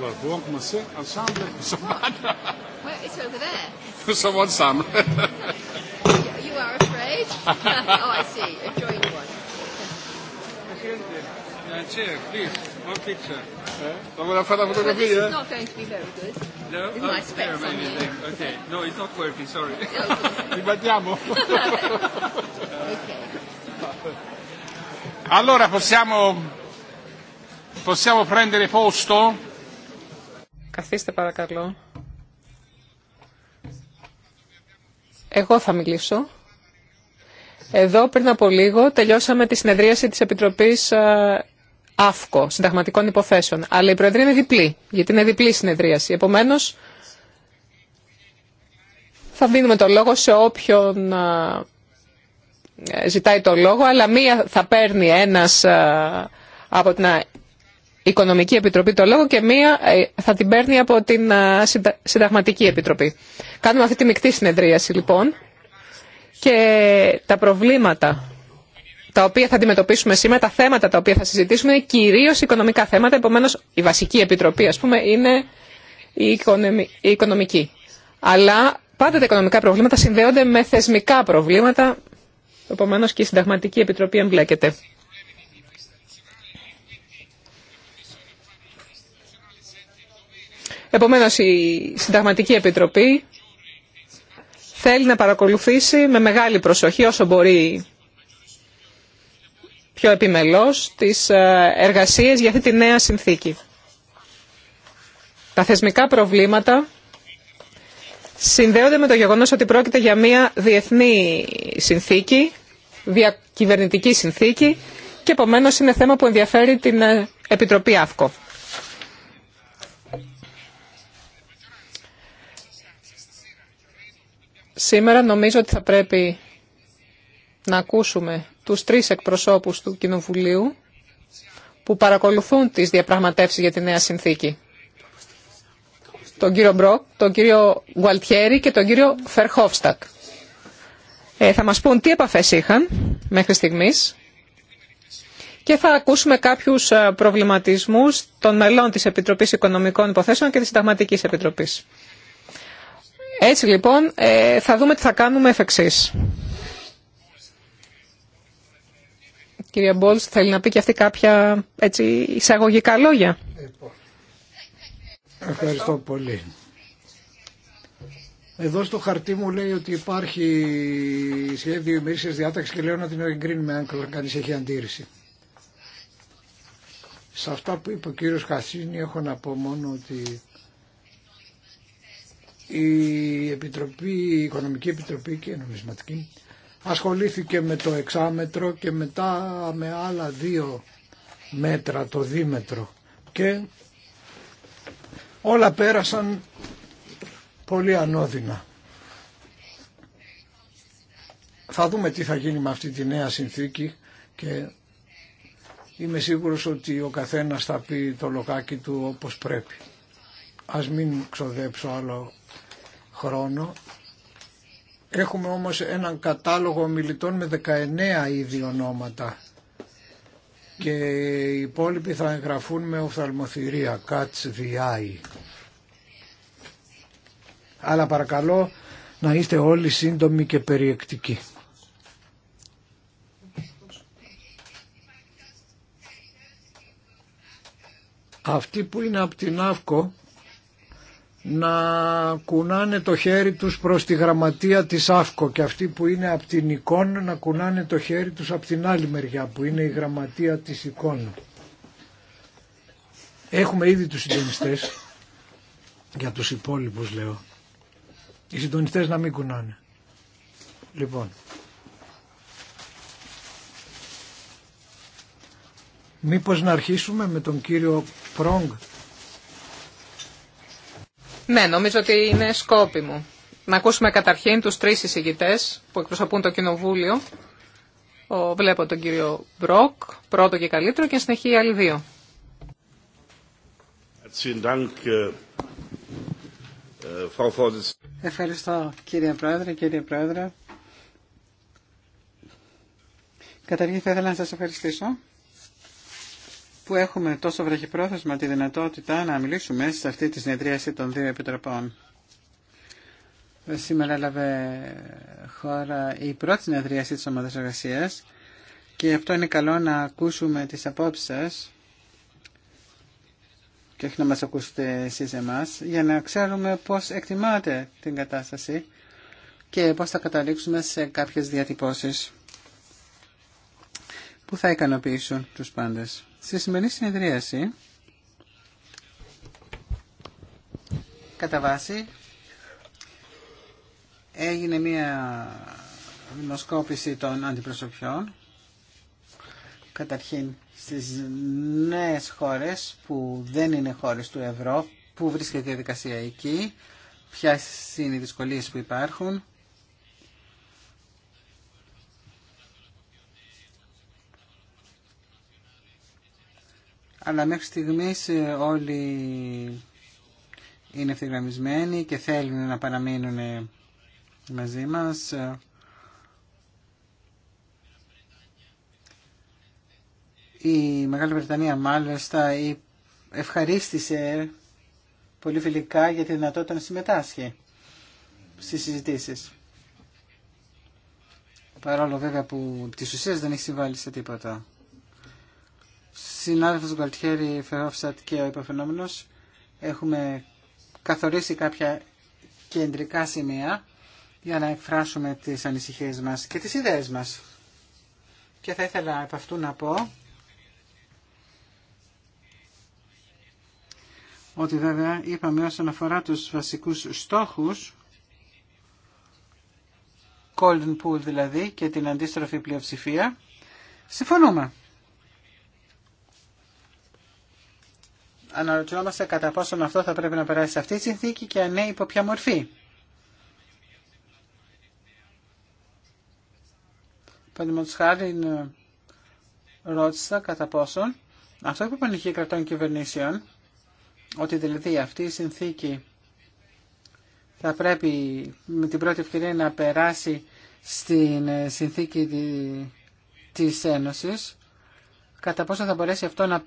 Well, Borg must sit ensemble for Well, it's over there. For someone, Sam. you are afraid? oh, I see. A joint one. Chair, please, one picture. Uh, this is not going to be very good. No, oh, my spend I mean. Okay, no, it's not working. Sorry. Ribadiamo. Allora possiamo possiamo prendere posto? Καθίστε παρακαλώ. Εγώ θα μιλήσω. Εδώ πριν από λίγο τελειώσαμε τη συνεδρίαση της Επιτροπής ε, ΑΦΚΟ, συνταγματικών υποθέσεων. Αλλά η Προεδρία είναι διπλή, γιατί είναι διπλή συνεδρίαση. Επομένως, θα δίνουμε το λόγο σε όποιον ε, ζητάει το λόγο, αλλά μία θα παίρνει ένας ε, από την Οικονομική Επιτροπή το λόγο και μία ε, θα την παίρνει από την ε, Συνταγματική Επιτροπή. Κάνουμε αυτή τη μεικτή συνεδρίαση λοιπόν και τα προβλήματα τα οποία θα αντιμετωπίσουμε σήμερα, τα θέματα τα οποία θα συζητήσουμε είναι κυρίως οικονομικά θέματα, επομένως η βασική επιτροπή ας πούμε είναι η οικονομική. Αλλά πάντα τα οικονομικά προβλήματα συνδέονται με θεσμικά προβλήματα, επομένως και η Συνταγματική Επιτροπή εμπλέκεται. Επομένως η Συνταγματική Επιτροπή θέλει να παρακολουθήσει με μεγάλη προσοχή όσο μπορεί πιο επιμελώς τις ε, εργασίες για αυτή τη νέα συνθήκη. Τα θεσμικά προβλήματα συνδέονται με το γεγονός ότι πρόκειται για μια διεθνή συνθήκη, διακυβερνητική συνθήκη και επομένως είναι θέμα που ενδιαφέρει την ε, Επιτροπή ΑΦΚΟ. Σήμερα νομίζω ότι θα πρέπει να ακούσουμε τους τρεις εκπροσώπους του Κοινοβουλίου που παρακολουθούν τις διαπραγματεύσεις για τη νέα συνθήκη. Τον κύριο Μπροκ, τον κύριο Γουαλτιέρη και τον κύριο Φερχόφστακ. Ε, θα μας πούν τι επαφές είχαν μέχρι στιγμής και θα ακούσουμε κάποιους ε, προβληματισμούς των μελών της Επιτροπής Οικονομικών Υποθέσεων και της Συνταγματικής Επιτροπής. Έτσι λοιπόν ε, θα δούμε τι θα κάνουμε εφ' εξής. Κυρία Μπόλς, θέλει να πει και αυτή κάποια έτσι, εισαγωγικά λόγια. Ευχαριστώ πολύ. Εδώ στο χαρτί μου λέει ότι υπάρχει σχέδιο ημερήσιας διάταξης και λέω να την εγκρίνουμε αν κανείς έχει αντίρρηση. Σε αυτά που είπε ο κύριος Χασίνη έχω να πω μόνο ότι η, Επιτροπή, η Οικονομική Επιτροπή και η Νομισματική ασχολήθηκε με το εξάμετρο και μετά με άλλα δύο μέτρα, το δίμετρο και όλα πέρασαν πολύ ανώδυνα. Θα δούμε τι θα γίνει με αυτή τη νέα συνθήκη και είμαι σίγουρος ότι ο καθένας θα πει το λοκάκι του όπως πρέπει. Ας μην ξοδέψω άλλο χρόνο. Έχουμε όμως έναν κατάλογο ομιλητών με 19 ήδη ονόματα και οι υπόλοιποι θα εγγραφούν με οφθαλμοθυρία, catch Αλλά παρακαλώ να είστε όλοι σύντομοι και περιεκτικοί. Αυτή που είναι από την ΑΦΚΟ να κουνάνε το χέρι τους προς τη γραμματεία της ΑΦΚΟ και αυτοί που είναι από την εικόνα να κουνάνε το χέρι τους από την άλλη μεριά που είναι η γραμματεία της εικόνα. Έχουμε ήδη τους συντονιστές, για τους υπόλοιπους λέω, οι συντονιστές να μην κουνάνε. Λοιπόν, μήπως να αρχίσουμε με τον κύριο Πρόγκ. Ναι, νομίζω ότι είναι σκόπιμο. Να ακούσουμε καταρχήν τους τρεις εισηγητές που εκπροσωπούν το Κοινοβούλιο. βλέπω τον κύριο Μπροκ, πρώτο και καλύτερο, και συνεχεί οι άλλοι δύο. Ε, ε, Ευχαριστώ κύριε Πρόεδρε, κύριε Πρόεδρε. Καταρχήν θα ήθελα να σας ευχαριστήσω που έχουμε τόσο βραχυπρόθεσμα τη δυνατότητα να μιλήσουμε σε αυτή τη συνεδρίαση των δύο επιτροπών. Ε, Σήμερα έλαβε χώρα η πρώτη συνεδρίαση της ομάδας εργασία και αυτό είναι καλό να ακούσουμε τις απόψεις σας και όχι να μας ακούσετε εσείς εμάς, για να ξέρουμε πώς εκτιμάτε την κατάσταση και πώς θα καταλήξουμε σε κάποιες διατυπώσεις που θα ικανοποιήσουν τους πάντες. Στη σημερινή συνεδρίαση, κατά βάση, έγινε μία δημοσκόπηση των αντιπροσωπιών, καταρχήν στις νέες χώρες που δεν είναι χώρες του ευρώ, που βρίσκεται η διαδικασία εκεί, ποιες είναι οι δυσκολίες που υπάρχουν, αλλά μέχρι στιγμή ε, όλοι είναι ευθυγραμμισμένοι και θέλουν να παραμείνουν ε, μαζί μας. Ε, η Μεγάλη Βρετανία μάλιστα ευχαρίστησε πολύ φιλικά για τη δυνατότητα να συμμετάσχει στις συζητήσεις. Παρόλο βέβαια που τη ουσία δεν έχει συμβάλει σε τίποτα. Συνάδελφο Γκολτιέρη Φερόφσατ και ο υποφαινόμενο, έχουμε καθορίσει κάποια κεντρικά σημεία για να εκφράσουμε τις ανησυχίες μας και τις ιδέες μας. Και θα ήθελα από αυτού να πω ότι βέβαια είπαμε όσον αφορά τους βασικούς στόχους Golden Pool δηλαδή και την αντίστροφη πλειοψηφία συμφωνούμε. αναρωτιόμαστε κατά πόσον αυτό θα πρέπει να περάσει σε αυτή τη συνθήκη και αν ναι υπό ποια μορφή. Παραδείγματο χάρη ρώτησα κατά πόσον αυτό που οι κρατών κυβερνήσεων ότι δηλαδή αυτή η συνθήκη θα πρέπει με την πρώτη ευκαιρία να περάσει στην ε, συνθήκη της Ένωσης κατά πόσο θα μπορέσει αυτό να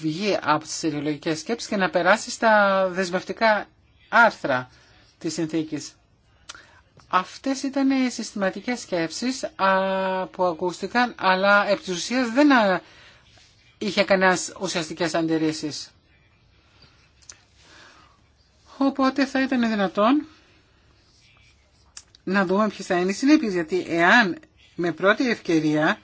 βγει από τις ιδεολογικές σκέψεις και να περάσει στα δεσμευτικά άρθρα της συνθήκης. Αυτές ήταν οι συστηματικές σκέψεις που ακούστηκαν, αλλά επί της ουσίας δεν είχε κανένας ουσιαστικές αντιρρήσεις. Οπότε θα ήταν δυνατόν να δούμε ποιες θα είναι οι συνέπειες, γιατί εάν με πρώτη ευκαιρία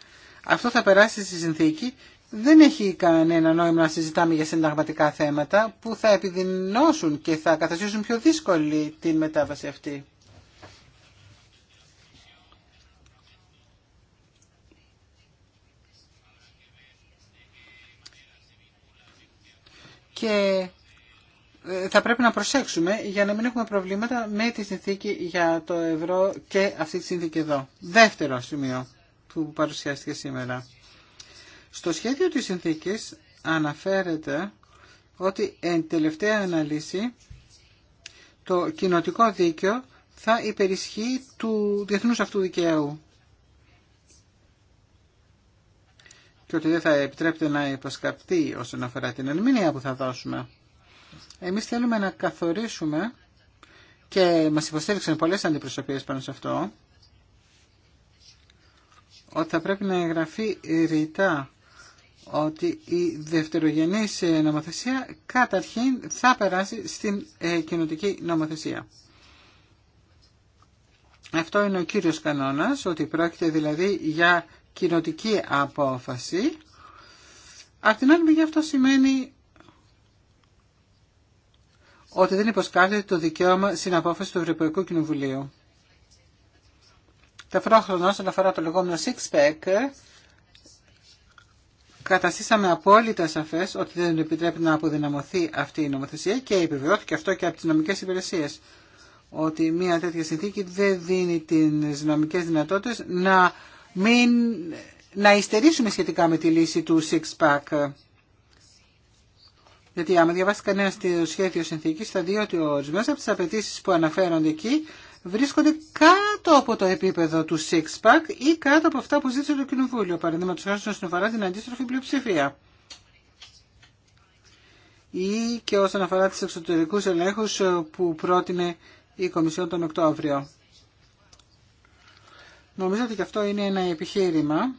αυτό θα περάσει στη συνθήκη δεν έχει κανένα νόημα να συζητάμε για συνταγματικά θέματα που θα επιδεινώσουν και θα καθαστήσουν πιο δύσκολη την μετάβαση αυτή. Και ε, θα πρέπει να προσέξουμε για να μην έχουμε προβλήματα με τη συνθήκη για το ευρώ και αυτή τη συνθήκη εδώ. Δεύτερο σημείο που παρουσιάστηκε σήμερα. Στο σχέδιο της συνθήκης αναφέρεται ότι εν τελευταία αναλύση το κοινοτικό δίκαιο θα υπερισχύει του διεθνούς αυτού δικαίου και ότι δεν θα επιτρέπεται να υποσκαπτεί όσον αφορά την ερμηνεία που θα δώσουμε. Εμείς θέλουμε να καθορίσουμε και μας υποστήριξαν πολλές αντιπροσωπείες πάνω σε αυτό ότι θα πρέπει να εγγραφεί ρητά ότι η δευτερογενής ε, νομοθεσία καταρχήν θα περάσει στην ε, κοινοτική νομοθεσία. Αυτό είναι ο κύριος κανόνας, ότι πρόκειται δηλαδή για κοινοτική απόφαση. Απ' την άλλη αυτό σημαίνει ότι δεν υποσκάλεται το δικαίωμα στην απόφαση του Ευρωπαϊκού Κοινοβουλίου. Ταυτόχρονα, όσον αφορά το λεγόμενο six-pack, καταστήσαμε απόλυτα σαφές ότι δεν επιτρέπεται να αποδυναμωθεί αυτή η νομοθεσία και επιβεβαιώθηκε αυτό και από τις νομικέ υπηρεσίες ότι μια τέτοια συνθήκη δεν δίνει τι νομικές δυνατότητε να, μην, να υστερήσουμε σχετικά με τη λύση του six-pack. Γιατί άμα διαβάσει κανένα το σχέδιο συνθήκη, θα δει ότι ορισμένε από τι απαιτήσει που αναφέρονται εκεί βρίσκονται κάτω από το επίπεδο του six-pack ή κάτω από αυτά που ζήτησε το Κοινοβούλιο, παραδείγματος χάρη όσον αφορά την αντίστροφη πλειοψηφία. Ή και όσον αφορά τις εξωτερικούς ελέγχους που πρότεινε η Κομισιόν τον Οκτώβριο. στον αφορα την ότι και αυτό είναι ένα επιχείρημα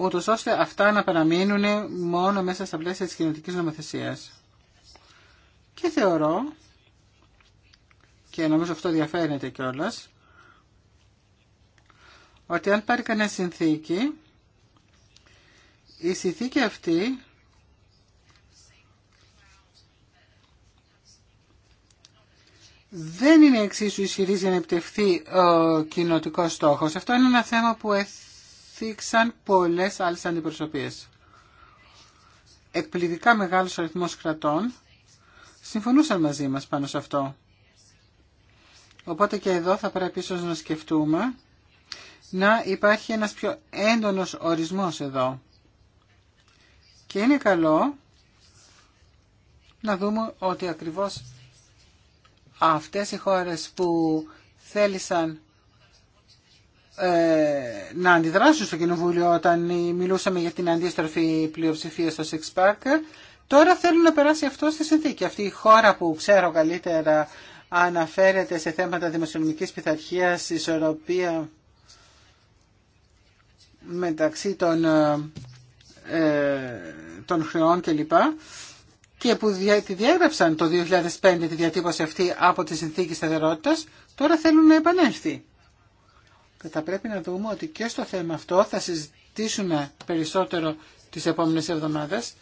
ούτως ώστε αυτά να παραμείνουν μόνο μέσα στα πλαίσια της κοινωτικής νομοθεσίας. Και θεωρώ, και νομίζω αυτό διαφαίνεται κιόλα, ότι αν πάρει κανένα συνθήκη, η συνθήκη αυτή δεν είναι εξίσου ισχυρή για να επιτευχθεί ο κοινοτικό στόχο. Αυτό είναι ένα θέμα που θίξαν πολλές άλλες αντιπροσωπείες. Εκπληκτικά μεγάλος αριθμός κρατών συμφωνούσαν μαζί μας πάνω σε αυτό. Οπότε και εδώ θα πρέπει ίσως να σκεφτούμε να υπάρχει ένας πιο έντονος ορισμός εδώ. Και είναι καλό να δούμε ότι ακριβώς αυτές οι χώρες που θέλησαν ε, να αντιδράσουν στο Κοινοβούλιο όταν μιλούσαμε για την αντίστροφη πλειοψηφία στο Six park. Τώρα θέλουν να περάσει αυτό στη συνθήκη. Αυτή η χώρα που ξέρω καλύτερα αναφέρεται σε θέματα δημοσιονομικής πειθαρχίας, ισορροπία μεταξύ των, ε, ε των χρεών κλπ. Και που τη διέγραψαν το 2005 τη διατύπωση αυτή από τη συνθήκη σταθερότητας, τώρα θέλουν να επανέλθει θα πρέπει να δούμε ότι και στο θέμα αυτό θα συζητήσουμε περισσότερο τις επόμενες εβδομάδες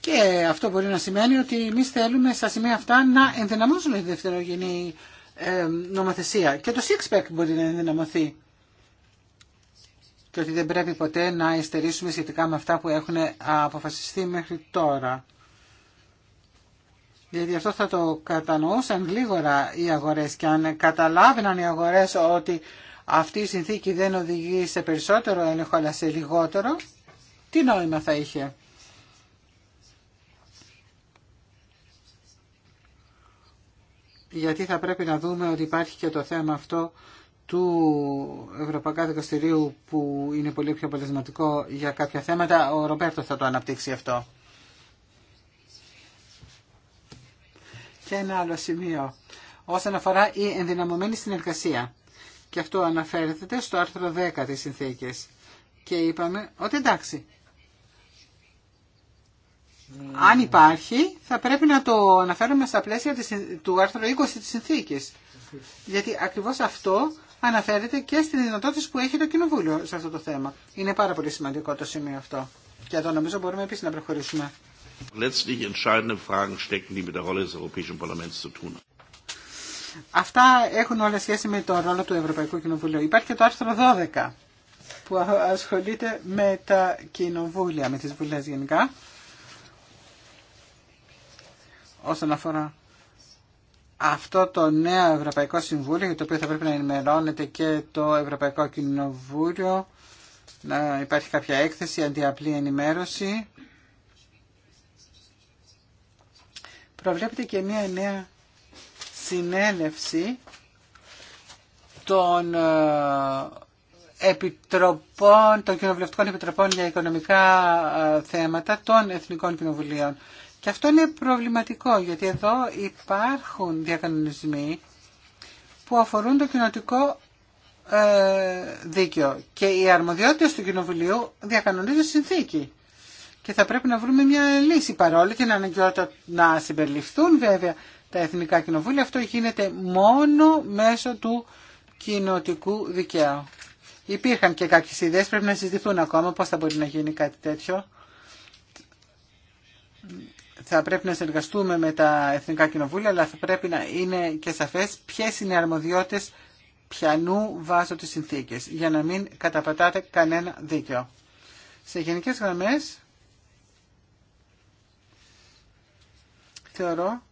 και αυτό μπορεί να σημαίνει ότι εμεί θέλουμε στα σημεία αυτά να ενδυναμώσουμε τη δευτερογενή ε, νομοθεσία και το six μπορεί να ενδυναμωθεί και ότι δεν πρέπει ποτέ να ειστερήσουμε σχετικά με αυτά που έχουν αποφασιστεί μέχρι τώρα γιατί αυτό θα το κατανοούσαν γλίγορα οι αγορές και αν καταλάβαιναν οι αγορές ότι αυτή η συνθήκη δεν οδηγεί σε περισσότερο έλεγχο αλλά σε λιγότερο, τι νόημα θα είχε. Γιατί θα πρέπει να δούμε ότι υπάρχει και το θέμα αυτό του ευρωπαϊκά Δικαστηρίου που είναι πολύ πιο αποτελεσματικό για κάποια θέματα. Ο Ρομπέρτο θα το αναπτύξει αυτό. Και ένα άλλο σημείο όσον αφορά η ενδυναμωμένη συνεργασία. Και αυτό αναφέρεται στο άρθρο 10 της συνθήκης. Και είπαμε ότι εντάξει, αν υπάρχει θα πρέπει να το αναφέρουμε στα πλαίσια του άρθρου 20 της συνθήκης. Γιατί ακριβώς αυτό αναφέρεται και στην δυνατότητα που έχει το Κοινοβούλιο σε αυτό το θέμα. Είναι πάρα πολύ σημαντικό το σημείο αυτό. Και εδώ νομίζω μπορούμε επίσης να προχωρήσουμε. Letztlich Fragen stecken, die mit der Rolle des Europäischen Parlaments zu tun Αυτά έχουν όλα σχέση με το ρόλο του Ευρωπαϊκού Κοινοβουλίου. Υπάρχει και το άρθρο 12 που ασχολείται με τα κοινοβούλια, με τις βουλές γενικά, όσον αφορά αυτό το νέο Ευρωπαϊκό Συμβούλιο, για το οποίο θα πρέπει να ενημερώνεται και το Ευρωπαϊκό Κοινοβούλιο, να υπάρχει κάποια έκθεση, αντιαπλή ενημέρωση προβλέπεται και μια νέα συνένευση των ε, επιτροπών, των κοινοβουλευτικών επιτροπών για οικονομικά ε, θέματα των Εθνικών Κοινοβουλίων. Και αυτό είναι προβληματικό, γιατί εδώ υπάρχουν διακανονισμοί που αφορούν το κοινοτικό ε, δίκαιο και οι αρμοδιότητες του Κοινοβουλίου διακανονίζουν συνθήκη και θα πρέπει να βρούμε μια λύση παρόλη την αναγκαιότητα να συμπεριληφθούν βέβαια τα εθνικά κοινοβούλια. Αυτό γίνεται μόνο μέσω του κοινοτικού δικαίου. Υπήρχαν και κάποιες ιδέες, πρέπει να συζητηθούν ακόμα πώς θα μπορεί να γίνει κάτι τέτοιο. Θα πρέπει να συνεργαστούμε με τα εθνικά κοινοβούλια, αλλά θα πρέπει να είναι και σαφές ποιες είναι οι αρμοδιότητες πιανού βάζω τις συνθήκες, για να μην καταπατάτε κανένα δίκαιο. Σε γενικές γραμμές, θεωρώ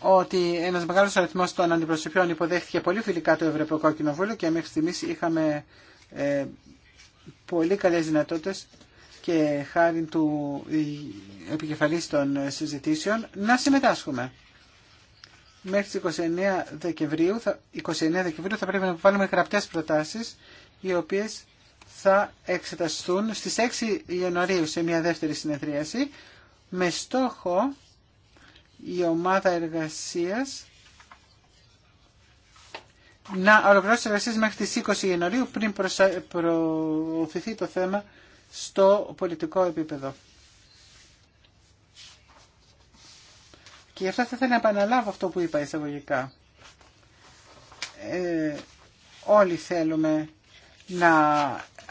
ότι ένα μεγάλο αριθμό των αντιπροσωπιών υποδέχθηκε πολύ φιλικά το Ευρωπαϊκό Κοινοβούλιο και μέχρι στιγμή είχαμε ε, πολύ καλέ δυνατότητε και χάρη του ε, επικεφαλή των συζητήσεων να συμμετάσχουμε. Μέχρι τι 29 Δεκεμβρίου θα, 29 Δεκεμβρίου θα πρέπει να βάλουμε γραπτέ προτάσεις οι οποίε θα εξεταστούν στις 6 Ιανουαρίου σε μια δεύτερη συνεδρίαση με στόχο η ομάδα εργασίας να ολοκληρώσει εργασίες μέχρι τις 20 Ιανουαρίου πριν προωθηθεί το θέμα στο πολιτικό επίπεδο. Και γι' αυτό θα ήθελα να επαναλάβω αυτό που είπα εισαγωγικά. Ε, όλοι θέλουμε να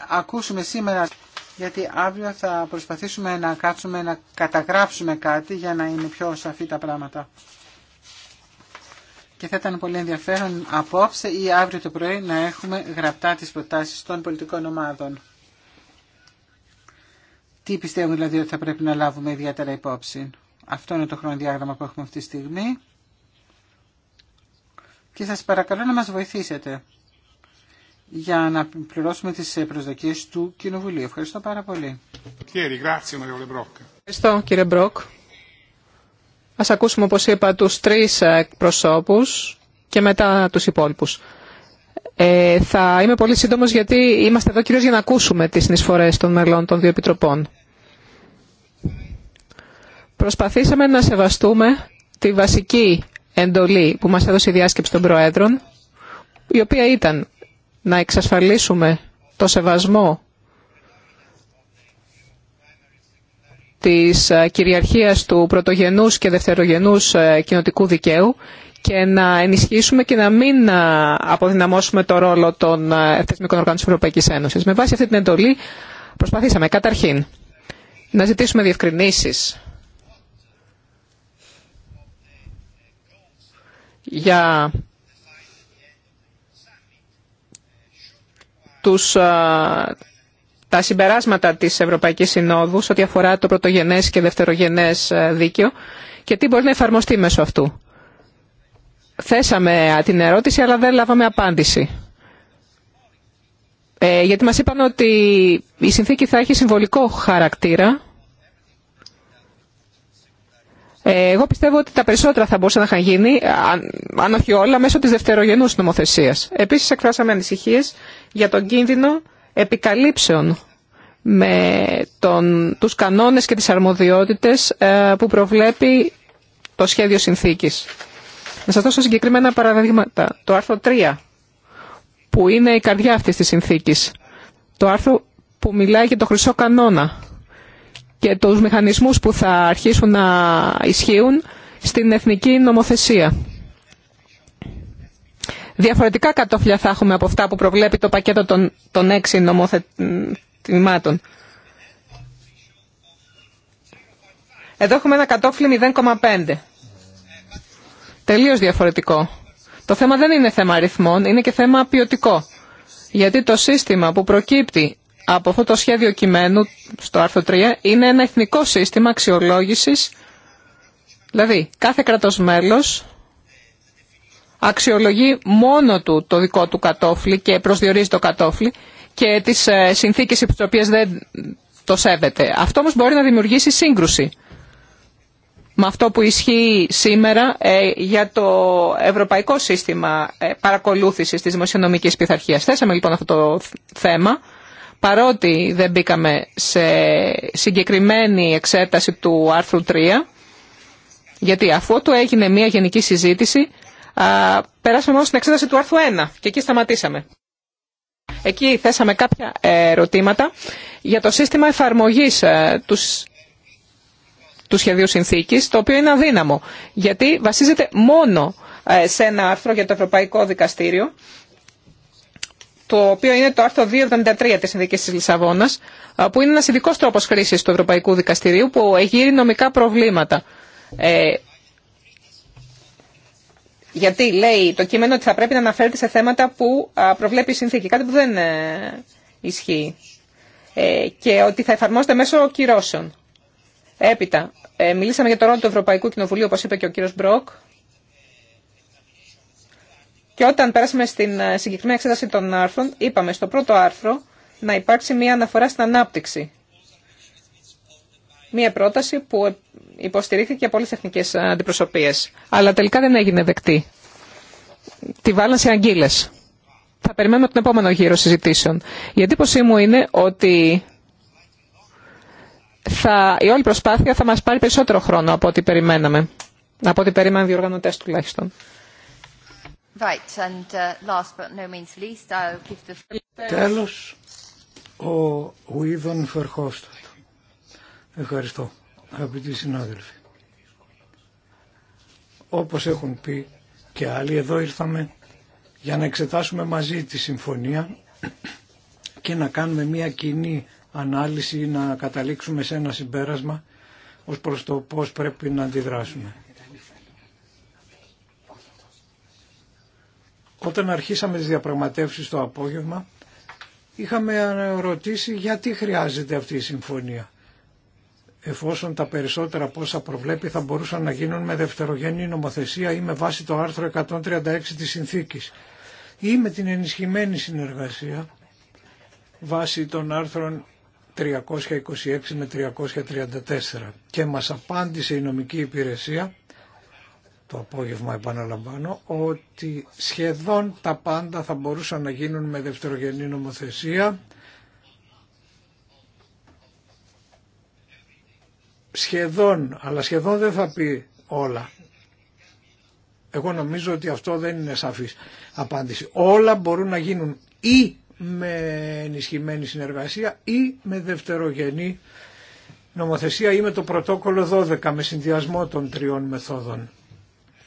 ακούσουμε σήμερα γιατί αύριο θα προσπαθήσουμε να κάτσουμε να καταγράψουμε κάτι για να είναι πιο σαφή τα πράγματα. Και θα ήταν πολύ ενδιαφέρον απόψε ή αύριο το πρωί να έχουμε γραπτά τις προτάσεις των πολιτικών ομάδων. Τι πιστεύουμε δηλαδή ότι θα πρέπει να λάβουμε ιδιαίτερα υπόψη. Αυτό είναι το χρονοδιάγραμμα που έχουμε αυτή τη στιγμή. Και σας παρακαλώ να μας βοηθήσετε για να πληρώσουμε τις προσδοκίες του Κοινοβουλίου. Ευχαριστώ πάρα πολύ. Ευχαριστώ κύριε Μπρόκ. Ας ακούσουμε όπως είπα τους τρεις προσώπους και μετά τους υπόλοιπους. Ε, θα είμαι πολύ σύντομος γιατί είμαστε εδώ κυρίως για να ακούσουμε τις συνεισφορές των μελών των δύο επιτροπών. Προσπαθήσαμε να σεβαστούμε τη βασική εντολή που μας έδωσε η διάσκεψη των Προέδρων, η οποία ήταν να εξασφαλίσουμε το σεβασμό της ε, κυριαρχίας του πρωτογενούς και δευτερογενούς ε, κοινοτικού δικαίου και να ενισχύσουμε και να μην ε, αποδυναμώσουμε το ρόλο των θεσμικών οργάνων της Ευρωπαϊκής Ένωσης. Με βάση αυτή την εντολή προσπαθήσαμε καταρχήν να ζητήσουμε διευκρινήσεις για τους, τα συμπεράσματα της Ευρωπαϊκής Συνόδου ό,τι αφορά το πρωτογενές και δευτερογενές δίκαιο και τι μπορεί να εφαρμοστεί μέσω αυτού. Θέσαμε την ερώτηση αλλά δεν λάβαμε απάντηση. Ε, γιατί μας είπαν ότι η συνθήκη θα έχει συμβολικό χαρακτήρα ε, εγώ πιστεύω ότι τα περισσότερα θα μπορούσαν να είχαν γίνει, αν όχι όλα, μέσω τη δευτερογενού νομοθεσία. Επίση, εκφράσαμε ανησυχίε για τον κίνδυνο επικαλύψεων με τον, τους κανόνες και τις αρμοδιότητες ε, που προβλέπει το σχέδιο συνθήκης. Να σας δώσω συγκεκριμένα παραδείγματα. Το άρθρο 3, που είναι η καρδιά αυτής της συνθήκης. Το άρθρο που μιλάει για το χρυσό κανόνα και τους μηχανισμούς που θα αρχίσουν να ισχύουν στην εθνική νομοθεσία. Διαφορετικά κατόφλια θα έχουμε από αυτά που προβλέπει το πακέτο των, των έξι νομοθετημάτων. Εδώ έχουμε ένα κατόφλι 0,5. Τελείως διαφορετικό. Το θέμα δεν είναι θέμα αριθμών, είναι και θέμα ποιοτικό. Γιατί το σύστημα που προκύπτει από αυτό το σχέδιο κειμένου στο άρθρο 3 είναι ένα εθνικό σύστημα αξιολόγησης. Δηλαδή, κάθε κρατός μέλος αξιολογεί μόνο του το δικό του κατόφλι και προσδιορίζει το κατόφλι και τις ε, συνθήκες υπό τις οποίες δεν το σέβεται. Αυτό όμως μπορεί να δημιουργήσει σύγκρουση με αυτό που ισχύει σήμερα ε, για το ευρωπαϊκό σύστημα ε, παρακολούθησης της δημοσιονομικής πειθαρχίας. Θέσαμε λοιπόν αυτό το θέμα παρότι δεν μπήκαμε σε συγκεκριμένη εξέταση του άρθρου 3, γιατί αφού το έγινε μια γενική συζήτηση, α, περάσαμε μόνο στην εξέταση του άρθρου 1 και εκεί σταματήσαμε. Εκεί θέσαμε κάποια ερωτήματα για το σύστημα εφαρμογής α, ε, τους, του σχεδίου συνθήκης, το οποίο είναι αδύναμο, γιατί βασίζεται μόνο ε, σε ένα άρθρο για το Ευρωπαϊκό Δικαστήριο το οποίο είναι το άρθρο 273 της Συνδικής της Λισαβόνας, που είναι ένας ειδικός τρόπος χρήσης του Ευρωπαϊκού Δικαστηρίου που εγείρει νομικά προβλήματα. Ε, γιατί λέει το κείμενο ότι θα πρέπει να αναφέρεται σε θέματα που προβλέπει η συνθήκη, κάτι που δεν ε, ισχύει. Ε, και ότι θα εφαρμόζεται μέσω κυρώσεων. Έπειτα, ε, μιλήσαμε για το ρόλο του Ευρωπαϊκού Κοινοβουλίου, όπως είπε και ο κύριος Μπροκ, και όταν πέρασαμε στην ε, συγκεκριμένη εξέταση των άρθρων, είπαμε στο πρώτο άρθρο να υπάρξει μια αναφορά στην ανάπτυξη. Μια πρόταση που ε, υποστηρίχθηκε από όλες τις εθνικές αντιπροσωπείες. Αλλά τελικά δεν έγινε δεκτή. Τη βάλαν σε αγγίλες. Θα περιμένουμε τον επόμενο γύρο συζητήσεων. Η εντύπωσή μου είναι ότι η όλη προσπάθεια θα μας πάρει περισσότερο χρόνο από ό,τι περιμέναμε. Από ό,τι περίμεναν διοργανωτές τουλάχιστον. Τέλος, ο Ουίδων Φερχόστατ. Ευχαριστώ, αγαπητοί συνάδελφοι. Όπως έχουν πει και άλλοι, εδώ ήρθαμε για να εξετάσουμε μαζί τη συμφωνία και να κάνουμε μια κοινή ανάλυση, να καταλήξουμε σε ένα συμπέρασμα ως προς το πώς πρέπει να αντιδράσουμε. Όταν αρχίσαμε τις διαπραγματεύσεις το απόγευμα, είχαμε ρωτήσει γιατί χρειάζεται αυτή η συμφωνία. Εφόσον τα περισσότερα πόσα προβλέπει θα μπορούσαν να γίνουν με δευτερογενή νομοθεσία ή με βάση το άρθρο 136 της συνθήκης ή με την ενισχυμένη συνεργασία βάσει των άρθρων 326 με 334. Και μας απάντησε η νομική υπηρεσία το απόγευμα επαναλαμβάνω ότι σχεδόν τα πάντα θα μπορούσαν να γίνουν με δευτερογενή νομοθεσία σχεδόν, αλλά σχεδόν δεν θα πει όλα. Εγώ νομίζω ότι αυτό δεν είναι σαφής απάντηση. Όλα μπορούν να γίνουν ή με ενισχυμένη συνεργασία ή με δευτερογενή νομοθεσία ή με το πρωτόκολλο 12 με συνδυασμό των τριών μεθόδων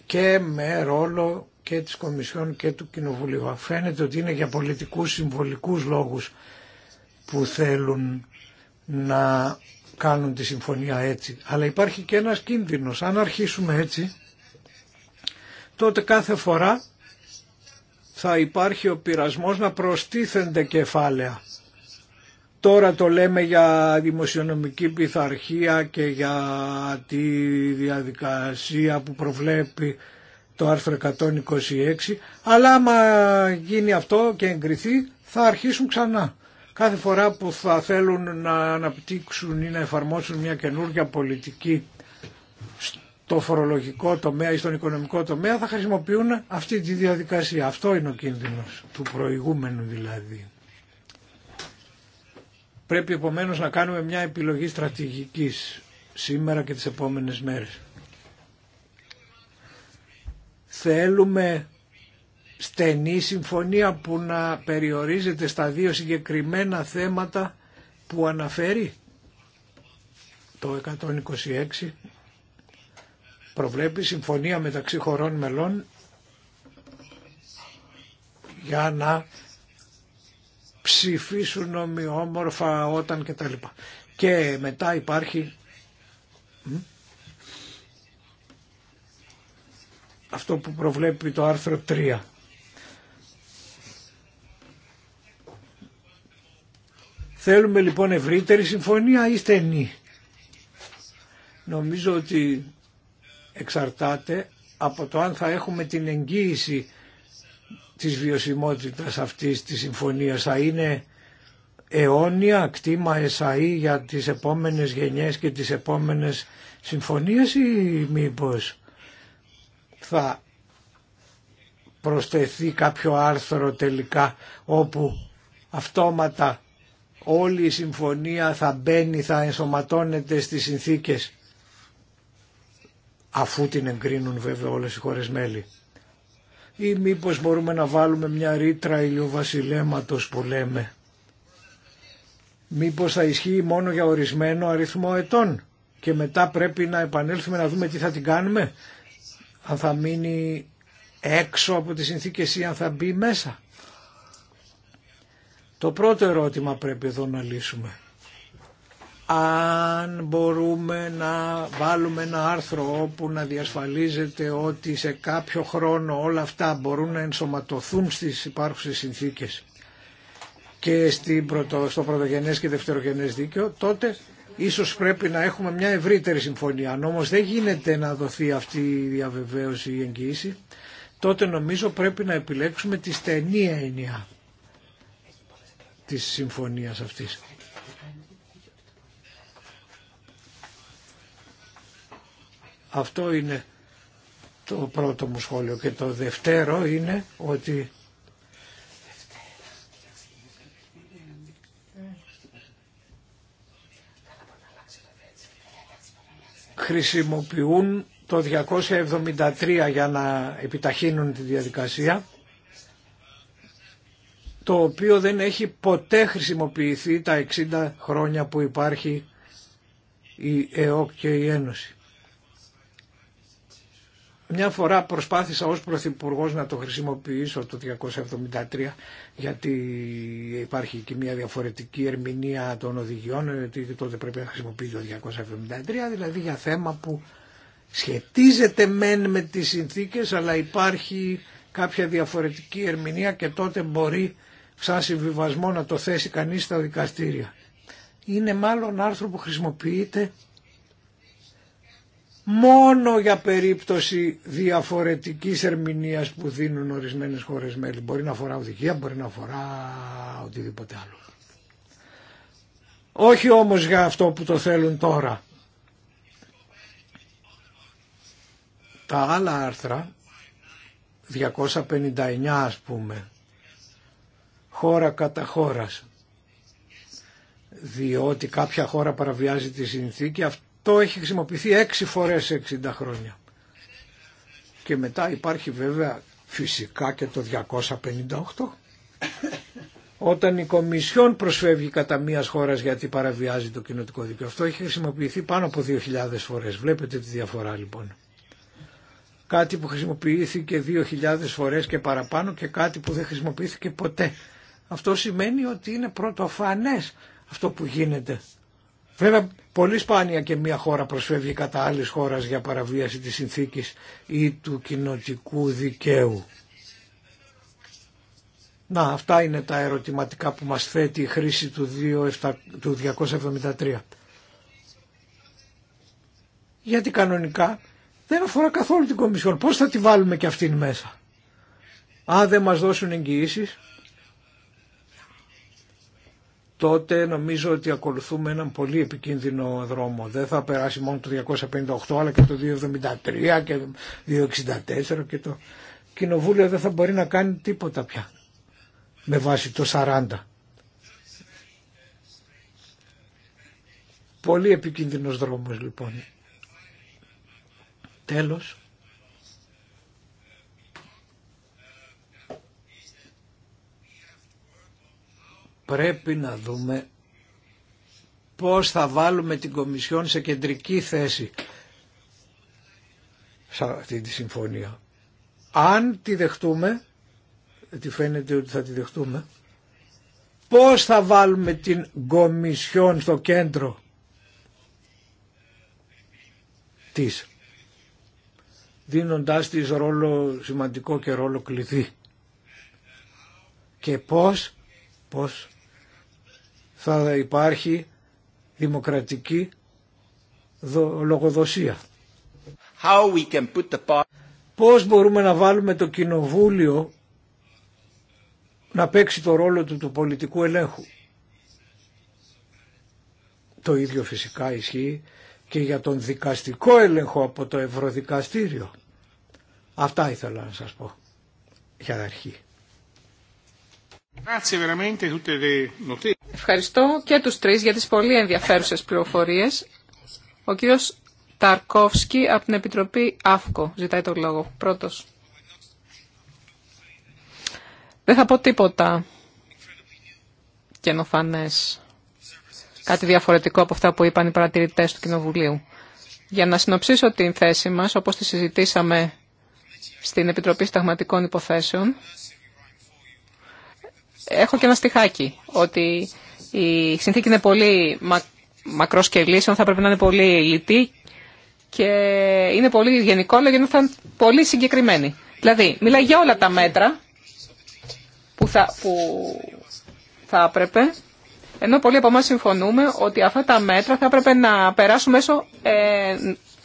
και με ρόλο και της Κομισιόν και του Κοινοβουλίου. Φαίνεται ότι είναι για πολιτικούς συμβολικούς λόγους που θέλουν να κάνουν τη συμφωνία έτσι. Αλλά υπάρχει και ένας κίνδυνος. Αν αρχίσουμε έτσι, τότε κάθε φορά θα υπάρχει ο πειρασμός να προστίθενται κεφάλαια Τώρα το λέμε για δημοσιονομική πειθαρχία και για τη διαδικασία που προβλέπει το άρθρο 126, αλλά άμα γίνει αυτό και εγκριθεί θα αρχίσουν ξανά. Κάθε φορά που θα θέλουν να αναπτύξουν ή να εφαρμόσουν μια καινούργια πολιτική στο φορολογικό τομέα ή στον οικονομικό τομέα θα χρησιμοποιούν αυτή τη διαδικασία. Αυτό είναι ο κίνδυνος του προηγούμενου δηλαδή. Πρέπει επομένως να κάνουμε μια επιλογή στρατηγικής σήμερα και τις επόμενες μέρες. Θέλουμε στενή συμφωνία που να περιορίζεται στα δύο συγκεκριμένα θέματα που αναφέρει το 126 προβλέπει συμφωνία μεταξύ χωρών μελών για να ψηφίσουν ομοιόμορφα όταν και τα λοιπά. Και μετά υπάρχει αυτό που προβλέπει το άρθρο 3. Θέλουμε λοιπόν ευρύτερη συμφωνία ή στενή. Νομίζω ότι εξαρτάται από το αν θα έχουμε την εγγύηση της βιωσιμότητας αυτής της συμφωνίας θα είναι αιώνια κτήμα ΕΣΑΗ e για τις επόμενες γενιές και τις επόμενες συμφωνίες ή μήπως θα προσθεθεί κάποιο άρθρο τελικά όπου αυτόματα όλη η συμφωνία θα μπαίνει, θα ενσωματώνεται στις συνθήκες αφού την εγκρίνουν βέβαια όλες οι χώρες μέλη ή μήπως μπορούμε να βάλουμε μια ρήτρα ηλιοβασιλέματος που λέμε. Μήπως θα ισχύει μόνο για ορισμένο αριθμό ετών και μετά πρέπει να επανέλθουμε να δούμε τι θα την κάνουμε. Αν θα μείνει έξω από τις συνθήκες ή αν θα μπει μέσα. Το πρώτο ερώτημα πρέπει εδώ να λύσουμε αν μπορούμε να βάλουμε ένα άρθρο όπου να διασφαλίζεται ότι σε κάποιο χρόνο όλα αυτά μπορούν να ενσωματωθούν στις υπάρχουσες συνθήκες και στο πρωτογενές και δευτερογενές δίκαιο, τότε ίσως πρέπει να έχουμε μια ευρύτερη συμφωνία. Αν όμως δεν γίνεται να δοθεί αυτή η διαβεβαίωση ή εγγύηση, τότε νομίζω πρέπει να επιλέξουμε τη στενή έννοια της συμφωνίας αυτής. Αυτό είναι το πρώτο μου σχόλιο. Και το δευτέρο είναι ότι χρησιμοποιούν το 273 για να επιταχύνουν τη διαδικασία το οποίο δεν έχει ποτέ χρησιμοποιηθεί τα 60 χρόνια που υπάρχει η ΕΟΚ και η Ένωση. Μια φορά προσπάθησα ως Πρωθυπουργό να το χρησιμοποιήσω το 273 γιατί υπάρχει και μια διαφορετική ερμηνεία των οδηγιών γιατί τότε πρέπει να χρησιμοποιεί το 273 δηλαδή για θέμα που σχετίζεται μεν με τις συνθήκες αλλά υπάρχει κάποια διαφορετική ερμηνεία και τότε μπορεί σαν συμβιβασμό να το θέσει κανείς στα δικαστήρια. Είναι μάλλον άρθρο που χρησιμοποιείται μόνο για περίπτωση διαφορετικής ερμηνείας που δίνουν ορισμένες χώρες μέλη. Μπορεί να αφορά οδηγία, μπορεί να αφορά οτιδήποτε άλλο. Όχι όμως για αυτό που το θέλουν τώρα. Τα άλλα άρθρα, 259 ας πούμε, χώρα κατά χώρας, διότι κάποια χώρα παραβιάζει τη συνθήκη, αυτό έχει χρησιμοποιηθεί έξι φορές σε 60 χρόνια. Και μετά υπάρχει βέβαια φυσικά και το 258. Όταν η Κομισιόν προσφεύγει κατά μια χώρα γιατί παραβιάζει το κοινοτικό δίκαιο. Αυτό έχει χρησιμοποιηθεί πάνω από 2.000 φορές. Βλέπετε τη διαφορά λοιπόν. Κάτι που χρησιμοποιήθηκε 2.000 φορές και παραπάνω και κάτι που δεν χρησιμοποιήθηκε ποτέ. Αυτό σημαίνει ότι είναι πρωτοφανές αυτό που γίνεται Βέβαια πολύ σπάνια και μια χώρα προσφεύγει κατά άλλη χώρα για παραβίαση τη συνθήκη ή του κοινοτικού δικαίου. Να, αυτά είναι τα ερωτηματικά που μας θέτει η χρήση του, 273. Γιατί κανονικά δεν αφορά καθόλου την Κομισιόν. Πώς θα τη βάλουμε και αυτήν μέσα. Αν δεν μας δώσουν εγγυήσεις, τότε νομίζω ότι ακολουθούμε έναν πολύ επικίνδυνο δρόμο. Δεν θα περάσει μόνο το 258 αλλά και το 273 και το 264 και το κοινοβούλιο δεν θα μπορεί να κάνει τίποτα πια με βάση το 40. Πολύ επικίνδυνος δρόμος λοιπόν. Τέλος. πρέπει να δούμε πώς θα βάλουμε την Κομισιόν σε κεντρική θέση σε αυτή τη συμφωνία. Αν τη δεχτούμε, γιατί φαίνεται ότι θα τη δεχτούμε, πώς θα βάλουμε την Κομισιόν στο κέντρο της, δίνοντάς της ρόλο σημαντικό και ρόλο κλειδί. Και πώς, πώς θα υπάρχει δημοκρατική λογοδοσία. How we can put Πώς μπορούμε να βάλουμε το κοινοβούλιο να παίξει το ρόλο του του πολιτικού ελέγχου. Το ίδιο φυσικά ισχύει και για τον δικαστικό έλεγχο από το Ευρωδικαστήριο. Αυτά ήθελα να σας πω για αρχή. Ευχαριστώ και τους τρεις για τις πολύ ενδιαφέρουσες πληροφορίες. Ο κύριος Ταρκόφσκι από την Επιτροπή ΑΦΚΟ ζητάει τον λόγο. Πρώτος. Δεν θα πω τίποτα καινοφανές. Κάτι διαφορετικό από αυτά που είπαν οι παρατηρητές του Κοινοβουλίου. Για να συνοψίσω την θέση μας, όπως τη συζητήσαμε στην Επιτροπή Σταγματικών Υποθέσεων, έχω και ένα στοιχάκι, ότι η συνθήκη είναι πολύ μα, μακρός και λύσεων, θα πρέπει να είναι πολύ λιτή και είναι πολύ γενικόλογη, γιατί θα είναι πολύ συγκεκριμένη. Δηλαδή, μιλάει για όλα τα μέτρα που θα, που θα έπρεπε, ενώ πολλοί από εμά συμφωνούμε ότι αυτά τα μέτρα θα έπρεπε να περάσουν μέσω ε,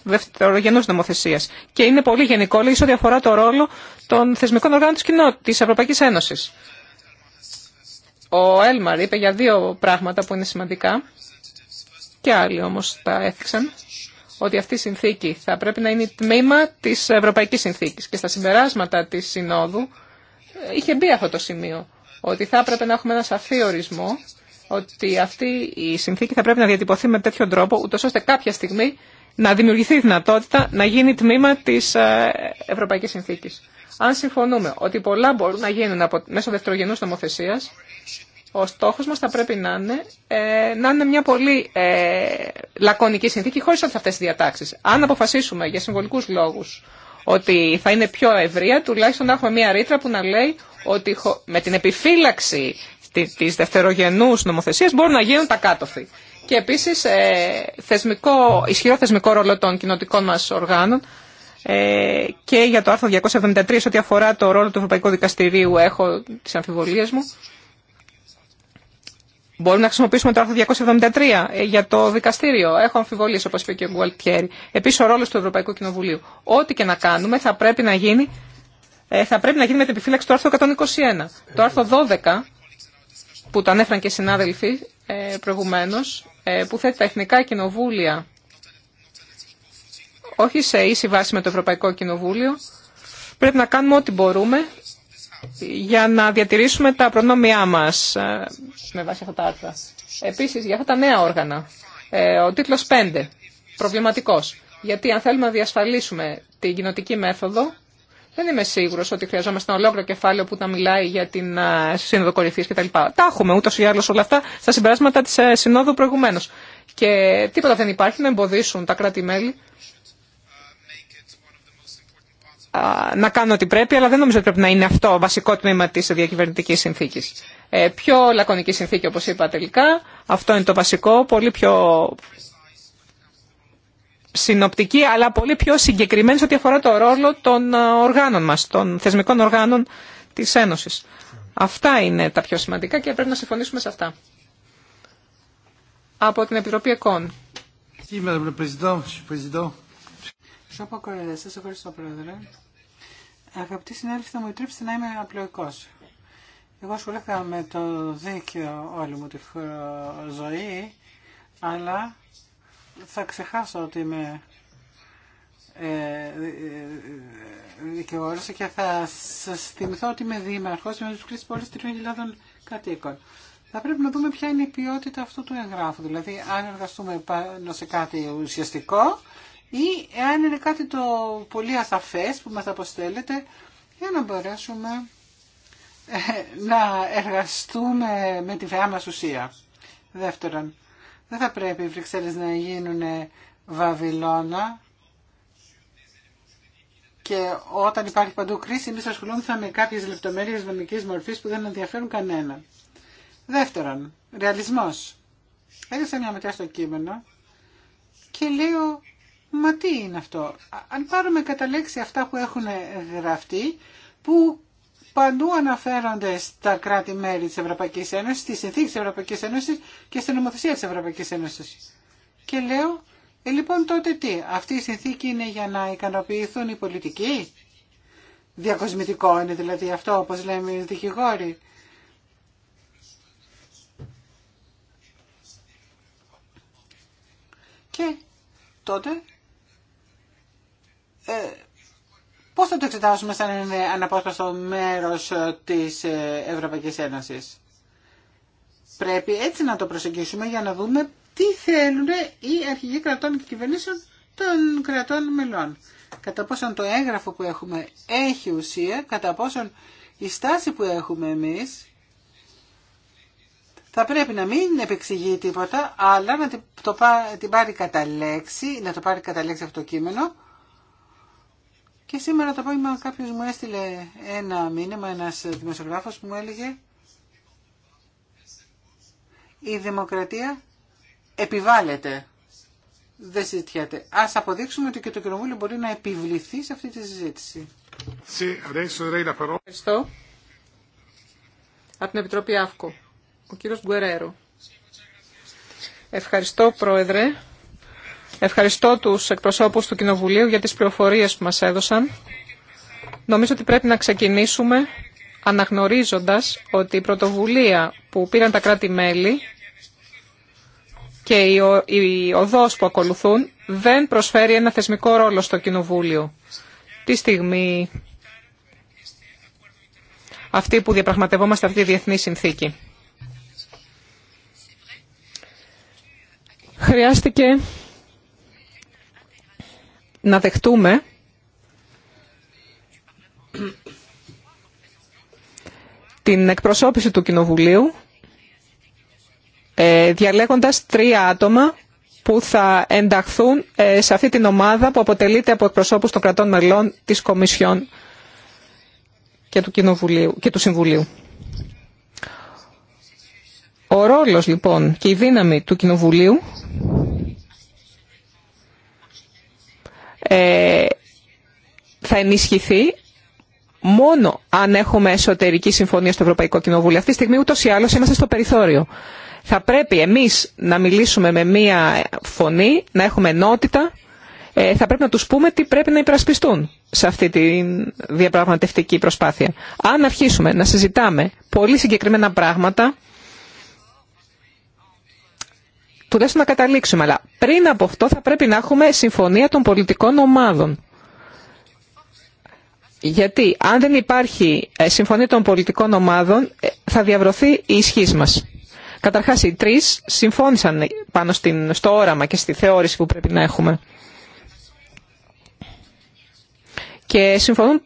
δευτερογενούς νομοθεσίας. Και είναι πολύ γενικό, λέγει, ό,τι αφορά το ρόλο των θεσμικών οργάνων τη Ευρωπαϊκή της ο Έλμαρ είπε για δύο πράγματα που είναι σημαντικά και άλλοι όμως τα έθιξαν ότι αυτή η συνθήκη θα πρέπει να είναι τμήμα της Ευρωπαϊκής Συνθήκης και στα συμπεράσματα της Συνόδου είχε μπει αυτό το σημείο ότι θα έπρεπε να έχουμε ένα σαφή ορισμό ότι αυτή η συνθήκη θα πρέπει να διατυπωθεί με τέτοιο τρόπο ούτως ώστε κάποια στιγμή να δημιουργηθεί η δυνατότητα να γίνει τμήμα της ε, Ευρωπαϊκής Συνθήκης. Αν συμφωνούμε ότι πολλά μπορούν να γίνουν από, μέσω δευτερογενούς νομοθεσίας, ο στόχος μας θα πρέπει ε, να είναι, μια πολύ ε, λακωνική συνθήκη χωρίς όλες αυτές τις διατάξεις. Αν αποφασίσουμε για συμβολικούς λόγους ότι θα είναι πιο ευρεία, τουλάχιστον να έχουμε μια ρήτρα που να λέει ότι με την επιφύλαξη της δευτερογενούς νομοθεσίας μπορούν να γίνουν τα κάτωφη. Και επίσης ε, θεσμικό, ισχυρό θεσμικό ρόλο των κοινοτικών μας οργάνων ε, και για το άρθρο 273 ό,τι αφορά το ρόλο του Ευρωπαϊκού Δικαστηρίου έχω τις αμφιβολίες μου. Μπορούμε να χρησιμοποιήσουμε το άρθρο 273 ε, για το δικαστήριο. Έχω αμφιβολίες όπως είπε και ο Γουαλτιέρη Επίσης ο ρόλος του Ευρωπαϊκού Κοινοβουλίου. Ό,τι και να κάνουμε θα πρέπει να γίνει, ε, θα πρέπει να γίνει με την επιφύλαξη του άρθρου 121. Το άρθρο 12 που το ανέφεραν και οι συνάδελφοι προηγουμένως, που θέτει τα εθνικά κοινοβούλια όχι σε ίση βάση με το Ευρωπαϊκό Κοινοβούλιο. Πρέπει να κάνουμε ό,τι μπορούμε για να διατηρήσουμε τα προνόμια μας ε, με βάση αυτά τα άρθρα. Επίσης, για αυτά τα νέα όργανα, ε, ο τίτλος 5, προβληματικός. Γιατί αν θέλουμε να διασφαλίσουμε την κοινοτική μέθοδο, δεν είμαι σίγουρος ότι χρειαζόμαστε ένα ολόκληρο κεφάλαιο που να μιλάει για την ε, Σύνοδο Κορυφής κτλ. Τα έχουμε ούτως ή άλλως όλα αυτά στα συμπεράσματα τη Συνόδου προηγουμένω. Και τίποτα δεν υπάρχει να εμποδίσουν τα κράτη-μέλη να κάνω ό,τι πρέπει, αλλά δεν νομίζω ότι πρέπει να είναι αυτό βασικό τμήμα τη διακυβερνητική συνθήκη. Ε, πιο λακωνική συνθήκη, όπως είπα τελικά, αυτό είναι το βασικό, πολύ πιο συνοπτική, αλλά πολύ πιο συγκεκριμένη ό,τι αφορά το ρόλο των ε, οργάνων μας, των θεσμικών οργάνων της Ένωσης. Αυτά είναι τα πιο σημαντικά και πρέπει να συμφωνήσουμε σε αυτά. Από την Επιτροπή ΕΚΟΝ. Σώπα κορεδέ, σα ευχαριστώ πρόεδρε. Αγαπητοί συνάδελφοι, θα μου επιτρέψετε να είμαι απλοϊκό. Εγώ ασχολήθηκα με το δίκαιο όλη μου τη ζωή, αλλά θα ξεχάσω ότι είμαι ε, ε και θα σα θυμηθώ ότι είμαι δήμαρχος με τους κλείσεις πόλεις 3.000 κατοίκων. Θα πρέπει να δούμε ποια είναι η ποιότητα αυτού του εγγράφου. Δηλαδή, αν εργαστούμε πάνω σε κάτι ουσιαστικό, ή αν είναι κάτι το πολύ ασαφές που μας αποστέλλεται για να μπορέσουμε ε, να εργαστούμε με τη βεά μας ουσία. Δεύτερον, δεν θα πρέπει οι Βρυξέλλες να γίνουν Βαβυλώνα και όταν υπάρχει παντού κρίση εμείς ασχολούμεθα με κάποιες λεπτομέρειες νομικής μορφής που δεν ενδιαφέρουν κανένα. Δεύτερον, ρεαλισμός. Έδωσα μια ματιά στο κείμενο και λέω Μα τι είναι αυτό. Αν πάρουμε κατά λέξη αυτά που έχουν γραφτεί, που παντού αναφέρονται στα κράτη-μέλη της Ευρωπαϊκής Ένωσης, στη συνθήκη της Ευρωπαϊκής Ένωσης και στην νομοθεσία της Ευρωπαϊκής Ένωσης. Και λέω, ε, λοιπόν τότε τι, αυτή η συνθήκη είναι για να ικανοποιηθούν οι πολιτικοί. Διακοσμητικό είναι δηλαδή αυτό, όπως λέμε οι δικηγόροι. Και τότε ε, πώς θα το εξετάσουμε σαν είναι αναπόσπαστο μέρος της ε, Ευρωπαϊκής Ένωσης. Πρέπει έτσι να το προσεγγίσουμε για να δούμε τι θέλουν οι αρχηγοί κρατών και κυβερνήσεων των κρατών μελών. Κατά πόσον το έγγραφο που έχουμε έχει ουσία, κατά πόσον η στάση που έχουμε εμείς θα πρέπει να μην επεξηγεί τίποτα, αλλά να το πάρει κατά λέξη, να το πάρει κατά λέξη αυτό το κείμενο και σήμερα το απόγευμα κάποιος μου έστειλε ένα μήνυμα, ένα δημοσιογράφος που μου έλεγε «Η δημοκρατία επιβάλλεται, δεν συζητιέται. Ας αποδείξουμε ότι και το κοινοβούλιο μπορεί να επιβληθεί σε αυτή τη συζήτηση». Ευχαριστώ. Από την Επιτροπή ΑΦΚΟ, ο κύριος Γκουερέρο. Ευχαριστώ, Πρόεδρε. Ευχαριστώ τους εκπροσώπους του Κοινοβουλίου για τις πληροφορίες που μας έδωσαν. Νομίζω ότι πρέπει να ξεκινήσουμε αναγνωρίζοντας ότι η πρωτοβουλία που πήραν τα κράτη-μέλη και η οδός που ακολουθούν δεν προσφέρει ένα θεσμικό ρόλο στο Κοινοβούλιο. Τη στιγμή αυτή που διαπραγματευόμαστε αυτή τη διεθνή συνθήκη να δεχτούμε την εκπροσώπηση του Κοινοβουλίου ε, διαλέγοντας τρία άτομα που θα ενταχθούν ε, σε αυτή την ομάδα που αποτελείται από εκπροσώπους των κρατών μελών της Κομισιόν και του, Κοινοβουλίου, και του Συμβουλίου. Ο ρόλος λοιπόν και η δύναμη του Κοινοβουλίου Ε, θα ενισχυθεί μόνο αν έχουμε εσωτερική συμφωνία στο Ευρωπαϊκό Κοινοβούλιο. Αυτή τη στιγμή ούτω ή άλλω είμαστε στο περιθώριο. Θα πρέπει εμεί να μιλήσουμε με μία φωνή, να έχουμε ενότητα. Ε, θα πρέπει να του πούμε τι πρέπει να υπερασπιστούν σε αυτή τη διαπραγματευτική προσπάθεια. Αν αρχίσουμε να συζητάμε πολύ συγκεκριμένα πράγματα, τουλάχιστον να καταλήξουμε. Αλλά πριν από αυτό θα πρέπει να έχουμε συμφωνία των πολιτικών ομάδων. Γιατί αν δεν υπάρχει ε, συμφωνία των πολιτικών ομάδων ε, θα διαβρωθεί η ισχύ μας. Καταρχάς οι τρεις συμφώνησαν πάνω στην, στο όραμα και στη θεώρηση που πρέπει να έχουμε. Και συμφωνούν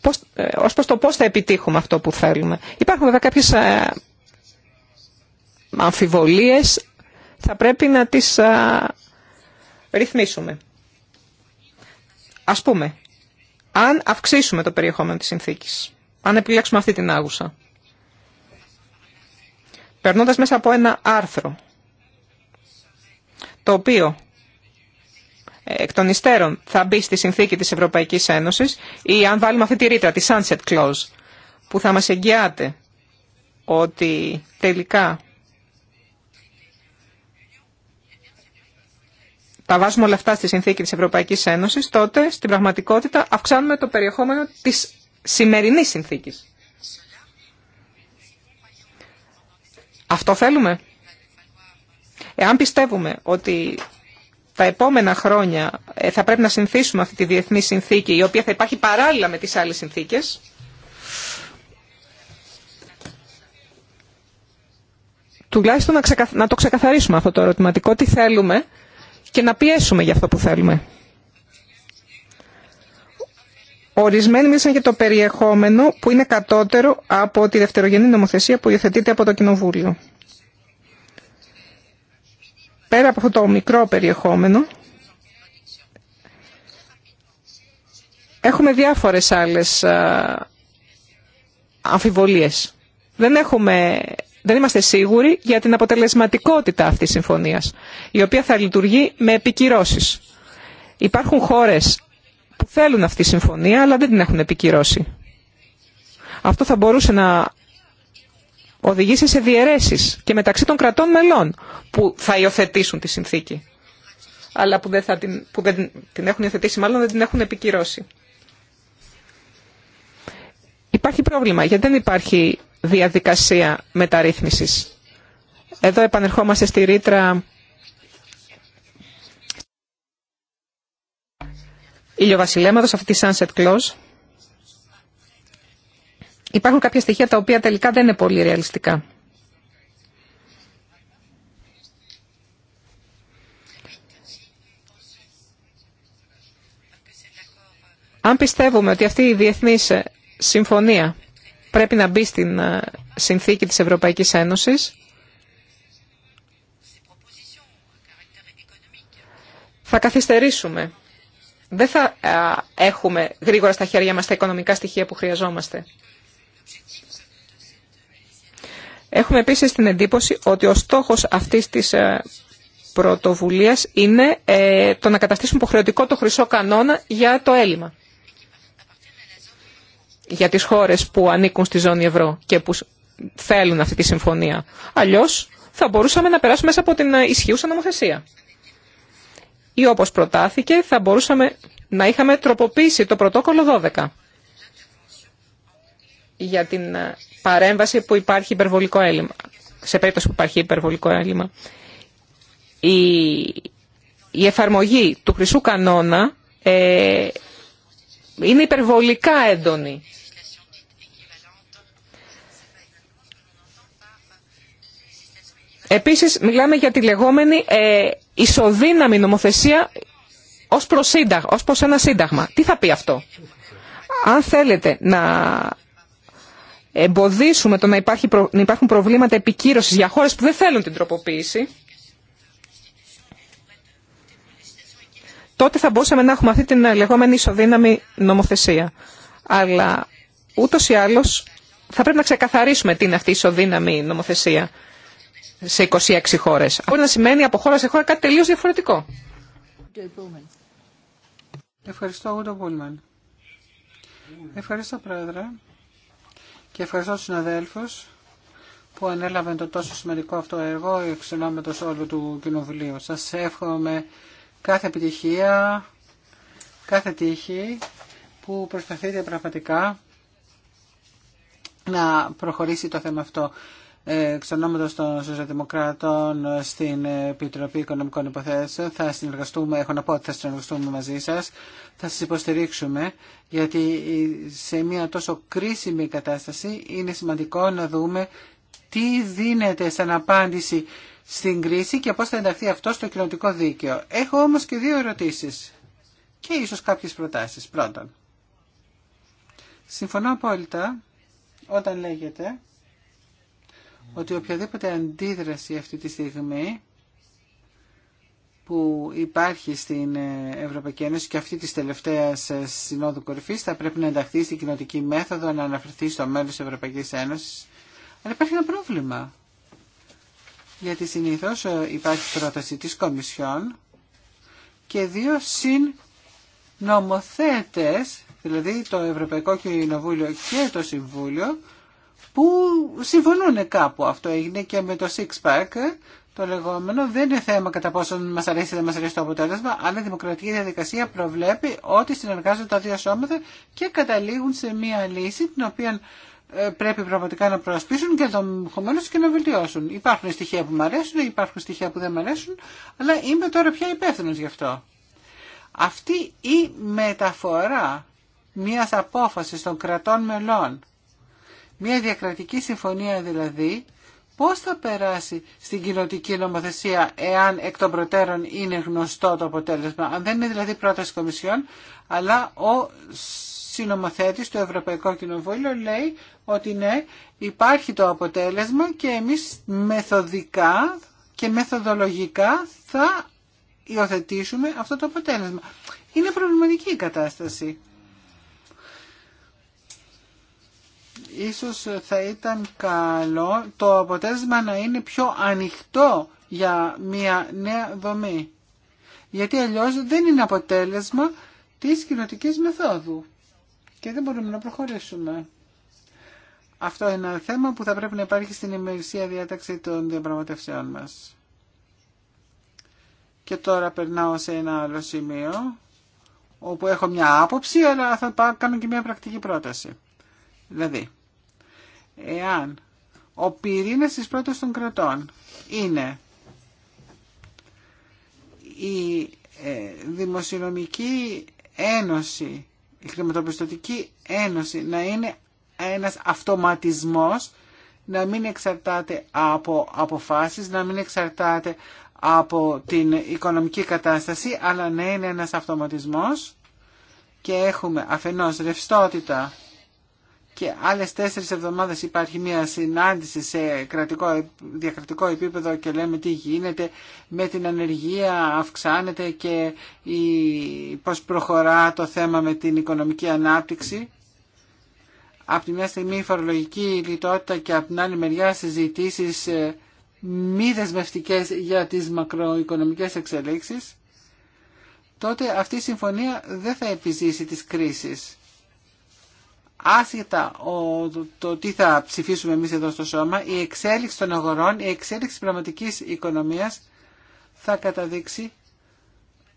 πώς, ε, ως προς το πώς θα επιτύχουμε αυτό που θέλουμε. Υπάρχουν βέβαια κάποιες αμφιβολίες θα πρέπει να τις ρυθμίσουμε. Ας πούμε, αν αυξήσουμε το περιεχόμενο της συνθήκης, αν επιλέξουμε αυτή την άγουσα, περνώντας μέσα από ένα άρθρο, το οποίο ε, εκ των υστέρων θα μπει στη συνθήκη της Ευρωπαϊκής Ένωσης ή αν βάλουμε αυτή τη ρήτρα, τη sunset clause, που θα μας εγγυάται ότι τελικά τα βάζουμε όλα αυτά στη συνθήκη της Ευρωπαϊκής Ένωσης, τότε στην πραγματικότητα αυξάνουμε το περιεχόμενο της σημερινής συνθήκης. Αυτό θέλουμε. Εάν πιστεύουμε ότι τα επόμενα χρόνια ε, θα πρέπει να συνθήσουμε αυτή τη διεθνή συνθήκη, η οποία θα υπάρχει παράλληλα με τις άλλες συνθήκες, τουλάχιστον να, το ξεκαθαρίσουμε αυτό το ερωτηματικό, τι θέλουμε και να πιέσουμε για αυτό που θέλουμε. Ορισμένοι μίλησαν για το περιεχόμενο που είναι κατώτερο από τη δευτερογενή νομοθεσία που υιοθετείται από το Κοινοβούλιο. Πέρα από αυτό το μικρό περιεχόμενο, έχουμε διάφορες άλλες αμφιβολίες. Δεν έχουμε δεν είμαστε σίγουροι για την αποτελεσματικότητα αυτής της συμφωνίας, η οποία θα λειτουργεί με επικυρώσεις. Υπάρχουν χώρες που θέλουν αυτή τη συμφωνία, αλλά δεν την έχουν επικυρώσει. Αυτό θα μπορούσε να οδηγήσει σε διαιρέσεις και μεταξύ των κρατών μελών που θα υιοθετήσουν τη συνθήκη, αλλά που δεν, θα την, που δεν την έχουν υιοθετήσει, μάλλον δεν την έχουν επικυρώσει. Υπάρχει πρόβλημα, γιατί δεν υπάρχει διαδικασία μεταρρύθμισης. Εδώ επανερχόμαστε στη ρήτρα ηλιοβασιλέματος, αυτή τη sunset clause. Υπάρχουν κάποια στοιχεία τα οποία τελικά δεν είναι πολύ ρεαλιστικά. Αν πιστεύουμε ότι αυτή η διεθνής συμφωνία πρέπει να μπει στην ε, συνθήκη της Ευρωπαϊκής Ένωσης. Θα καθυστερήσουμε. Δεν θα ε, έχουμε γρήγορα στα χέρια μας τα οικονομικά στοιχεία που χρειαζόμαστε. Έχουμε επίσης την εντύπωση ότι ο στόχος αυτής της ε, πρωτοβουλίας είναι το να καταστήσουμε υποχρεωτικό το χρυσό κανόνα για το έλλειμμα για τις χώρες που ανήκουν στη ζώνη ευρώ και που θέλουν αυτή τη συμφωνία. Αλλιώς θα μπορούσαμε να περάσουμε μέσα από την ισχύουσα νομοθεσία. Ή όπως προτάθηκε θα μπορούσαμε να είχαμε τροποποιήσει το πρωτόκολλο 12 για την ε, παρέμβαση που υπάρχει υπερβολικό έλλειμμα. Σε περίπτωση που υπάρχει υπερβολικό έλλειμμα. Η, η εφαρμογή του χρυσού κανόνα ε, είναι υπερβολικά έντονη Επίσης, μιλάμε για τη λεγόμενη ε, ισοδύναμη νομοθεσία ως προς, ως προς ένα σύνταγμα. Τι θα πει αυτό. Αν θέλετε να εμποδίσουμε το να, υπάρχουν προβλήματα επικύρωσης για χώρες που δεν θέλουν την τροποποίηση, τότε θα μπορούσαμε να έχουμε αυτή την λεγόμενη ισοδύναμη νομοθεσία. Αλλά ούτως ή άλλως θα πρέπει να ξεκαθαρίσουμε τι είναι αυτή η ισοδύναμη νομοθεσία σε 26 χώρες. Αυτό μπορεί να σημαίνει από χώρα σε χώρα κάτι τελείω διαφορετικό. Ευχαριστώ, Ούτο Πούλμαν. Ευχαριστώ, Πρόεδρε. Και ευχαριστώ τους συναδέλφους που ανέλαβαν το τόσο σημαντικό αυτό έργο εξ το όλου του Κοινοβουλίου. Σας εύχομαι κάθε επιτυχία, κάθε τύχη που προσπαθείτε πραγματικά να προχωρήσει το θέμα αυτό εξ ονόματος των Σοσιαλδημοκράτων στην Επιτροπή Οικονομικών Υποθέσεων. Θα συνεργαστούμε, έχω να πω ότι θα συνεργαστούμε μαζί σα, θα σα υποστηρίξουμε, γιατί σε μια τόσο κρίσιμη κατάσταση είναι σημαντικό να δούμε τι δίνεται σαν απάντηση στην κρίση και πώς θα ενταχθεί αυτό στο κοινωτικό δίκαιο. Έχω όμως και δύο ερωτήσεις και ίσως κάποιες προτάσεις. Πρώτον, συμφωνώ απόλυτα όταν λέγεται ότι οποιαδήποτε αντίδραση αυτή τη στιγμή που υπάρχει στην ε, Ευρωπαϊκή Ένωση και αυτή της τελευταίας ε, συνόδου κορυφής θα πρέπει να ενταχθεί στην κοινοτική μέθοδο να αναφερθεί στο μέλλον της Ευρωπαϊκής Ένωσης. Αλλά υπάρχει ένα πρόβλημα. Γιατί συνήθως ε, υπάρχει πρόταση της Κομισιόν και δύο συν νομοθέτες, δηλαδή το Ευρωπαϊκό Κοινοβούλιο και το Συμβούλιο, που συμφωνούν κάπου. Αυτό έγινε και με το Six Pack, ε, το λεγόμενο. Δεν είναι θέμα κατά πόσο μα αρέσει ή δεν μα αρέσει το αποτέλεσμα, αλλά η δημοκρατική διαδικασία προβλέπει ότι συνεργάζονται τα δύο σώματα και καταλήγουν σε μία λύση την οποία ε, πρέπει πραγματικά να προασπίσουν και και να βελτιώσουν. Υπάρχουν στοιχεία που μου αρέσουν, υπάρχουν στοιχεία που δεν μου αρέσουν, αλλά είμαι τώρα πια υπεύθυνο γι' αυτό. Αυτή η μεταφορά μιας απόφασης των κρατών μελών μια διακρατική συμφωνία δηλαδή πώς θα περάσει στην κοινοτική νομοθεσία εάν εκ των προτέρων είναι γνωστό το αποτέλεσμα. Αν δεν είναι δηλαδή πρόταση Κομισιόν, αλλά ο συνομοθέτης του Ευρωπαϊκού Κοινοβούλιο λέει ότι ναι, υπάρχει το αποτέλεσμα και εμείς μεθοδικά και μεθοδολογικά θα υιοθετήσουμε αυτό το αποτέλεσμα. Είναι προβληματική η κατάσταση. ίσως θα ήταν καλό το αποτέλεσμα να είναι πιο ανοιχτό για μια νέα δομή. Γιατί αλλιώς δεν είναι αποτέλεσμα της κοινοτικής μεθόδου και δεν μπορούμε να προχωρήσουμε. Αυτό είναι ένα θέμα που θα πρέπει να υπάρχει στην ημερησία διάταξη των διαπραγματεύσεών μας. Και τώρα περνάω σε ένα άλλο σημείο, όπου έχω μια άποψη, αλλά θα κάνω και μια πρακτική πρόταση. Δηλαδή, Εάν ο πυρήνας της πρώτης των κρατών είναι η ε, δημοσιονομική ένωση, η χρηματοπιστωτική ένωση να είναι ένας αυτοματισμός, να μην εξαρτάται από αποφάσεις, να μην εξαρτάται από την οικονομική κατάσταση, αλλά να είναι ένας αυτοματισμός και έχουμε αφενός ρευστότητα και άλλε τέσσερι εβδομάδε υπάρχει μια συνάντηση σε κρατικό, διακρατικό επίπεδο και λέμε τι γίνεται με την ανεργία, αυξάνεται και η, πώς προχωρά το θέμα με την οικονομική ανάπτυξη. Από τη μια στιγμή η φορολογική λιτότητα και από την άλλη μεριά συζητήσεις ε, μη δεσμευτικέ για τις μακροοικονομικές εξελίξεις, τότε αυτή η συμφωνία δεν θα επιζήσει τις κρίσεις άσχετα το τι θα ψηφίσουμε εμείς εδώ στο σώμα, η εξέλιξη των αγορών, η εξέλιξη πραγματικής οικονομίας θα καταδείξει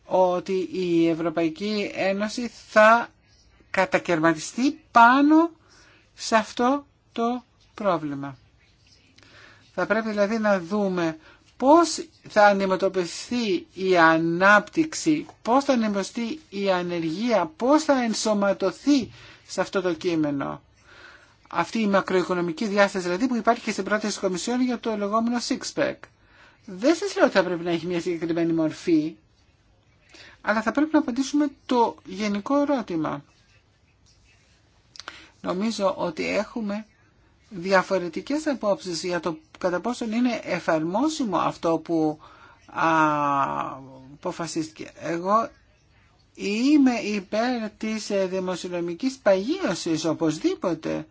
ότι η Ευρωπαϊκή Ένωση θα κατακαιρματιστεί πάνω σε αυτό το πρόβλημα. Θα πρέπει δηλαδή να δούμε πώς θα αντιμετωπιστεί η ανάπτυξη, πώς θα αντιμετωπιστεί η ανεργία, πώς θα ενσωματωθεί σε αυτό το κείμενο. Αυτή η μακροοικονομική διάσταση δηλαδή που υπάρχει και στην πρόταση της Κομισιόν για το λεγόμενο six-pack. Δεν σας λέω ότι θα πρέπει να έχει μια συγκεκριμένη μορφή, αλλά θα πρέπει να απαντήσουμε το γενικό ερώτημα. Νομίζω ότι έχουμε διαφορετικές απόψεις για το κατά πόσο είναι εφαρμόσιμο αυτό που αποφασίστηκε. Εγώ είμαι υπέρ της ε, δημοσιονομικής παγίωσης οπωσδήποτε.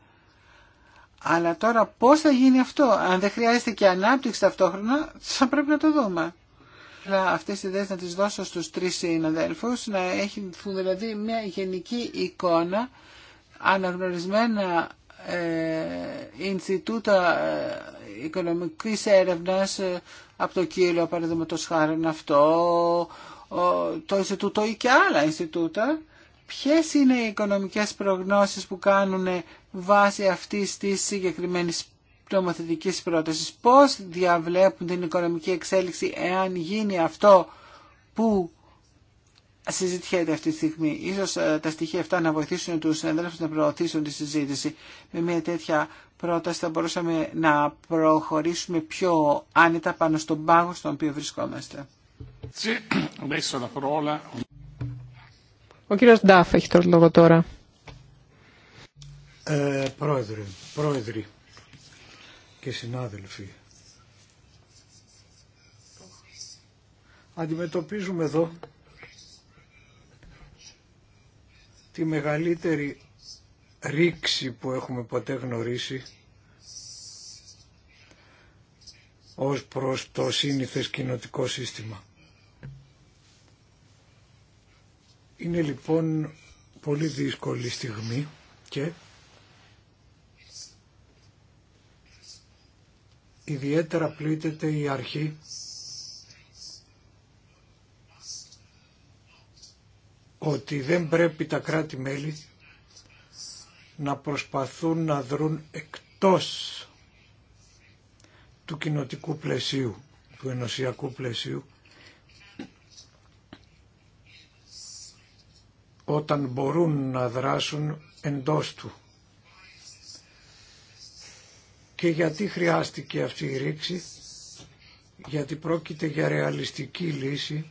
Αλλά τώρα πώς θα γίνει αυτό, αν δεν χρειάζεται και ανάπτυξη ταυτόχρονα, θα πρέπει να το δούμε. Αλλά αυτές οι ιδέες να τις δώσω στους τρεις συναδέλφους, να έχουν δηλαδή μια γενική εικόνα, αναγνωρισμένα ε, Ινστιτούτα ε, Οικονομικής Έρευνας ε, από το κύριο παραδείγματος χάρη αυτό, το Ινστιτούτο ή και άλλα Ινστιτούτα, ποιες είναι οι οικονομικές προγνώσεις που κάνουν βάσει αυτής της συγκεκριμένης νομοθετικής πρότασης. Πώς διαβλέπουν την οικονομική εξέλιξη εάν γίνει αυτό που συζητιέται αυτή τη στιγμή. Ίσως ε, τα στοιχεία αυτά να βοηθήσουν τους συναδέλφους να προωθήσουν τη συζήτηση. Με μια τέτοια πρόταση θα μπορούσαμε να προχωρήσουμε πιο άνετα πάνω στον πάγο στον οποίο βρισκόμαστε. Ο κύριο Ντάφ έχει το λόγο τώρα. Ε, πρόεδρε, πρόεδροι και συνάδελφοι. Αντιμετωπίζουμε εδώ τη μεγαλύτερη ρήξη που έχουμε ποτέ γνωρίσει ως προς το σύνηθες κοινοτικό σύστημα. Είναι λοιπόν πολύ δύσκολη στιγμή και ιδιαίτερα πλήττεται η αρχή ότι δεν πρέπει τα κράτη-μέλη να προσπαθούν να δρουν εκτός του κοινοτικού πλαισίου, του ενωσιακού πλαισίου όταν μπορούν να δράσουν εντός του. Και γιατί χρειάστηκε αυτή η ρήξη, γιατί πρόκειται για ρεαλιστική λύση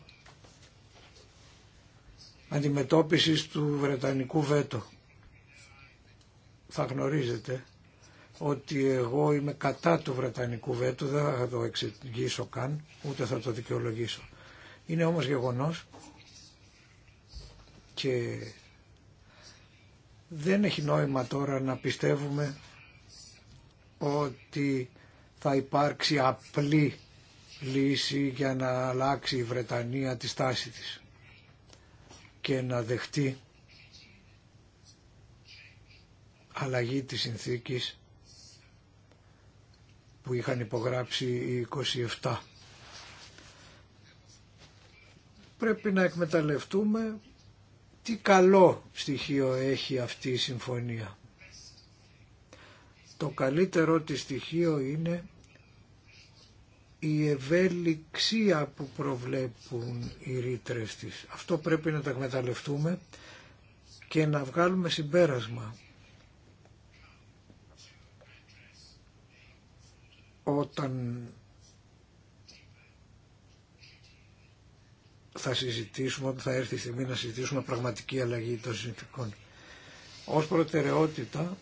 αντιμετώπισης του Βρετανικού βέτο. Θα γνωρίζετε ότι εγώ είμαι κατά του Βρετανικού βέτο δεν θα το εξηγήσω καν, ούτε θα το δικαιολογήσω. Είναι όμως γεγονός και δεν έχει νόημα τώρα να πιστεύουμε ότι θα υπάρξει απλή λύση για να αλλάξει η Βρετανία τη στάση της και να δεχτεί αλλαγή της συνθήκης που είχαν υπογράψει οι 27. Πρέπει να εκμεταλλευτούμε τι καλό στοιχείο έχει αυτή η συμφωνία. Το καλύτερο τη στοιχείο είναι η ευέλιξία που προβλέπουν οι ρήτρε της. Αυτό πρέπει να τα εκμεταλλευτούμε και να βγάλουμε συμπέρασμα. Όταν θα συζητήσουμε, όταν θα έρθει η στιγμή να συζητήσουμε πραγματική αλλαγή των συνθήκων. Ως προτεραιότητα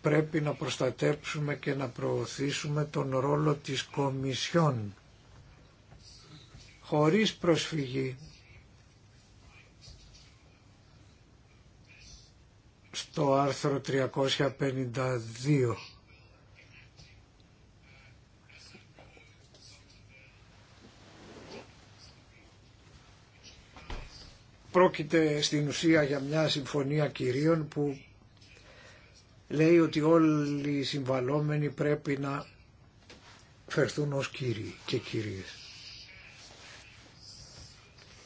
πρέπει να προστατέψουμε και να προωθήσουμε τον ρόλο της Κομισιόν χωρίς προσφυγή στο άρθρο 352 πρόκειται στην ουσία για μια συμφωνία κυρίων που λέει ότι όλοι οι συμβαλόμενοι πρέπει να φερθούν ως κύριοι και κυρίες.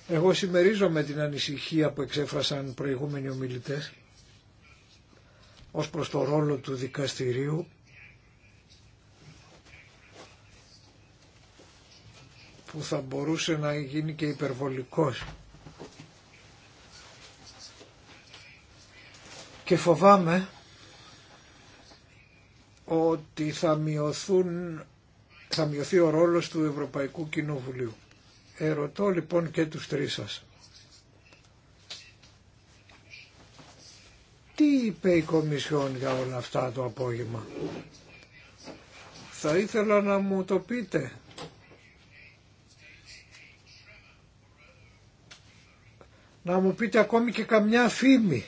Εγώ συμμερίζομαι την ανησυχία που εξέφρασαν προηγούμενοι ομιλητές ως προς το ρόλο του δικαστηρίου που θα μπορούσε να γίνει και υπερβολικός και φοβάμαι ότι θα, μειωθούν, θα μειωθεί ο ρόλος του Ευρωπαϊκού Κοινοβουλίου. Ερωτώ λοιπόν και τους τρεις σας. Τι είπε η Κομισιόν για όλα αυτά το απόγευμα. Θα ήθελα να μου το πείτε. Να μου πείτε ακόμη και καμιά φήμη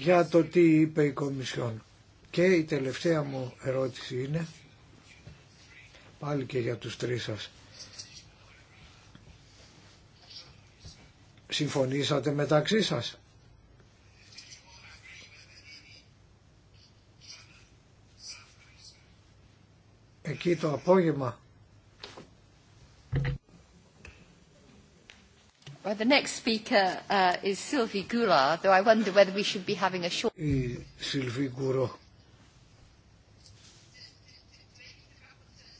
για το τι είπε η Κομισιόν. Και η τελευταία μου ερώτηση είναι, πάλι και για τους τρεις σας, συμφωνήσατε μεταξύ σας. Εκεί το απόγευμα. The next speaker uh, is Sylvie Goulard, though I wonder whether we should be having a short... Η Σιλβί Γκουρό.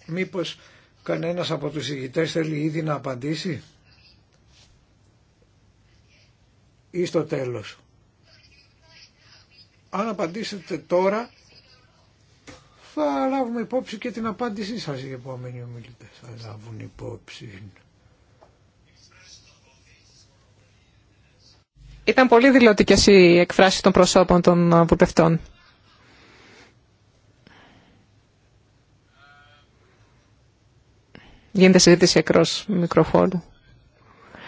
Μήπως κανένας από τους ηγητές θέλει ήδη να απαντήσει ή στο τέλος. Αν απαντήσετε τώρα θα λάβουμε υπόψη και την απάντησή σας οι επόμενοι ομιλητές. Θα λάβουν υπόψη. Ήταν πολύ δηλωτικέ οι εκφράσει των προσώπων των ε, βουλευτών. Γίνεται συζήτηση εκτό μικροφόρου.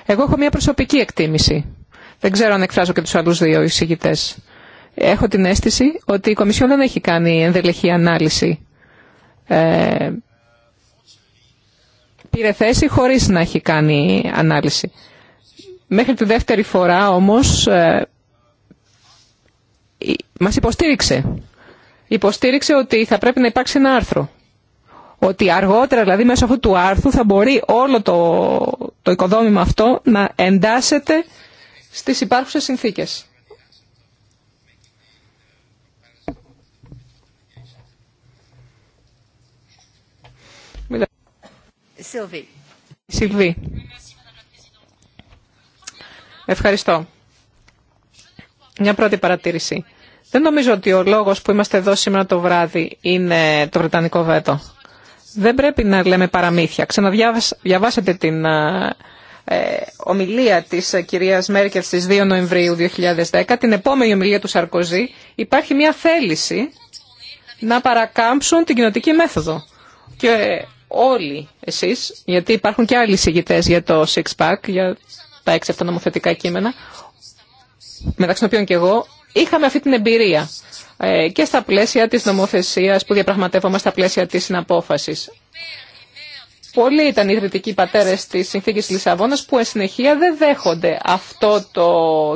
Εγώ έχω μια προσωπική εκτίμηση. Δεν ξέρω αν εκφράζω και του άλλου δύο εισηγητέ. Έχω την αίσθηση ότι η Κομισιόν δεν έχει κάνει ενδελεχή ανάλυση. Ε, πήρε θέση χωρίς να έχει κάνει ανάλυση. Μέχρι τη δεύτερη φορά όμως ε, μας υποστήριξε. Υποστήριξε ότι θα πρέπει να υπάρξει ένα άρθρο. Ότι αργότερα, δηλαδή μέσω αυτού του άρθρου, θα μπορεί όλο το, το οικοδόμημα αυτό να εντάσσεται στις υπάρχουσες συνθήκες. Σιλβί. Ευχαριστώ. Μια πρώτη παρατήρηση. Δεν νομίζω ότι ο λόγος που είμαστε εδώ σήμερα το βράδυ είναι το Βρετανικό βέτο. Δεν πρέπει να λέμε παραμύθια. Ξαναδιαβάσετε την ε, ε, ομιλία της ε, κυρίας Μέρκελ στις 2 Νοεμβρίου 2010, την επόμενη ομιλία του Σαρκοζή, υπάρχει μια θέληση να παρακάμψουν την κοινωτική μέθοδο. Και όλοι εσείς, γιατί υπάρχουν και άλλοι συγγητές για το six-pack, για τα έξι αυτά νομοθετικά κείμενα, μεταξύ των οποίων και εγώ, είχαμε αυτή την εμπειρία ε, και στα πλαίσια της νομοθεσίας που διαπραγματεύομαι, στα πλαίσια της συναπόφασης. Πολλοί ήταν οι ιδρυτικοί πατέρες της συνθήκης Λισαβόνας που εν συνεχεία δεν δέχονται αυτό το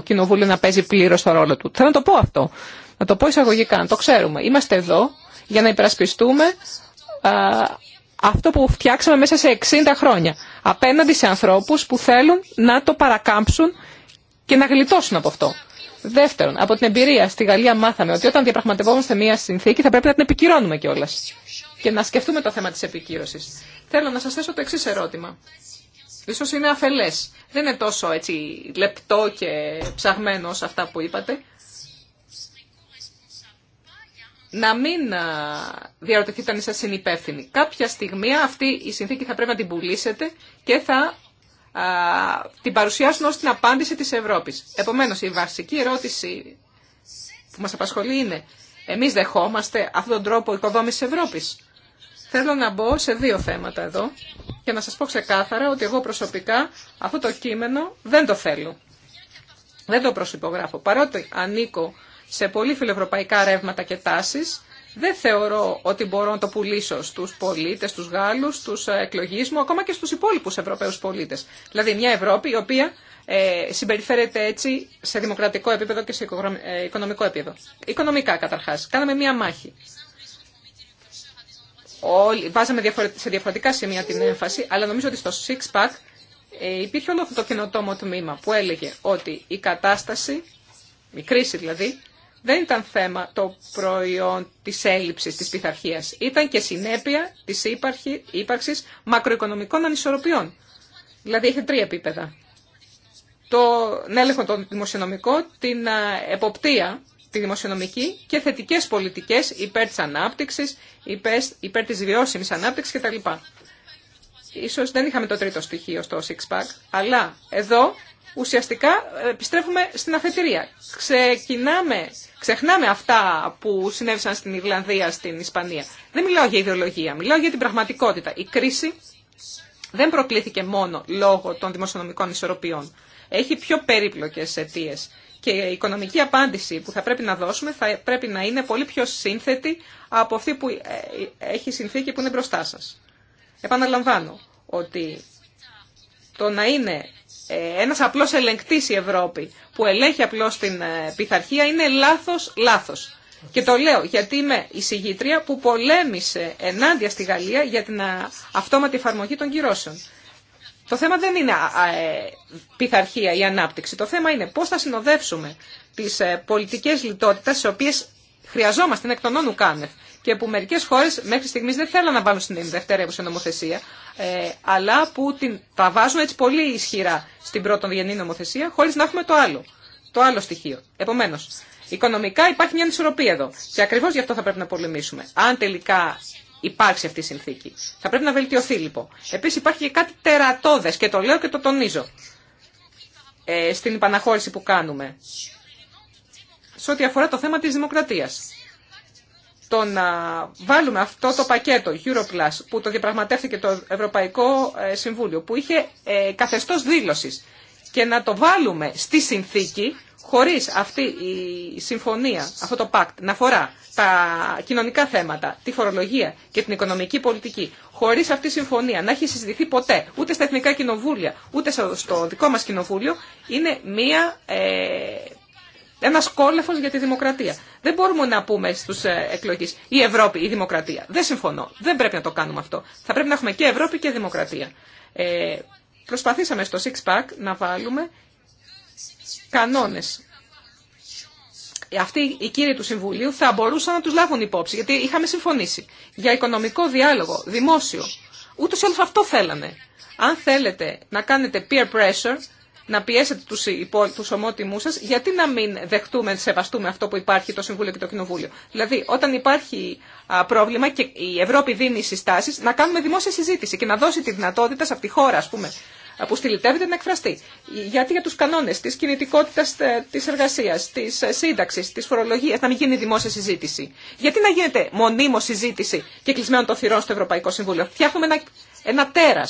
κοινοβούλιο να παίζει πλήρως το ρόλο του. Θέλω να το πω αυτό, να το πω εισαγωγικά, να το ξέρουμε. Είμαστε εδώ για να υπερασπιστούμε αυτό που φτιάξαμε μέσα σε 60 χρόνια απέναντι σε ανθρώπους που θέλουν να το παρακάμψουν και να γλιτώσουν από αυτό. Δεύτερον, από την εμπειρία στη Γαλλία μάθαμε ότι όταν διαπραγματευόμαστε μία συνθήκη θα πρέπει να την επικυρώνουμε κιόλα και να σκεφτούμε το θέμα της επικύρωσης. Θέλω να σας θέσω το εξή ερώτημα. Ίσως είναι αφελές. Δεν είναι τόσο έτσι λεπτό και ψαγμένο αυτά που είπατε, να μην διαρωτηθείτε αν είστε συνυπεύθυνοι. Κάποια στιγμή αυτή η συνθήκη θα πρέπει να την πουλήσετε και θα την παρουσιάσουν ως την απάντηση της Ευρώπης. Επομένως, η βασική ερώτηση που μας απασχολεί είναι εμείς δεχόμαστε αυτόν τον τρόπο οικοδόμησης Ευρώπης. Θέλω να μπω σε δύο θέματα εδώ και να σας πω ξεκάθαρα ότι εγώ προσωπικά αυτό το κείμενο δεν το θέλω. Δεν το προσυπογράφω. Παρότι ανήκω σε πολύ φιλοευρωπαϊκά ρεύματα και τάσεις. Δεν θεωρώ ότι μπορώ να το πουλήσω στους πολίτες, στους Γάλλους, στους ε, εκλογείς μου, ακόμα και στους υπόλοιπους Ευρωπαίους πολίτες. Δηλαδή μια Ευρώπη η οποία ε, συμπεριφέρεται έτσι σε δημοκρατικό επίπεδο και σε ε, οικονομικό επίπεδο. Οικονομικά καταρχάς. Κάναμε μια μάχη. Όλοι, βάζαμε σε διαφορετικά σημεία την έμφαση, αλλά νομίζω ότι στο six-pack ε, υπήρχε όλο αυτό το καινοτόμο τμήμα που έλεγε ότι η κατάσταση, η κρίση δηλαδή, δεν ήταν θέμα το προϊόν της έλλειψης της πειθαρχία. Ήταν και συνέπεια της ύπαρξης μακροοικονομικών ανισορροπιών. Δηλαδή είχε τρία επίπεδα. Το έλεγχο το δημοσιονομικό, την εποπτεία τη δημοσιονομική και θετικές πολιτικές υπέρ της ανάπτυξης, υπέρ, υπέρ της βιώσιμης ανάπτυξης κτλ. Ίσως δεν είχαμε το τρίτο στοιχείο στο six pack, αλλά εδώ ουσιαστικά ε, επιστρέφουμε στην αφετηρία. Ξεκινάμε Ξεχνάμε αυτά που συνέβησαν στην Ιρλανδία, στην Ισπανία. Δεν μιλάω για ιδεολογία, μιλάω για την πραγματικότητα. Η κρίση δεν προκλήθηκε μόνο λόγω των δημοσιονομικών ισορροπιών. Έχει πιο περίπλοκες αιτίε. Και η οικονομική απάντηση που θα πρέπει να δώσουμε θα πρέπει να είναι πολύ πιο σύνθετη από αυτή που ε, έχει συνθήκη που είναι μπροστά σας. Επαναλαμβάνω ότι το να είναι ε, ένας απλός ελεγκτής η Ευρώπη που ελέγχει απλώς την ε, πειθαρχία είναι λάθος, λάθος. Και το λέω γιατί είμαι η συγγήτρια που πολέμησε ενάντια στη Γαλλία για την αυτόματη εφαρμογή των κυρώσεων. Το θέμα δεν είναι ε, πειθαρχία ή ανάπτυξη. Το θέμα είναι πώς θα συνοδεύσουμε τις πολιτικές λιτότητες σε οποίες χρειαζόμαστε εκ των όνου και που μερικές χώρες μέχρι στιγμής δεν θέλουν να βάλουν στην δευτερεύουσα νομοθεσία, ε, αλλά που την, τα βάζουν έτσι πολύ ισχυρά στην πρώτον γεννή νομοθεσία, χωρίς να έχουμε το άλλο, το άλλο στοιχείο. Επομένως, οικονομικά υπάρχει μια ανισορροπία εδώ και ακριβώς γι' αυτό θα πρέπει να πολεμήσουμε. Αν τελικά υπάρξει αυτή η συνθήκη. Θα πρέπει να βελτιωθεί λοιπόν. Επίση υπάρχει και κάτι τερατώδε και το λέω και το τονίζω ε, στην επαναχώρηση που κάνουμε σε ό,τι αφορά το θέμα της δημοκρατίας το να βάλουμε αυτό το πακέτο Europlus που το διαπραγματεύτηκε το Ευρωπαϊκό ε, Συμβούλιο, που είχε ε, καθεστώς δήλωσης και να το βάλουμε στη συνθήκη χωρίς αυτή η συμφωνία, αυτό το pact, να αφορά τα κοινωνικά θέματα, τη φορολογία και την οικονομική πολιτική, χωρίς αυτή η συμφωνία να έχει συζητηθεί ποτέ, ούτε στα εθνικά κοινοβούλια, ούτε στο δικό μας κοινοβούλιο, είναι μία ε, ένα κόλεφο για τη δημοκρατία. Δεν μπορούμε να πούμε στου ε, εκλογεί η Ευρώπη, η δημοκρατία. Δεν συμφωνώ. Δεν πρέπει να το κάνουμε αυτό. Θα πρέπει να έχουμε και Ευρώπη και δημοκρατία. Ε, προσπαθήσαμε στο Six Pack να βάλουμε κανόνε. Αυτοί οι κύριοι του Συμβουλίου θα μπορούσαν να του λάβουν υπόψη, γιατί είχαμε συμφωνήσει για οικονομικό διάλογο, δημόσιο. Ούτω ή αυτό θέλανε. Αν θέλετε να κάνετε peer pressure, να πιέσετε του τους ομότιμούς σας, γιατί να μην δεχτούμε, σεβαστούμε αυτό που υπάρχει το Συμβούλιο και το Κοινοβούλιο. Δηλαδή, όταν υπάρχει πρόβλημα και η Ευρώπη δίνει συστάσει, να κάνουμε δημόσια συζήτηση και να δώσει τη δυνατότητα σε αυτή τη χώρα, α πούμε, που στυλιτεύεται να εκφραστεί. Γιατί για του κανόνε τη κινητικότητα ε, τη εργασία, τη ε, σύνταξη, τη φορολογία να μην γίνει δημόσια συζήτηση. Γιατί να γίνεται μονίμω συζήτηση και κλεισμένο το θυρών στο Ευρωπαϊκό Συμβούλιο. Φτιάχνουμε ένα, ένα τέρα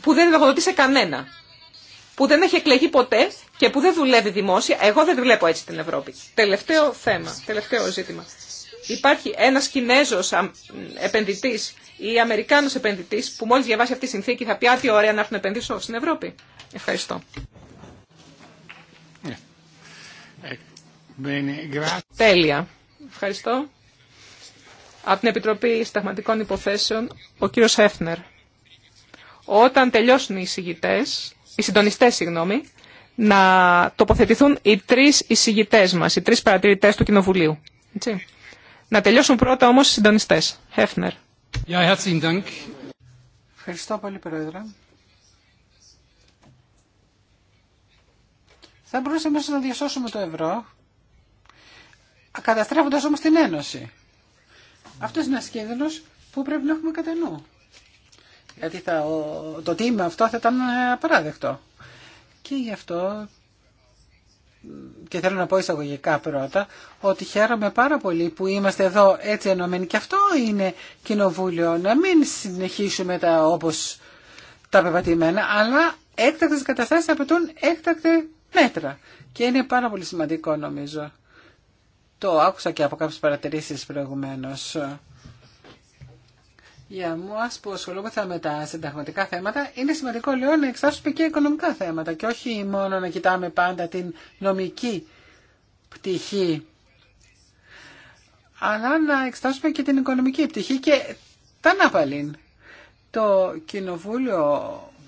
που δεν λογοδοτεί σε κανένα που δεν έχει εκλεγεί ποτέ και που δεν δουλεύει δημόσια. Εγώ δεν βλέπω έτσι την Ευρώπη. Τελευταίο θέμα, τελευταίο ζήτημα. Υπάρχει ένα Κινέζο επενδυτή ή Αμερικάνο επενδυτή που μόλι διαβάσει αυτή τη συνθήκη θα πει: Α, ωραία να έρθουν επενδύσει στην Ευρώπη. Ευχαριστώ. Τέλεια. Ευχαριστώ. Από την Επιτροπή Σταγματικών Υποθέσεων, ο κύριος Έφνερ. Όταν τελειώσουν οι εισηγητές, οι συντονιστές συγγνώμη, να τοποθετηθούν οι τρεις εισηγητές μας, οι τρεις παρατηρητές του Κοινοβουλίου. Έτσι. Να τελειώσουν πρώτα όμως οι συντονιστές. Χέφνερ. Dank. Ευχαριστώ πολύ, Πρόεδρε. Θα μπορούσαμε να διασώσουμε το ευρώ, καταστρέφοντας όμως την Ένωση. Αυτός είναι ένα κίνδυνος που πρέπει να έχουμε κατά νου. Γιατί θα, το τίμημα αυτό θα ήταν ε, απαράδεκτο. Και γι' αυτό και θέλω να πω εισαγωγικά πρώτα ότι χαίρομαι πάρα πολύ που είμαστε εδώ έτσι ενωμένοι και αυτό είναι κοινοβούλιο να μην συνεχίσουμε τα όπως τα πεπατημένα αλλά έκτακτες καταστάσεις απαιτούν έκτακτε μέτρα και είναι πάρα πολύ σημαντικό νομίζω το άκουσα και από κάποιες παρατηρήσεις προηγουμένως για εμά που ασχολούμαστε με τα συνταγματικά θέματα, είναι σημαντικό λέω να εξάσουμε και οικονομικά θέματα και όχι μόνο να κοιτάμε πάντα την νομική πτυχή αλλά να εξτάσουμε και την οικονομική πτυχή και τα ναπαλίν. Το κοινοβούλιο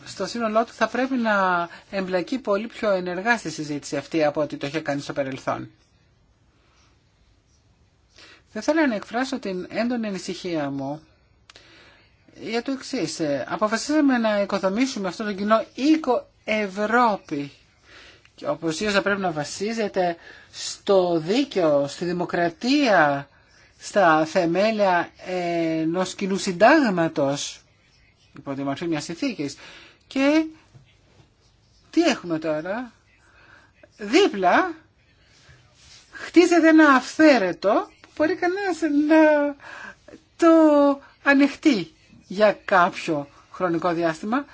στο σύνολό του θα πρέπει να εμπλακεί πολύ πιο ενεργά στη συζήτηση αυτή από ό,τι το είχε κάνει στο παρελθόν. Δεν θέλω να εκφράσω την έντονη ανησυχία μου για το εξή. Ε, αποφασίσαμε να οικοδομήσουμε αυτό το κοινό οίκο Ευρώπη. Και ίσως θα πρέπει να βασίζεται στο δίκαιο, στη δημοκρατία, στα θεμέλια ενό κοινού συντάγματο υπό τη μορφή μια συνθήκη. Και τι έχουμε τώρα. Δίπλα χτίζεται ένα αυθαίρετο που μπορεί κανένα να το ανοιχτεί για κάποιο χρονικό διάστημα,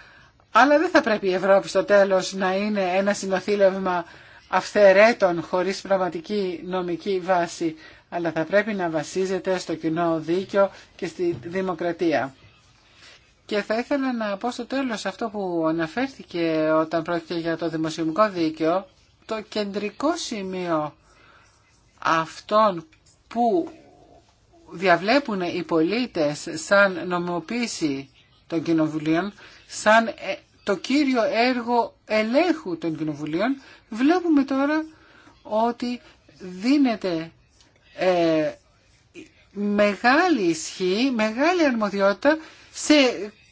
αλλά δεν θα πρέπει η Ευρώπη στο τέλος να είναι ένα συνοθήλευμα αυθαιρέτων χωρίς πραγματική νομική βάση, αλλά θα πρέπει να βασίζεται στο κοινό δίκαιο και στη δημοκρατία. Και θα ήθελα να πω στο τέλος αυτό που αναφέρθηκε όταν πρόκειται για το δημοσιομικό δίκαιο, το κεντρικό σημείο αυτών που διαβλέπουν οι πολίτες σαν νομοποίηση των κοινοβουλίων, σαν ε, το κύριο έργο ελέγχου των κοινοβουλίων, βλέπουμε τώρα ότι δίνεται ε, μεγάλη ισχύ, μεγάλη αρμοδιότητα σε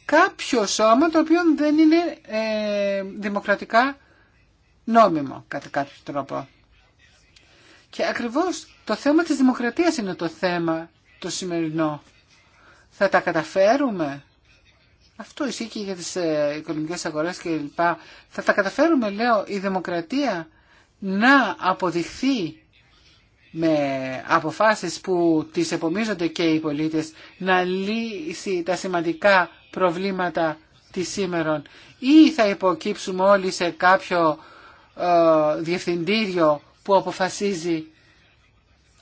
κάποιο σώμα το οποίο δεν είναι ε, δημοκρατικά νόμιμο κατά κάποιο τρόπο. Και ακριβώς το θέμα της δημοκρατίας είναι το θέμα το σημερινό. Θα τα καταφέρουμε. Αυτό ισχύει και για τις ε, οικονομικές αγορές και λοιπά. Θα τα καταφέρουμε, λέω, η δημοκρατία να αποδειχθεί με αποφάσεις που τις επομίζονται και οι πολίτες να λύσει τα σημαντικά προβλήματα της σήμερον ή θα υποκύψουμε όλοι σε κάποιο ε, διευθυντήριο που αποφασίζει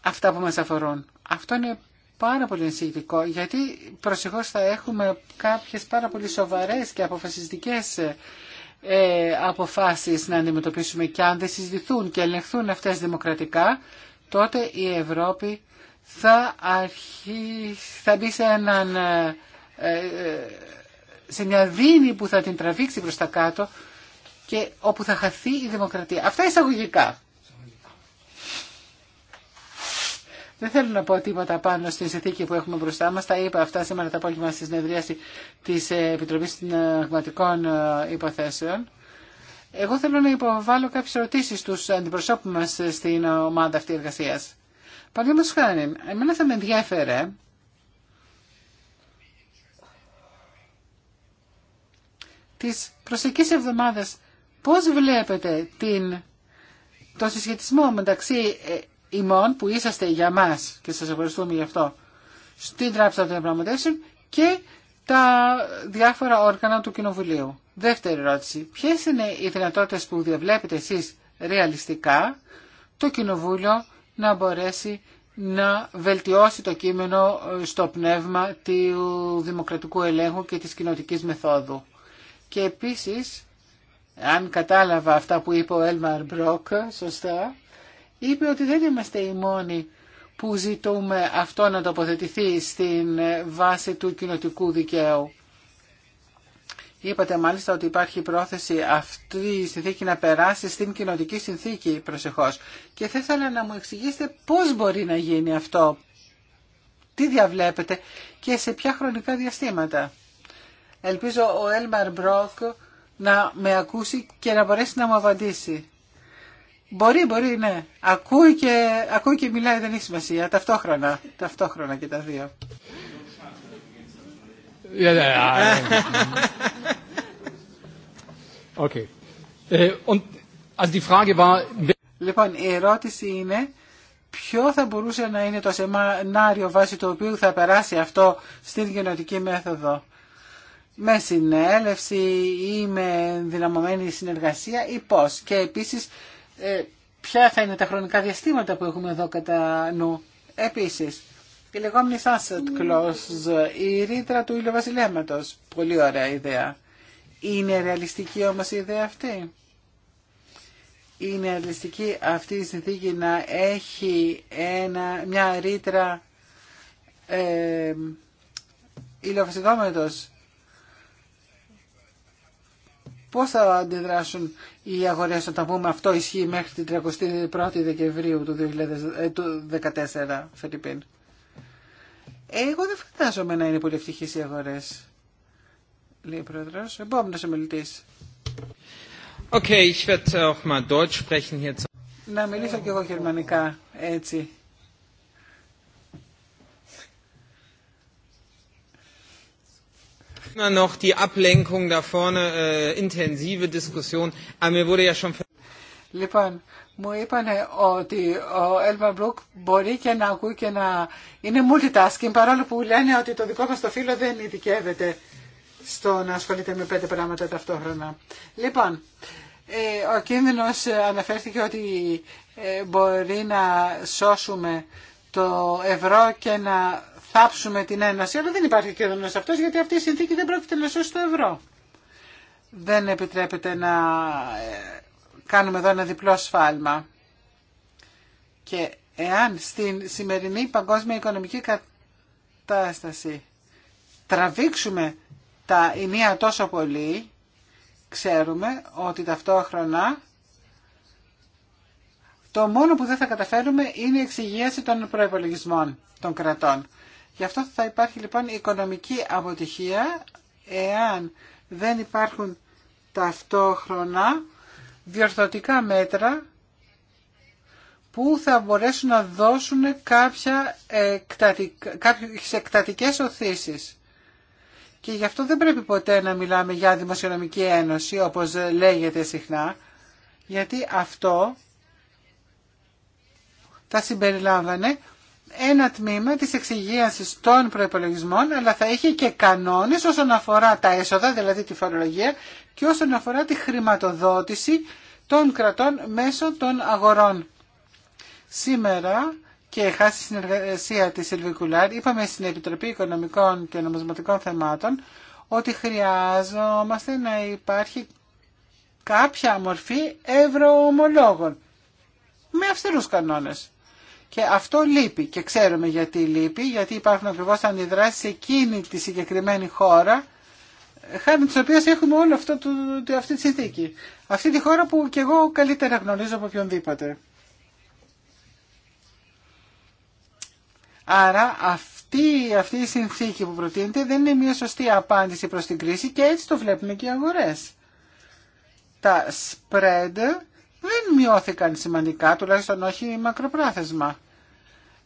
αυτά που μας αφορούν. Αυτό είναι πάρα πολύ ενσυγητικό, γιατί προσεχώς θα έχουμε κάποιες πάρα πολύ σοβαρές και αποφασιστικές ε, αποφάσεις να αντιμετωπίσουμε και αν δεν συζητηθούν και ελεγχθούν αυτές δημοκρατικά, τότε η Ευρώπη θα, αρχι, θα μπει σε, έναν, ε, ε, σε μια δίνη που θα την τραβήξει προς τα κάτω και όπου θα χαθεί η δημοκρατία. Αυτά εισαγωγικά. Δεν θέλω να πω τίποτα πάνω στην συνθήκη που έχουμε μπροστά μα. Τα είπα αυτά σήμερα τα απόγευμα στη συνεδρίαση της Επιτροπής Συνταγματικών Υποθέσεων. Εγώ θέλω να υποβάλω κάποιες ερωτήσει στους αντιπροσώπους μα στην ομάδα αυτή εργασίας. Παραδείγματο χάρη, εμένα θα με ενδιαφέρε τις προσεκτική εβδομάδα. Πώ βλέπετε την, το συσχετισμό μεταξύ ε, ημών που είσαστε για μας και σας ευχαριστούμε γι' αυτό στην Τράπεζα των Επραγματεύσεων και τα διάφορα όργανα του Κοινοβουλίου. Δεύτερη ερώτηση. Ποιες είναι οι δυνατότητες που διαβλέπετε εσείς ρεαλιστικά το Κοινοβούλιο να μπορέσει να βελτιώσει το κείμενο ε, στο πνεύμα του δημοκρατικού ελέγχου και της κοινοτικής μεθόδου. Και επίσης, αν κατάλαβα αυτά που είπε ο Έλμαρ Μπρόκ, σωστά, είπε ότι δεν είμαστε οι μόνοι που ζητούμε αυτό να τοποθετηθεί στην βάση του κοινοτικού δικαίου. Είπατε μάλιστα ότι υπάρχει πρόθεση αυτή η συνθήκη να περάσει στην κοινοτική συνθήκη προσεχώς. Και θα ήθελα να μου εξηγήσετε πώς μπορεί να γίνει αυτό, τι διαβλέπετε και σε ποια χρονικά διαστήματα. Ελπίζω ο Έλμαρ Μπρόκ να με ακούσει και να μπορέσει να μου απαντήσει. Μπορεί, μπορεί, ναι. Ακούει και, ακούει και μιλάει, δεν έχει σημασία. Ταυτόχρονα. Ταυτόχρονα και τα δύο. Λοιπόν, η ερώτηση είναι ποιο θα μπορούσε να είναι το σεμινάριο βάσει το οποίο θα περάσει αυτό στην γενοτική μέθοδο. Με συνέλευση ή με δυναμωμένη συνεργασία ή πώς. Και επίσης ε, ποια θα είναι τα χρονικά διαστήματα που έχουμε εδώ κατά νου. Επίσης, η λεγόμενη sunset clause, η ρήτρα του ηλιοβασιλέματος. Πολύ ωραία ιδέα. Είναι ρεαλιστική όμως η ιδέα αυτή. Είναι ρεαλιστική αυτή η συνθήκη να έχει ένα, μια ρήτρα ε, Πώς θα αντιδράσουν οι αγορές όταν πούμε αυτό ισχύει μέχρι την 31η Δεκεμβρίου του 2014, ε, Φερρυπίν. Εγώ δεν φαντάζομαι να είναι πολύ ευτυχεί οι αγορέ. Λέει ο πρόεδρο. Επόμενο ομιλητή. Okay, ich werde auch mal Deutsch sprechen hier. Να μιλήσω κι εγώ γερμανικά, έτσι. Λοιπόν, μου είπαν ότι ο Έλβαν Μπρουκ μπορεί και να ακούει και να είναι multitasking παρόλο που λένε ότι το δικό μας το φίλο δεν ειδικεύεται στο να ασχολείται με πέντε πράγματα ταυτόχρονα. Λοιπόν, ε, ο κίνδυνος ε, αναφέρθηκε ότι ε, μπορεί να σώσουμε το ευρώ και να θάψουμε την Ένωση, αλλά δεν υπάρχει κίνδυνο αυτό γιατί αυτή η συνθήκη δεν πρόκειται να σώσει το ευρώ. Δεν επιτρέπεται να ε, κάνουμε εδώ ένα διπλό σφάλμα. Και εάν στην σημερινή παγκόσμια οικονομική κατάσταση τραβήξουμε τα ενία τόσο πολύ, ξέρουμε ότι ταυτόχρονα το μόνο που δεν θα καταφέρουμε είναι η εξυγίαση των προϋπολογισμών των κρατών. Γι' αυτό θα υπάρχει λοιπόν οικονομική αποτυχία εάν δεν υπάρχουν ταυτόχρονα διορθωτικά μέτρα που θα μπορέσουν να δώσουν κάποια εκτατικ... κάποιες εκτατικές οθήσεις. Και γι' αυτό δεν πρέπει ποτέ να μιλάμε για δημοσιονομική ένωση, όπως λέγεται συχνά, γιατί αυτό θα συμπεριλάμβανε ένα τμήμα της εξυγίασης των προϋπολογισμών, αλλά θα έχει και κανόνες όσον αφορά τα έσοδα, δηλαδή τη φορολογία, και όσον αφορά τη χρηματοδότηση των κρατών μέσω των αγορών. Σήμερα και χάσει τη συνεργασία της Ελβικουλάρ, είπαμε στην Επιτροπή Οικονομικών και Νομισματικών Θεμάτων ότι χρειάζομαστε να υπάρχει κάποια μορφή ευρωομολόγων με αυστηρούς κανόνες. Και αυτό λείπει και ξέρουμε γιατί λείπει, γιατί υπάρχουν ακριβώ αντιδράσει σε εκείνη τη συγκεκριμένη χώρα, χάρη τη οποία έχουμε όλη αυτό, αυτή τη συνθήκη. Αυτή τη χώρα που και εγώ καλύτερα γνωρίζω από οποιονδήποτε. Άρα αυτή, αυτή η συνθήκη που προτείνεται δεν είναι μια σωστή απάντηση προς την κρίση και έτσι το βλέπουν και οι αγορές. Τα spread δεν μειώθηκαν σημαντικά, τουλάχιστον όχι μακροπρόθεσμα.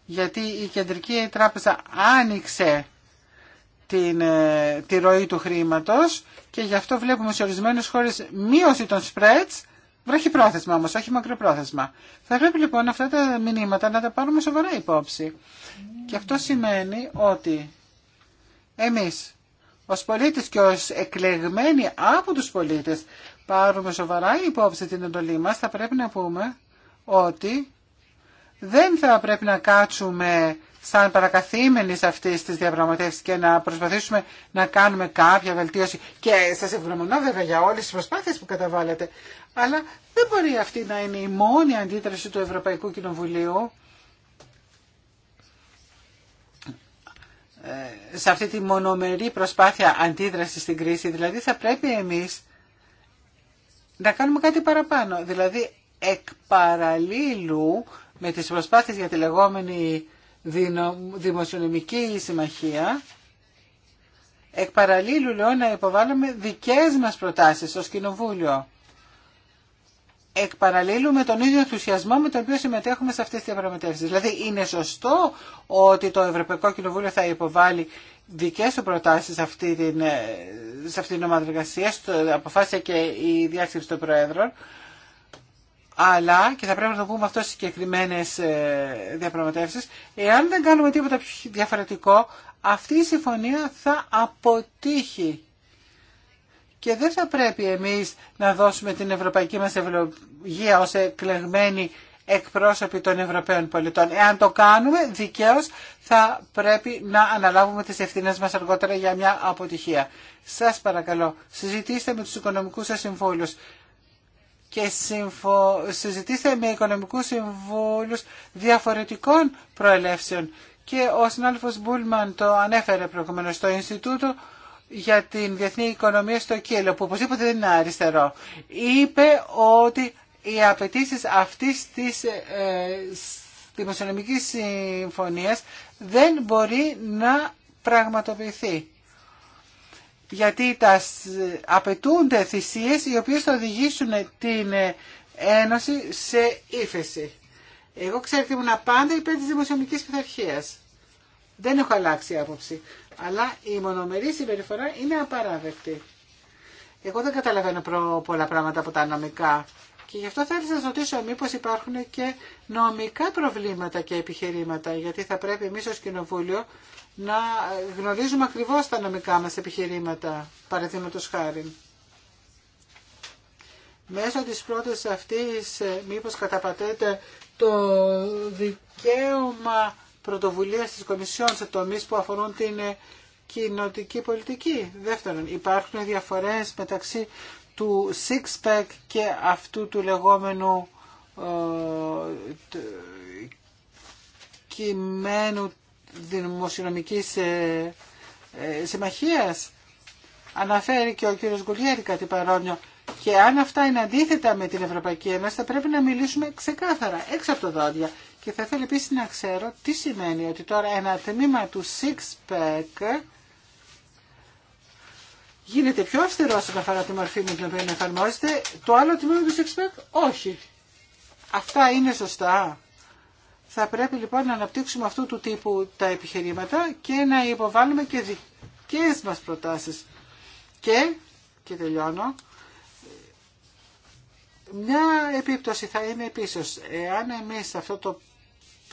Γιατί η Κεντρική Τράπεζα άνοιξε την, ε, τη ροή του χρήματος και γι' αυτό βλέπουμε σε ορισμένε χώρες μείωση των spreads, βραχυπρόθεσμα όμως, όχι μακροπρόθεσμα. Θα πρέπει λοιπόν αυτά τα μηνύματα να τα πάρουμε σοβαρά υπόψη. Και αυτό σημαίνει ότι εμείς ως πολίτες και ως εκλεγμένοι από τους πολίτες πάρουμε σοβαρά υπόψη την εντολή μας, θα πρέπει να πούμε ότι δεν θα πρέπει να κάτσουμε σαν παρακαθήμενοι σε αυτή τις διαπραγματεύσεις και να προσπαθήσουμε να κάνουμε κάποια βελτίωση. Και σας ευγνωμονώ βέβαια για όλες τις προσπάθειες που καταβάλλετε, αλλά δεν μπορεί αυτή να είναι η μόνη αντίδραση του Ευρωπαϊκού Κοινοβουλίου ε, σε αυτή τη μονομερή προσπάθεια αντίδρασης στην κρίση. Δηλαδή θα πρέπει εμείς να κάνουμε κάτι παραπάνω. Δηλαδή, εκ με τις προσπάθειες για τη λεγόμενη δημοσιονομική συμμαχία, εκ παραλίλου λέω να υποβάλλουμε δικές μας προτάσεις ως Κοινοβούλιο εκ παραλίλου με τον ίδιο ενθουσιασμό με τον οποίο συμμετέχουμε σε αυτές τις διαπραγματεύσεις. Δηλαδή είναι σωστό ότι το Ευρωπαϊκό Κοινοβούλιο θα υποβάλει δικές του προτάσεις σε αυτή την, ε, αυτή την ομάδα εργασία, αποφάσισε και η διάσκεψη των Προέδρων, αλλά, και θα πρέπει να το πούμε αυτό στι συγκεκριμένε διαπραγματεύσει, εάν δεν κάνουμε τίποτα διαφορετικό, αυτή η συμφωνία θα αποτύχει και δεν θα πρέπει εμείς να δώσουμε την ευρωπαϊκή μας ευλογία ως εκλεγμένοι εκπρόσωποι των Ευρωπαίων πολιτών. Εάν το κάνουμε, δικαίως θα πρέπει να αναλάβουμε τις ευθύνες μας αργότερα για μια αποτυχία. Σας παρακαλώ, συζητήστε με τους οικονομικούς σας συμβούλους και συζητήστε με οικονομικούς συμβούλους διαφορετικών προελεύσεων. Και ο συνάδελφος Μπούλμαν το ανέφερε προηγουμένως στο Ινστιτούτο για την διεθνή οικονομία στο Κίελο, που οπωσδήποτε δεν είναι αριστερό, είπε ότι οι απαιτήσει αυτή τη ε, δημοσιονομικής συμφωνίας δεν μπορεί να πραγματοποιηθεί. Γιατί τα απαιτούνται θυσίες οι οποίες θα οδηγήσουν την ε, Ένωση σε ύφεση. Εγώ ξέρετε ήμουν πάντα υπέρ τη δημοσιονομικής πειθαρχίας. Δεν έχω αλλάξει άποψη. Αλλά η μονομερή συμπεριφορά είναι απαράδεκτη. Εγώ δεν καταλαβαίνω πολλά πράγματα από τα νομικά. Και γι' αυτό θα ήθελα να σας ρωτήσω μήπως υπάρχουν και νομικά προβλήματα και επιχειρήματα, γιατί θα πρέπει εμείς ως Κοινοβούλιο να γνωρίζουμε ακριβώς τα νομικά μας επιχειρήματα, παραδείγματος χάρη. Μέσω της πρώτη αυτής ε, μήπως καταπατέται το δικαίωμα πρωτοβουλία της Κομισιόν σε τομείς που αφορούν την ε, κοινοτική πολιτική. Δεύτερον, υπάρχουν διαφορές μεταξύ του six και αυτού του λεγόμενου ε, κειμένου δημοσιονομική ε, ε Αναφέρει και ο κύριος Γκουλιέρη κάτι παρόμοιο. Και αν αυτά είναι αντίθετα με την Ευρωπαϊκή Ένωση, θα πρέπει να μιλήσουμε ξεκάθαρα, έξω από τα δόντια. Και θα ήθελα επίσης να ξέρω τι σημαίνει ότι τώρα ένα τμήμα του six-pack γίνεται πιο αυστηρό όσον αφορά τη μορφή με την οποία εφαρμόζεται, το άλλο τμήμα του six-pack όχι. Αυτά είναι σωστά. Θα πρέπει λοιπόν να αναπτύξουμε αυτού του τύπου τα επιχειρήματα και να υποβάλουμε και δικές μας προτάσεις. Και, και τελειώνω, μια επίπτωση θα είναι επίσης, εάν εμείς αυτό το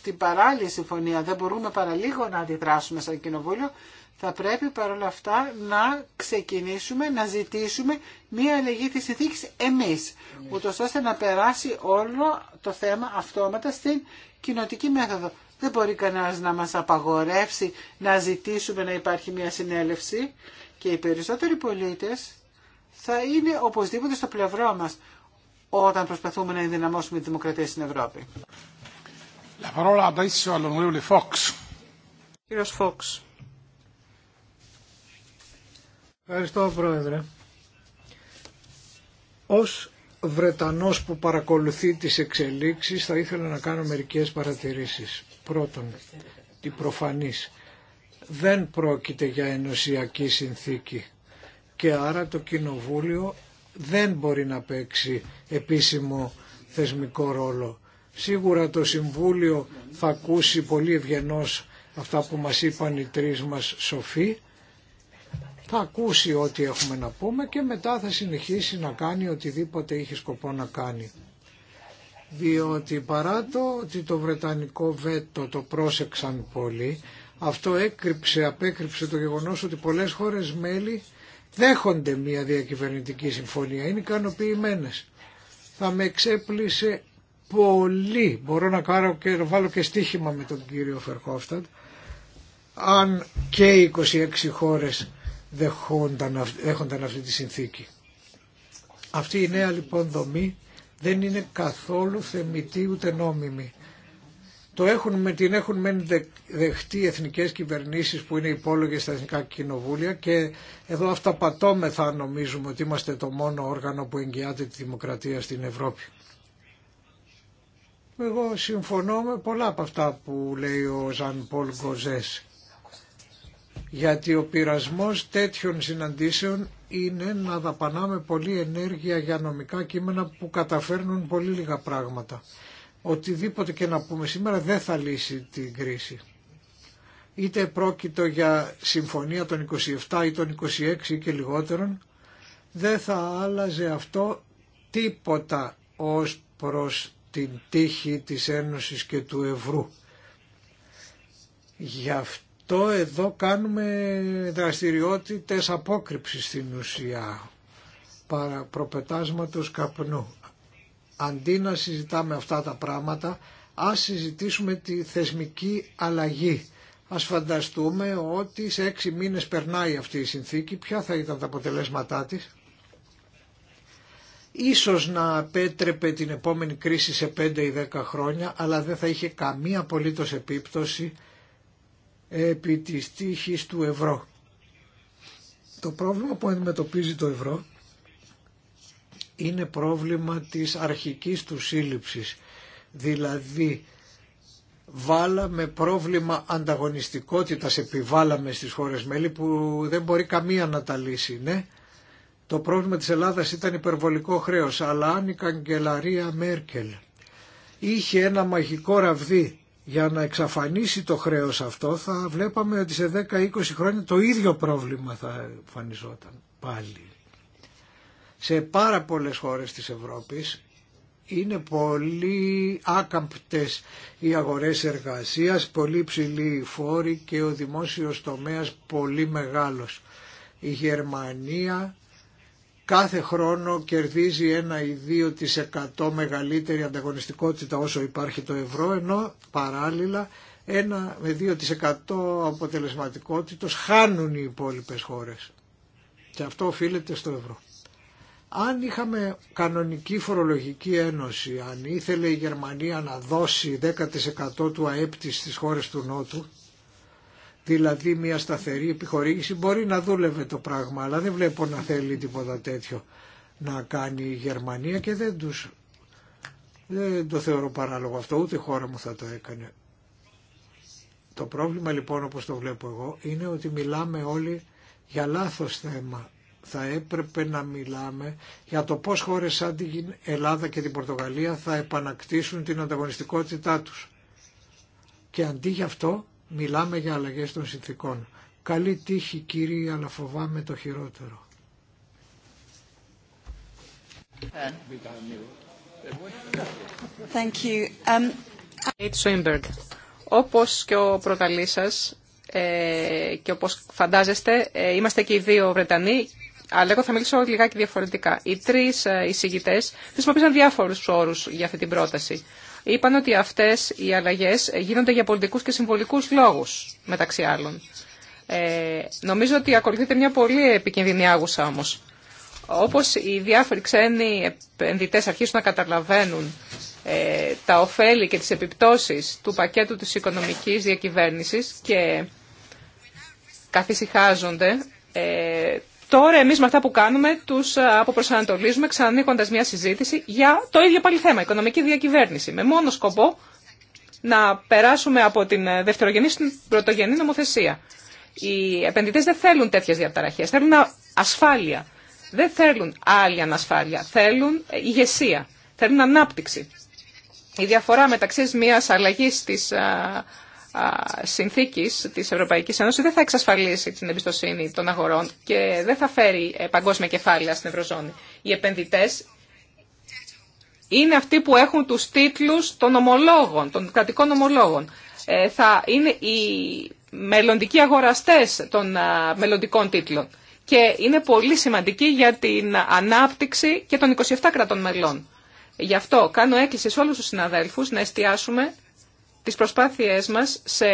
την παράλληλη συμφωνία δεν μπορούμε παραλίγο να αντιδράσουμε σαν κοινοβούλιο, θα πρέπει παρόλα αυτά να ξεκινήσουμε, να ζητήσουμε μία αλλαγή της συνθήκη εμείς, ούτως ώστε να περάσει όλο το θέμα αυτόματα στην κοινοτική μέθοδο. Δεν μπορεί κανένας να μας απαγορεύσει να ζητήσουμε να υπάρχει μία συνέλευση και οι περισσότεροι πολίτες θα είναι οπωσδήποτε στο πλευρό μας όταν προσπαθούμε να ενδυναμώσουμε τη δημοκρατία στην Ευρώπη. Κύριος Ευχαριστώ Πρόεδρε. Ως Βρετανός που παρακολουθεί τις εξελίξεις θα ήθελα να κάνω μερικές παρατηρήσεις. Πρώτον, τη προφανής. Δεν πρόκειται για ενωσιακή συνθήκη και άρα το Κοινοβούλιο δεν μπορεί να παίξει επίσημο θεσμικό ρόλο. Σίγουρα το Συμβούλιο θα ακούσει πολύ ευγενώς αυτά που μας είπαν οι τρεις μας σοφοί. Θα ακούσει ό,τι έχουμε να πούμε και μετά θα συνεχίσει να κάνει οτιδήποτε είχε σκοπό να κάνει. Διότι παρά το ότι το Βρετανικό βέτο το πρόσεξαν πολύ, αυτό έκρυψε, απέκρυψε το γεγονός ότι πολλές χώρες μέλη δέχονται μια διακυβερνητική συμφωνία, είναι ικανοποιημένε. Θα με εξέπλησε πολύ, μπορώ να, κάνω και, να βάλω και στοίχημα με τον κύριο Φερχόφσταντ, αν και οι 26 χώρες δεχόνταν, δέχονταν αυτή τη συνθήκη. Αυτή η νέα λοιπόν δομή δεν είναι καθόλου θεμητή ούτε νόμιμη. Το έχουν, με την έχουν μεν δεχτεί εθνικές κυβερνήσεις που είναι υπόλογες στα εθνικά κοινοβούλια και εδώ αυταπατώμεθα νομίζουμε ότι είμαστε το μόνο όργανο που εγγυάται τη δημοκρατία στην Ευρώπη. Εγώ συμφωνώ με πολλά από αυτά που λέει ο Ζαν Πολ Γκοζές. Γιατί ο πειρασμός τέτοιων συναντήσεων είναι να δαπανάμε πολλή ενέργεια για νομικά κείμενα που καταφέρνουν πολύ λίγα πράγματα. Οτιδήποτε και να πούμε σήμερα δεν θα λύσει την κρίση. Είτε πρόκειτο για συμφωνία των 27 ή των 26 ή και λιγότερον. δεν θα άλλαζε αυτό τίποτα ως προς την τύχη της Ένωσης και του Ευρού. Γι' αυτό εδώ κάνουμε δραστηριότητες απόκρυψης στην ουσία, προπετάσματος καπνού. Αντί να συζητάμε αυτά τα πράγματα, ας συζητήσουμε τη θεσμική αλλαγή. Ας φανταστούμε ότι σε έξι μήνες περνάει αυτή η συνθήκη, ποια θα ήταν τα αποτελέσματά της ίσως να απέτρεπε την επόμενη κρίση σε 5 ή 10 χρόνια, αλλά δεν θα είχε καμία απολύτως επίπτωση επί της τύχης του ευρώ. Το πρόβλημα που αντιμετωπίζει το ευρώ είναι πρόβλημα της αρχικής του σύλληψης. Δηλαδή, βάλαμε πρόβλημα ανταγωνιστικότητας, επιβάλαμε στις χώρες μέλη που δεν μπορεί καμία να τα λύσει, ναι. Το πρόβλημα της Ελλάδας ήταν υπερβολικό χρέος, αλλά αν η καγκελαρία Μέρκελ είχε ένα μαγικό ραβδί για να εξαφανίσει το χρέος αυτό, θα βλέπαμε ότι σε 10-20 χρόνια το ίδιο πρόβλημα θα εμφανιζόταν πάλι. Σε πάρα πολλές χώρες της Ευρώπης είναι πολύ άκαμπτες οι αγορές εργασίας, πολύ ψηλοί οι φόροι και ο δημόσιος τομέας πολύ μεγάλος. Η Γερμανία κάθε χρόνο κερδίζει ένα ή εκατο μεγαλύτερη ανταγωνιστικότητα όσο υπάρχει το ευρώ, ενώ παράλληλα ένα με εκατο αποτελεσματικότητος χάνουν οι υπόλοιπες χώρες. Και αυτό οφείλεται στο ευρώ. Αν είχαμε κανονική φορολογική ένωση, αν ήθελε η Γερμανία να δώσει 10% του ΑΕΠ στις χώρες του Νότου, δηλαδή μια σταθερή επιχορήγηση, μπορεί να δούλευε το πράγμα, αλλά δεν βλέπω να θέλει τίποτα τέτοιο να κάνει η Γερμανία και δεν, τους, δεν το θεωρώ παράλογο αυτό, ούτε η χώρα μου θα το έκανε. Το πρόβλημα λοιπόν όπως το βλέπω εγώ είναι ότι μιλάμε όλοι για λάθος θέμα. Θα έπρεπε να μιλάμε για το πώς χώρες σαν την Ελλάδα και την Πορτογαλία θα επανακτήσουν την ανταγωνιστικότητά τους. Και αντί γι' αυτό μιλάμε για αλλαγές των συνθήκων. Καλή τύχη κύριε, αλλά φοβάμαι το χειρότερο. Thank you. Um, όπως και ο προταλής σας ε, και όπως φαντάζεστε, ε, είμαστε και οι δύο Βρετανοί, αλλά εγώ θα μιλήσω λιγάκι διαφορετικά. Οι τρεις ε, εισηγητές χρησιμοποίησαν διάφορους όρους για αυτή την πρόταση είπαν ότι αυτές οι αλλαγές γίνονται για πολιτικούς και συμβολικούς λόγους, μεταξύ άλλων. Ε, νομίζω ότι ακολουθείται μια πολύ επικίνδυνη άγουσα όμως. Όπως οι διάφοροι ξένοι επενδυτέ, αρχίσουν να καταλαβαίνουν ε, τα ωφέλη και τις επιπτώσεις του πακέτου της οικονομικής διακυβέρνησης και καθησυχάζονται, ε, Τώρα εμείς με αυτά που κάνουμε τους ε, αποπροσανατολίζουμε ξανανοίγοντας μια συζήτηση για το ίδιο πάλι θέμα, οικονομική διακυβέρνηση, με μόνο σκοπό να περάσουμε από την ε, δευτερογενή στην πρωτογενή νομοθεσία. Οι επενδυτές δεν θέλουν τέτοιες διαταραχές, θέλουν ασφάλεια. Δεν θέλουν άλλη ανασφάλεια, θέλουν ε, ηγεσία, θέλουν ανάπτυξη. Η διαφορά μεταξύ μιας αλλαγής της συνθήκη τη Ευρωπαϊκή Ένωση δεν θα εξασφαλίσει την εμπιστοσύνη των αγορών και δεν θα φέρει ε, παγκόσμια κεφάλαια στην Ευρωζώνη. Οι επενδυτέ είναι αυτοί που έχουν του τίτλου των ομολόγων, των κρατικών ομολόγων. Ε, θα είναι οι μελλοντικοί αγοραστέ των μελλοντικών τίτλων. Και είναι πολύ σημαντική για την ανάπτυξη και των 27 κρατών μελών. Γι' αυτό κάνω έκκληση σε όλους τους συναδέλφους να εστιάσουμε τις προσπάθειές μας σε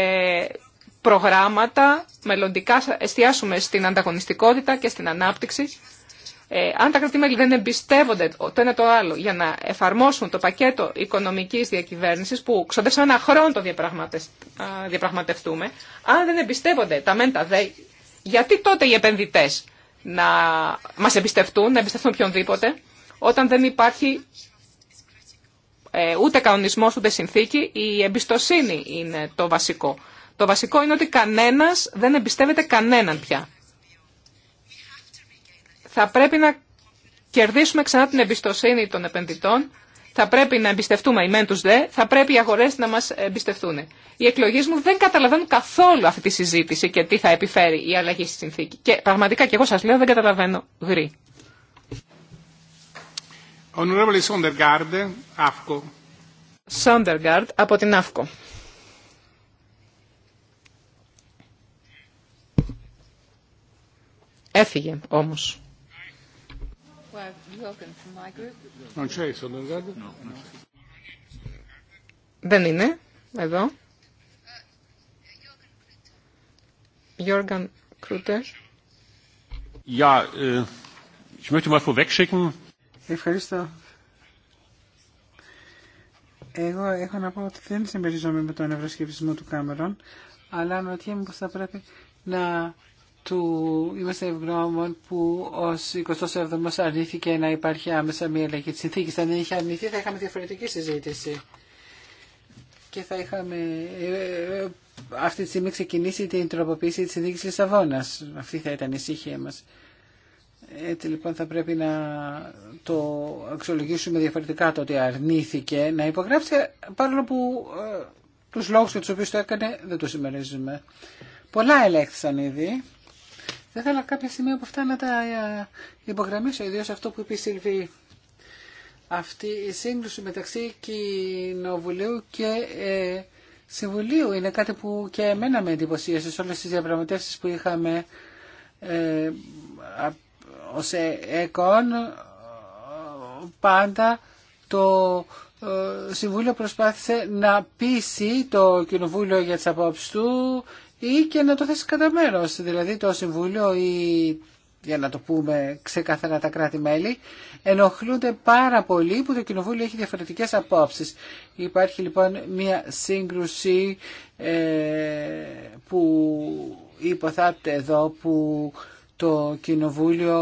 προγράμματα μελλοντικά εστιάσουμε στην ανταγωνιστικότητα και στην ανάπτυξη. Ε, αν τα κρατημέλη δεν εμπιστεύονται το ένα το άλλο για να εφαρμόσουν το πακέτο οικονομικής διακυβέρνησης που ξοδεύσαμε ένα χρόνο το διαπραγματευτούμε, αν δεν εμπιστεύονται τα μέντα, δε, γιατί τότε οι επενδυτές να μας εμπιστευτούν, να εμπιστευτούν οποιονδήποτε, όταν δεν υπάρχει ε, ούτε κανονισμός ούτε συνθήκη, η εμπιστοσύνη είναι το βασικό. Το βασικό είναι ότι κανένας δεν εμπιστεύεται κανέναν πια. Θα πρέπει να κερδίσουμε ξανά την εμπιστοσύνη των επενδυτών, θα πρέπει να εμπιστευτούμε οι μεν τους δε, θα πρέπει οι αγορές να μας εμπιστευτούν. Οι εκλογές μου δεν καταλαβαίνουν καθόλου αυτή τη συζήτηση και τι θα επιφέρει η αλλαγή στη συνθήκη. Και πραγματικά και εγώ σας λέω δεν καταλαβαίνω γρή. Honorable Sondergaard, AFCO. από την ΑΦΚΟ. Έφυγε όμως. Δεν είναι εδώ. Γιώργαν Κρούτερ. Ja, ich möchte mal vorwegschicken, Ευχαριστώ. Εγώ έχω να πω ότι δεν συμμεριζόμαι με τον ευρωσκευισμό του Κάμερον, αλλά αναρωτιέμαι πως θα πρέπει να του είμαστε ευγνώμων που ως 27 ο αρνήθηκε να υπάρχει άμεσα μια αλλαγή της συνθήκης. Αν δεν είχε αρνηθεί θα είχαμε διαφορετική συζήτηση και θα είχαμε ε, ε, αυτή τη στιγμή ξεκινήσει την τροποποίηση της συνθήκης Λισαβόνας. Αυτή θα ήταν η ησυχία μας. Έτσι λοιπόν θα πρέπει να το αξιολογήσουμε διαφορετικά το ότι αρνήθηκε να υπογράψει παρόλο που ε, τους λόγους για τους οποίους το έκανε δεν το συμμερίζουμε. Πολλά ελέγχθησαν ήδη. Δεν θέλω κάποια στιγμή από αυτά να τα ε, υπογραμμίσω, ιδίω αυτό που είπε η Σιλβή. Αυτή η σύγκρουση μεταξύ Κοινοβουλίου και ε, Συμβουλίου είναι κάτι που και εμένα με εντυπωσίασε σε όλες τις διαπραγματεύσεις που είχαμε ε, ως ε, ΕΚΟΝ πάντα το ε, Συμβούλιο προσπάθησε να πείσει το Κοινοβούλιο για τις απόψεις του ή και να το θέσει κατά μέρο. Δηλαδή το Συμβούλιο ή για να το πούμε ξεκάθαρα τα κράτη-μέλη, ενοχλούνται πάρα πολύ που το Κοινοβούλιο έχει διαφορετικές απόψεις. Υπάρχει λοιπόν μια σύγκρουση ε, που υποθάπτεται εδώ που το Κοινοβούλιο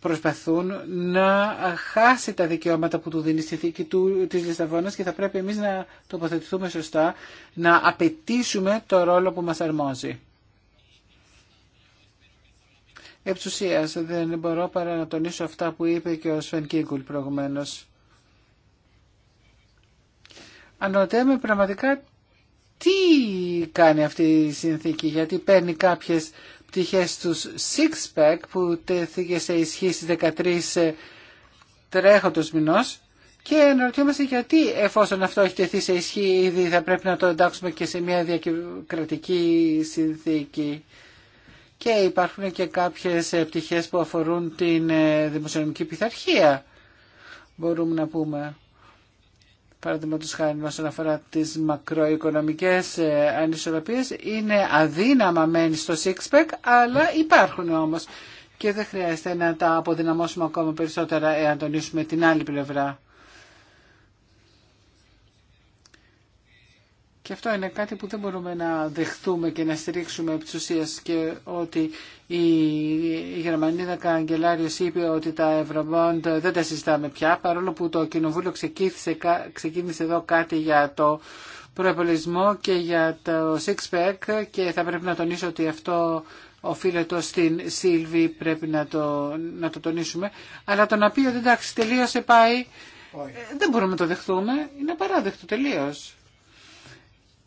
προσπαθούν να χάσει τα δικαιώματα που του δίνει στη θήκη του, της Λισαβόνας και θα πρέπει εμείς να τοποθετηθούμε σωστά, να απαιτήσουμε το ρόλο που μας αρμόζει. Επ' δεν μπορώ παρά να τονίσω αυτά που είπε και ο Σφεν Κίγκουλ προηγουμένως. Αναρωτιέμαι πραγματικά τι κάνει αυτή η συνθήκη, γιατί παίρνει κάποιες Πτυχέ του Sixpack που τέθηκε σε ισχύ στις 13 ε, τρέχοντος μηνός και αναρωτιόμαστε γιατί εφόσον αυτό έχει τεθεί σε ισχύ ήδη θα πρέπει να το εντάξουμε και σε μια διακρατική συνθήκη. Και υπάρχουν και κάποιες ε, πτυχέ που αφορούν την ε, δημοσιονομική πειθαρχία, μπορούμε να πούμε. Παραδείγματο χάρη όσον αφορά τι μακροοικονομικέ ε, ανισορροπίε, είναι αδύναμα μένει στο six αλλά υπάρχουν όμως και δεν χρειάζεται να τα αποδυναμώσουμε ακόμα περισσότερα εάν τονίσουμε την άλλη πλευρά. Και αυτό είναι κάτι που δεν μπορούμε να δεχθούμε και να στηρίξουμε επί και ότι η, η Γερμανίδα Καγκελάριος είπε ότι τα Ευρωμπόντ δεν τα συζητάμε πια, παρόλο που το Κοινοβούλιο ξεκίνησε, ξεκίνησε εδώ κάτι για το προεπολισμό και για το six-pack και θα πρέπει να τονίσω ότι αυτό οφείλεται στην Σίλβη, πρέπει να το, να το τονίσουμε. Αλλά το να πει ότι εντάξει τελείωσε πάει, ε, δεν μπορούμε να το δεχτούμε, είναι παράδεκτο τελείω.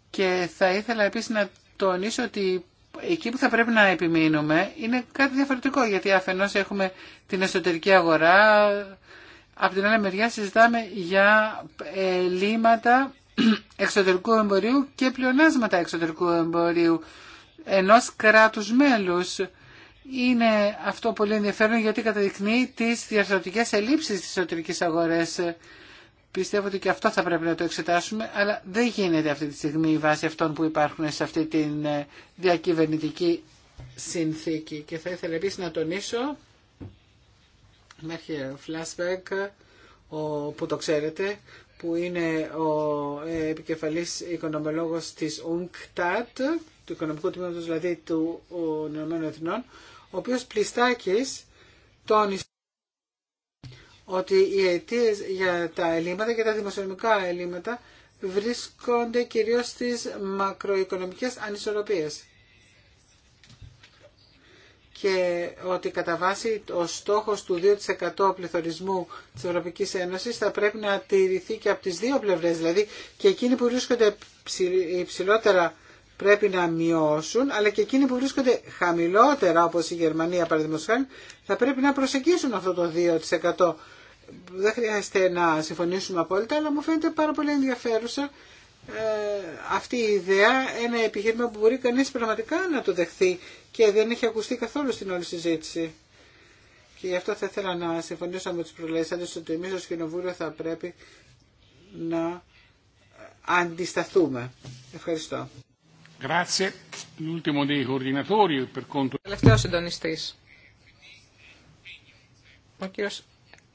Και θα ήθελα επίσης να τονίσω ότι εκεί που θα πρέπει να επιμείνουμε είναι κάτι διαφορετικό, γιατί αφενός έχουμε την εσωτερική αγορά, από την άλλη μεριά συζητάμε για ε, λύματα εξωτερικού εμπορίου και πλεονάσματα εξωτερικού εμπορίου ενός κράτους μέλους. Είναι αυτό πολύ ενδιαφέρον γιατί καταδεικνύει τις διαρθρωτικές ελλείψεις της εσωτερικής αγορές Πιστεύω ότι και αυτό θα πρέπει να το εξετάσουμε, αλλά δεν γίνεται αυτή τη στιγμή η βάση αυτών που υπάρχουν σε αυτή τη ε, διακυβερνητική συνθήκη. Και θα ήθελα επίση να τονίσω, μέχρι flashback, ο, που το ξέρετε, που είναι ο ε, επικεφαλής οικονομολόγος της UNCTAD, του Οικονομικού Τμήματος δηλαδή του Ηνωμένων Εθνών, ο οποίος πλιστάκης τόνισε ότι οι αιτίε για τα ελλείμματα και τα δημοσιονομικά ελλείμματα βρίσκονται κυρίως στις μακροοικονομικές ανισορροπίες και ότι κατά βάση ο στόχος του 2% πληθωρισμού της Ευρωπαϊκής Ένωσης θα πρέπει να τηρηθεί και από τις δύο πλευρές, δηλαδή και εκείνοι που βρίσκονται υψηλότερα πρέπει να μειώσουν, αλλά και εκείνοι που βρίσκονται χαμηλότερα, όπως η Γερμανία παραδείγματος θα πρέπει να προσεγγίσουν αυτό το 2% δεν χρειάζεται να συμφωνήσουμε απόλυτα, αλλά μου φαίνεται πάρα πολύ ενδιαφέρουσα ε, αυτή η ιδέα, ένα επιχείρημα που μπορεί κανείς πραγματικά να το δεχθεί και δεν έχει ακουστεί καθόλου στην όλη συζήτηση. Και γι' αυτό θα ήθελα να συμφωνήσω με τους προλέσαντες ότι εμείς ως Κοινοβούλιο θα πρέπει να ε, αντισταθούμε. Ευχαριστώ. τελευταίος Ο κύριος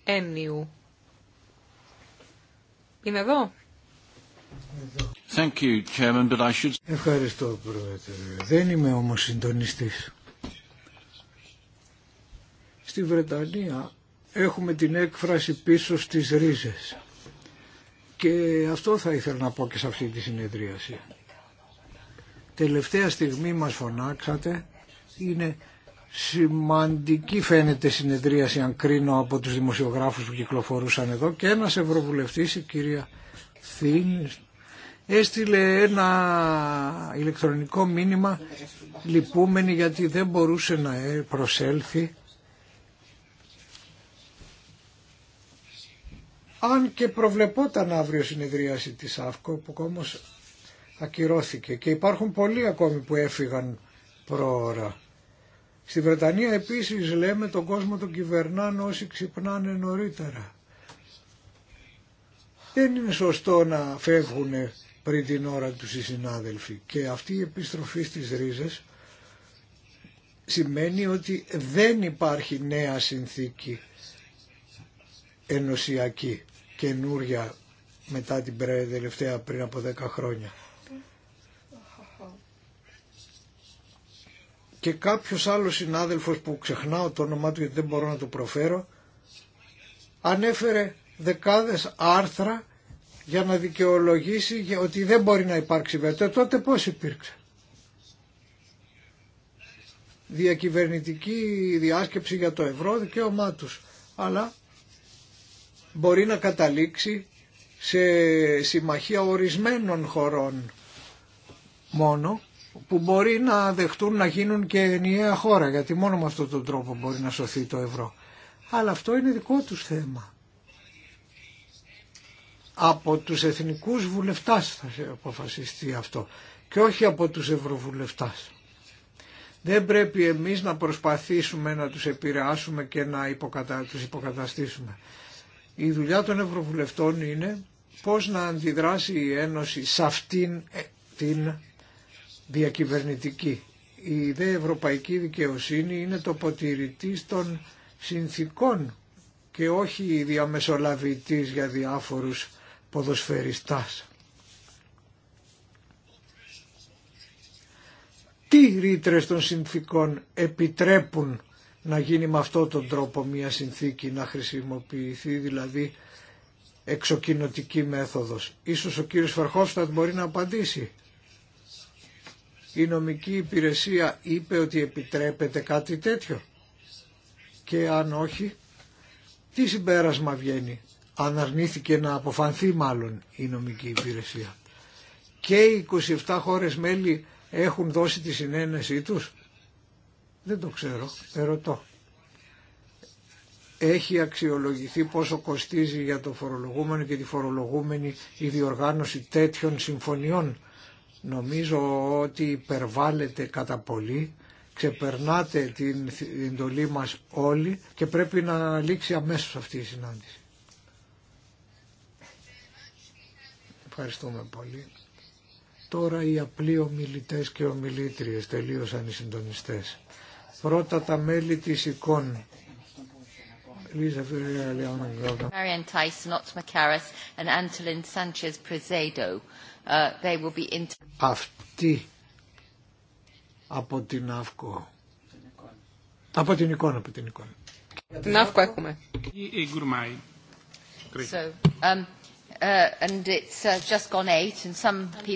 Ένιου. Είναι εδώ. Thank you, Chairman, but I Ευχαριστώ, Πρόεδρε. Δεν είμαι όμως συντονιστής. Στη Βρετανία έχουμε την έκφραση πίσω στις ρίζες. Και αυτό θα ήθελα να πω και σε αυτή τη συνεδρίαση. Τελευταία στιγμή μας φωνάξατε είναι σημαντική φαίνεται συνεδρίαση αν κρίνω από τους δημοσιογράφους που κυκλοφορούσαν εδώ και ένας ευρωβουλευτής, η κυρία Θήνη έστειλε ένα ηλεκτρονικό μήνυμα λυπούμενη γιατί δεν μπορούσε να προσέλθει αν και προβλεπόταν αύριο συνεδρίαση της ΑΦΚΟ που όμως ακυρώθηκε και υπάρχουν πολλοί ακόμη που έφυγαν πρόωρα. Στη Βρετανία επίσης λέμε τον κόσμο τον κυβερνάνε όσοι ξυπνάνε νωρίτερα. Δεν είναι σωστό να φεύγουν πριν την ώρα τους οι συνάδελφοι και αυτή η επιστροφή στις ρίζες σημαίνει ότι δεν υπάρχει νέα συνθήκη ενωσιακή καινούρια μετά την τελευταία πριν από 10 χρόνια. και κάποιος άλλος συνάδελφος που ξεχνάω το όνομά του γιατί δεν μπορώ να το προφέρω ανέφερε δεκάδες άρθρα για να δικαιολογήσει ότι δεν μπορεί να υπάρξει βέτο. Ε, τότε πώς υπήρξε. Διακυβερνητική διάσκεψη για το ευρώ δικαίωμά τους. Αλλά μπορεί να καταλήξει σε συμμαχία ορισμένων χωρών μόνο που μπορεί να δεχτούν να γίνουν και ενιαία χώρα γιατί μόνο με αυτόν τον τρόπο μπορεί να σωθεί το ευρώ. Αλλά αυτό είναι δικό τους θέμα. Από τους εθνικούς βουλευτάς θα αποφασιστεί αυτό και όχι από τους ευρωβουλευτάς. Δεν πρέπει εμείς να προσπαθήσουμε να τους επηρεάσουμε και να υποκατα... τους υποκαταστήσουμε. Η δουλειά των ευρωβουλευτών είναι πώς να αντιδράσει η Ένωση σε αυτήν ε, την διακυβερνητική. Η ιδέα ευρωπαϊκή δικαιοσύνη είναι το ποτηρητής των συνθήκων και όχι η διαμεσολαβητής για διάφορους ποδοσφαιριστάς. Τι ρήτρε των συνθήκων επιτρέπουν να γίνει με αυτόν τον τρόπο μια συνθήκη να χρησιμοποιηθεί δηλαδή εξοκινοτική μέθοδος. Ίσως ο κύριος Φερχόφστατ μπορεί να απαντήσει η νομική υπηρεσία είπε ότι επιτρέπεται κάτι τέτοιο και αν όχι τι συμπέρασμα βγαίνει αν αρνήθηκε να αποφανθεί μάλλον η νομική υπηρεσία και οι 27 χώρες μέλη έχουν δώσει τη συνένεσή τους δεν το ξέρω, ερωτώ έχει αξιολογηθεί πόσο κοστίζει για το φορολογούμενο και τη φορολογούμενη η διοργάνωση τέτοιων συμφωνιών Νομίζω ότι υπερβάλλεται κατά πολύ, ξεπερνάτε την εντολή μας όλοι και πρέπει να λήξει αμέσως αυτή η συνάντηση. Ευχαριστούμε πολύ. Τώρα οι απλοί ομιλητές και ομιλήτριες τελείωσαν οι συντονιστές. Πρώτα τα μέλη της εικόν. Uh, Αυτοί από την ΑΦΚΟ. Από την εικόνα, από την εικόνα. Την ΑΦΚΟ έχουμε. Η Γκουρμάη. Um, uh,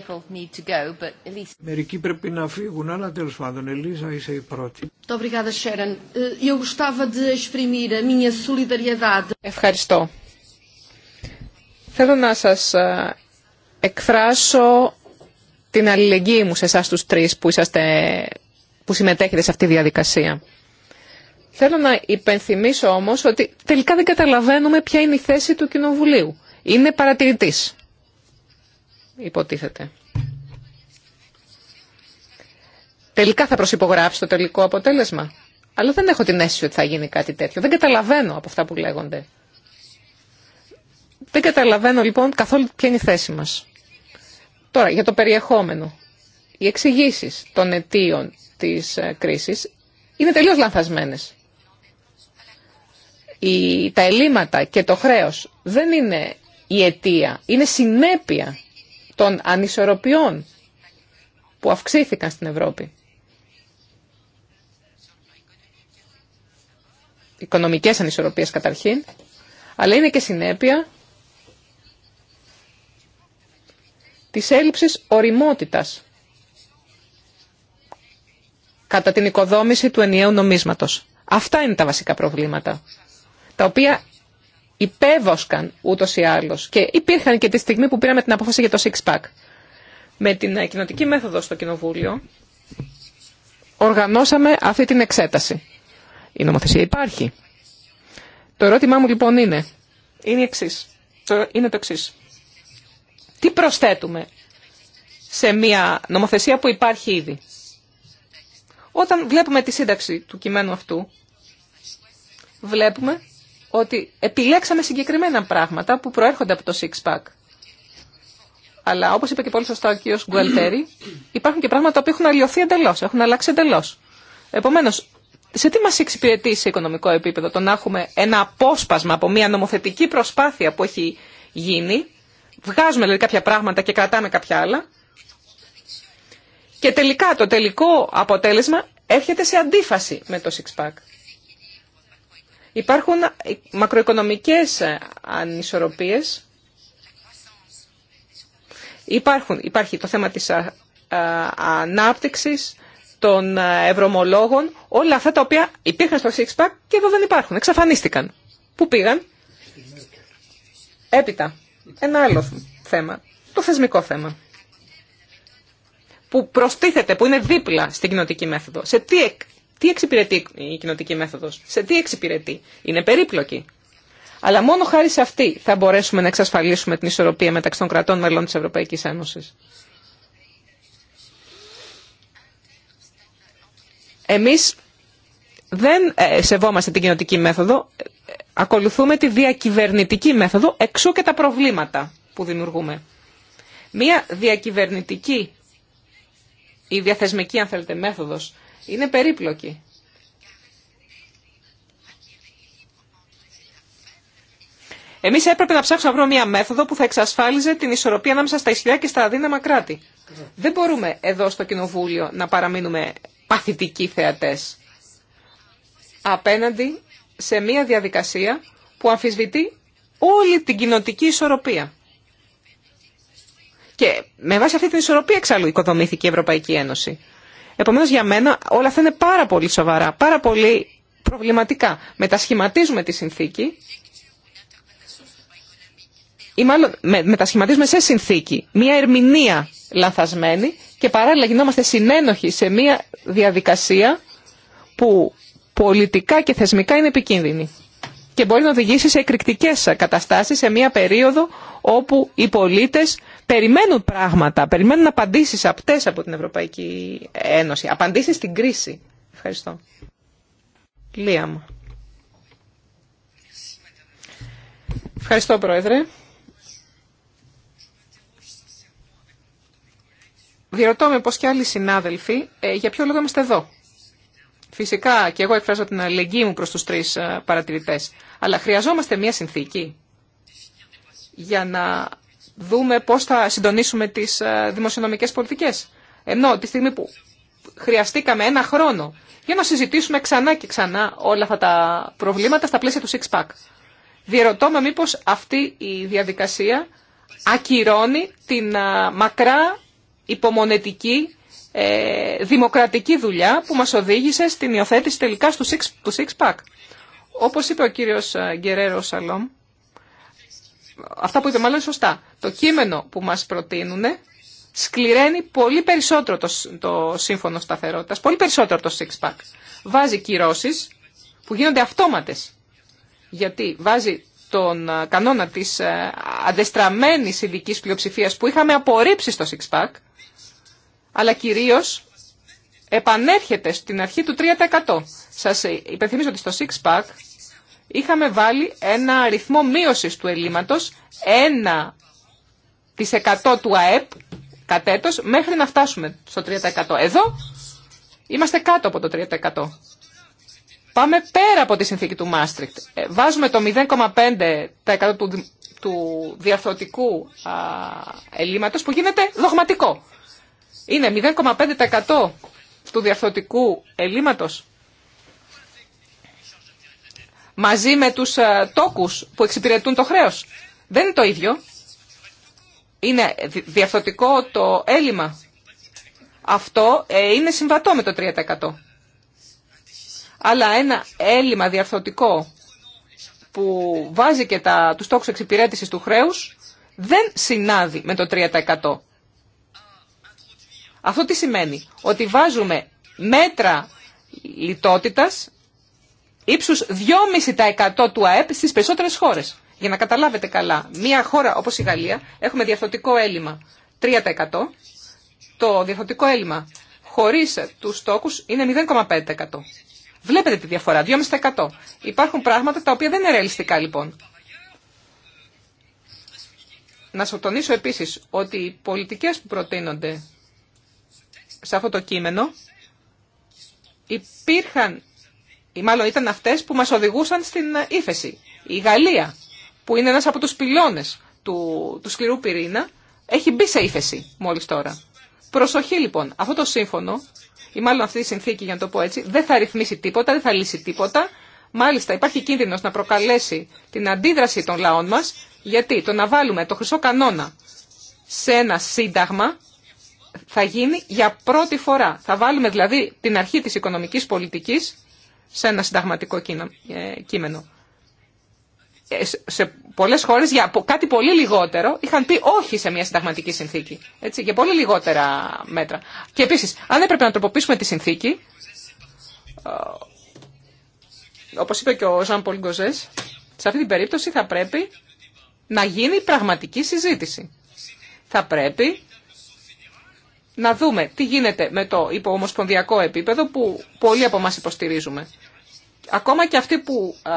uh, Μερικοί πρέπει να φύγουν, αλλά τέλος πάντων, Ελίζα, είσαι η πρώτη. Ευχαριστώ. Θέλω να σας εκφράσω την αλληλεγγύη μου σε εσά τους τρεις που, είσαστε, που συμμετέχετε σε αυτή τη διαδικασία. Θέλω να υπενθυμίσω όμως ότι τελικά δεν καταλαβαίνουμε ποια είναι η θέση του Κοινοβουλίου. Είναι παρατηρητής, υποτίθεται. Τελικά θα προσυπογράψει το τελικό αποτέλεσμα. Αλλά δεν έχω την αίσθηση ότι θα γίνει κάτι τέτοιο. Δεν καταλαβαίνω από αυτά που λέγονται. Δεν καταλαβαίνω λοιπόν καθόλου ποια είναι η θέση μας. Τώρα, για το περιεχόμενο. Οι εξηγήσει των αιτίων της ε, κρίσης είναι τελείως λανθασμένες. τα ελλείμματα και το χρέος δεν είναι η αιτία, είναι συνέπεια των ανισορροπιών που αυξήθηκαν στην Ευρώπη. Οικονομικές ανισορροπίες καταρχήν, αλλά είναι και συνέπεια της έλλειψης οριμότητας κατά την οικοδόμηση του ενιαίου νομίσματος. Αυτά είναι τα βασικά προβλήματα, τα οποία υπέβοσκαν ούτως ή άλλως και υπήρχαν και τη στιγμή που πήραμε την απόφαση για το six-pack. Με την κοινοτική μέθοδο στο Κοινοβούλιο οργανώσαμε αυτή την εξέταση. Η νομοθεσία υπάρχει. Το ερώτημά μου λοιπόν είναι, είναι, εξής, είναι το εξής. Τι προσθέτουμε σε μια νομοθεσία που υπάρχει ήδη. Όταν βλέπουμε τη σύνταξη του κειμένου αυτού, βλέπουμε ότι επιλέξαμε συγκεκριμένα πράγματα που προέρχονται από το six-pack. Αλλά όπως είπε και πολύ σωστά ο κ. Γκουαλτέρη, υπάρχουν και πράγματα που έχουν αλλοιωθεί εντελώ, έχουν αλλάξει εντελώ. Επομένως, σε τι μας εξυπηρετεί σε οικονομικό επίπεδο το να έχουμε ένα απόσπασμα από μια νομοθετική προσπάθεια που έχει γίνει βγάζουμε δηλαδή κάποια πράγματα και κρατάμε κάποια άλλα. Και τελικά το τελικό αποτέλεσμα έρχεται σε αντίφαση με το six pack. Υπάρχουν μακροοικονομικές ανισορροπίες. Υπάρχουν, υπάρχει το θέμα της α, ανάπτυξης, των ευρωμολόγων, όλα αυτά τα οποία υπήρχαν στο six pack και εδώ δεν υπάρχουν, εξαφανίστηκαν. Πού πήγαν? Έπειτα ένα άλλο θέμα, το θεσμικό θέμα, που προστίθεται, που είναι δίπλα στην κοινοτική μέθοδο. Σε τι, τι εξυπηρετεί η κοινοτική μέθοδος, σε τι εξυπηρετεί. Είναι περίπλοκη. Αλλά μόνο χάρη σε αυτή θα μπορέσουμε να εξασφαλίσουμε την ισορροπία μεταξύ των κρατών μελών της Ευρωπαϊκής Ένωσης. Εμείς δεν ε, σεβόμαστε την κοινοτική μέθοδο, Ακολουθούμε τη διακυβερνητική μέθοδο, εξού και τα προβλήματα που δημιουργούμε. Μία διακυβερνητική η διαθεσμική, αν θέλετε, μέθοδος είναι περίπλοκη. Εμείς έπρεπε να ψάξουμε να βρούμε μια μέθοδο που θα εξασφάλιζε την ισορροπία ανάμεσα στα ισχυρά και στα αδύναμα κράτη. Δεν μπορούμε εδώ στο Κοινοβούλιο να παραμείνουμε παθητικοί θεατές απέναντι σε μια διαδικασία που αμφισβητεί όλη την κοινοτική ισορροπία. Και με βάση αυτή την ισορροπία εξάλλου οικοδομήθηκε η Ευρωπαϊκή Ένωση. Επομένω, για μένα όλα αυτά είναι πάρα πολύ σοβαρά, πάρα πολύ προβληματικά. Μετασχηματίζουμε τη συνθήκη ή μάλλον με, μετασχηματίζουμε σε συνθήκη μια ερμηνεία λανθασμένη και παράλληλα γινόμαστε συνένοχοι σε μια διαδικασία που πολιτικά και θεσμικά είναι επικίνδυνη και μπορεί να οδηγήσει σε εκρηκτικές καταστάσεις σε μια περίοδο όπου οι πολίτες περιμένουν πράγματα, περιμένουν απαντήσεις απτές από την Ευρωπαϊκή Ένωση, απαντήσεις στην κρίση. Ευχαριστώ. μου. Ευχαριστώ, Πρόεδρε. Διερωτώ με πως και άλλοι συνάδελφοι ε, για ποιο λόγο είμαστε εδώ. Φυσικά και εγώ εκφράζω την αλληλεγγύη μου προς τους τρεις ε, παρατηρητές. Αλλά χρειαζόμαστε μια συνθήκη για να δούμε πώς θα συντονίσουμε τις ε, δημοσιονομικές πολιτικές. Ενώ τη στιγμή που χρειαστήκαμε ένα χρόνο για να συζητήσουμε ξανά και ξανά όλα αυτά τα προβλήματα στα πλαίσια του six-pack. Διερωτώ με μήπως αυτή η διαδικασία ακυρώνει την ε, μακρά υπομονετική ε, δημοκρατική δουλειά που μας οδήγησε στην υιοθέτηση τελικά του six, του six pack. Όπως είπε ο κύριος ε, Γκερέρο Σαλόμ, αυτά που είπε μάλλον σωστά, το κείμενο που μας προτείνουν σκληραίνει πολύ περισσότερο το, σύμφωνο σταθερότητας, πολύ περισσότερο το six pack. Βάζει κυρώσεις που γίνονται αυτόματες, γιατί βάζει τον ε, κανόνα της αντεστραμμένης ειδική πλειοψηφίας που είχαμε απορρίψει στο six αλλά κυρίως επανέρχεται στην αρχή του 3%. Σας υπενθυμίζω ότι στο Six Pack είχαμε βάλει ένα αριθμό μείωσης του ελλείμματος, 1% του ΑΕΠ κατ' μέχρι να φτάσουμε στο 3%. Εδώ είμαστε κάτω από το 3%. Πάμε πέρα από τη συνθήκη του Μάστρικτ. Ε, βάζουμε το 0,5% του, του διαρθρωτικού α, ελλείμματος που γίνεται δογματικό είναι 0,5% του διαφθορτικού ελλείμματος μαζί με τους ε, τόκους που εξυπηρετούν το χρέος. Δεν είναι το ίδιο. Είναι διαφθορτικό το έλλειμμα. Αυτό ε, είναι συμβατό με το 3%. Αλλά ένα έλλειμμα διαρθωτικό που βάζει και τα, τους τόκους εξυπηρέτησης του χρέους δεν συνάδει με το 3%. Αυτό τι σημαίνει, ότι βάζουμε μέτρα λιτότητας ύψους 2,5% του ΑΕΠ στις περισσότερες χώρες. Για να καταλάβετε καλά, μια χώρα όπως η Γαλλία έχουμε διαφθορτικό έλλειμμα 3%. Το διαφθορτικό έλλειμμα χωρίς τους στόκους είναι 0,5%. Βλέπετε τη διαφορά, 2,5%. Υπάρχουν πράγματα τα οποία δεν είναι ρεαλιστικά λοιπόν. Να σου τονίσω επίσης ότι οι πολιτικές που προτείνονται σε αυτό το κείμενο υπήρχαν, ή μάλλον ήταν αυτές που μας οδηγούσαν στην ύφεση. Η Γαλλία, που είναι ένας από τους πυλώνες του, του σκληρού πυρήνα, έχει μπει σε ύφεση μόλις τώρα. Προσοχή λοιπόν, αυτό το σύμφωνο, ή μάλλον αυτή η συνθήκη για να το πω έτσι, δεν θα ρυθμίσει τίποτα, δεν θα λύσει τίποτα. Μάλιστα υπάρχει κίνδυνος να προκαλέσει την αντίδραση των λαών μας, γιατί το να βάλουμε το χρυσό κανόνα σε ένα σύνταγμα θα γίνει για πρώτη φορά. Θα βάλουμε δηλαδή την αρχή της οικονομικής πολιτικής σε ένα συνταγματικό ε, κείμενο. Ε, σε πολλές χώρες για κάτι πολύ λιγότερο είχαν πει όχι σε μια συνταγματική συνθήκη. Έτσι, για πολύ λιγότερα μέτρα. Και επίσης, αν έπρεπε να τροποποιήσουμε τη συνθήκη, ε, όπως είπε και ο Ζαν Πολ σε αυτή την περίπτωση θα πρέπει να γίνει πραγματική συζήτηση. Θα πρέπει να δούμε τι γίνεται με το υποομοσπονδιακό επίπεδο που πολλοί από εμά υποστηρίζουμε. Ακόμα και αυτοί που, α,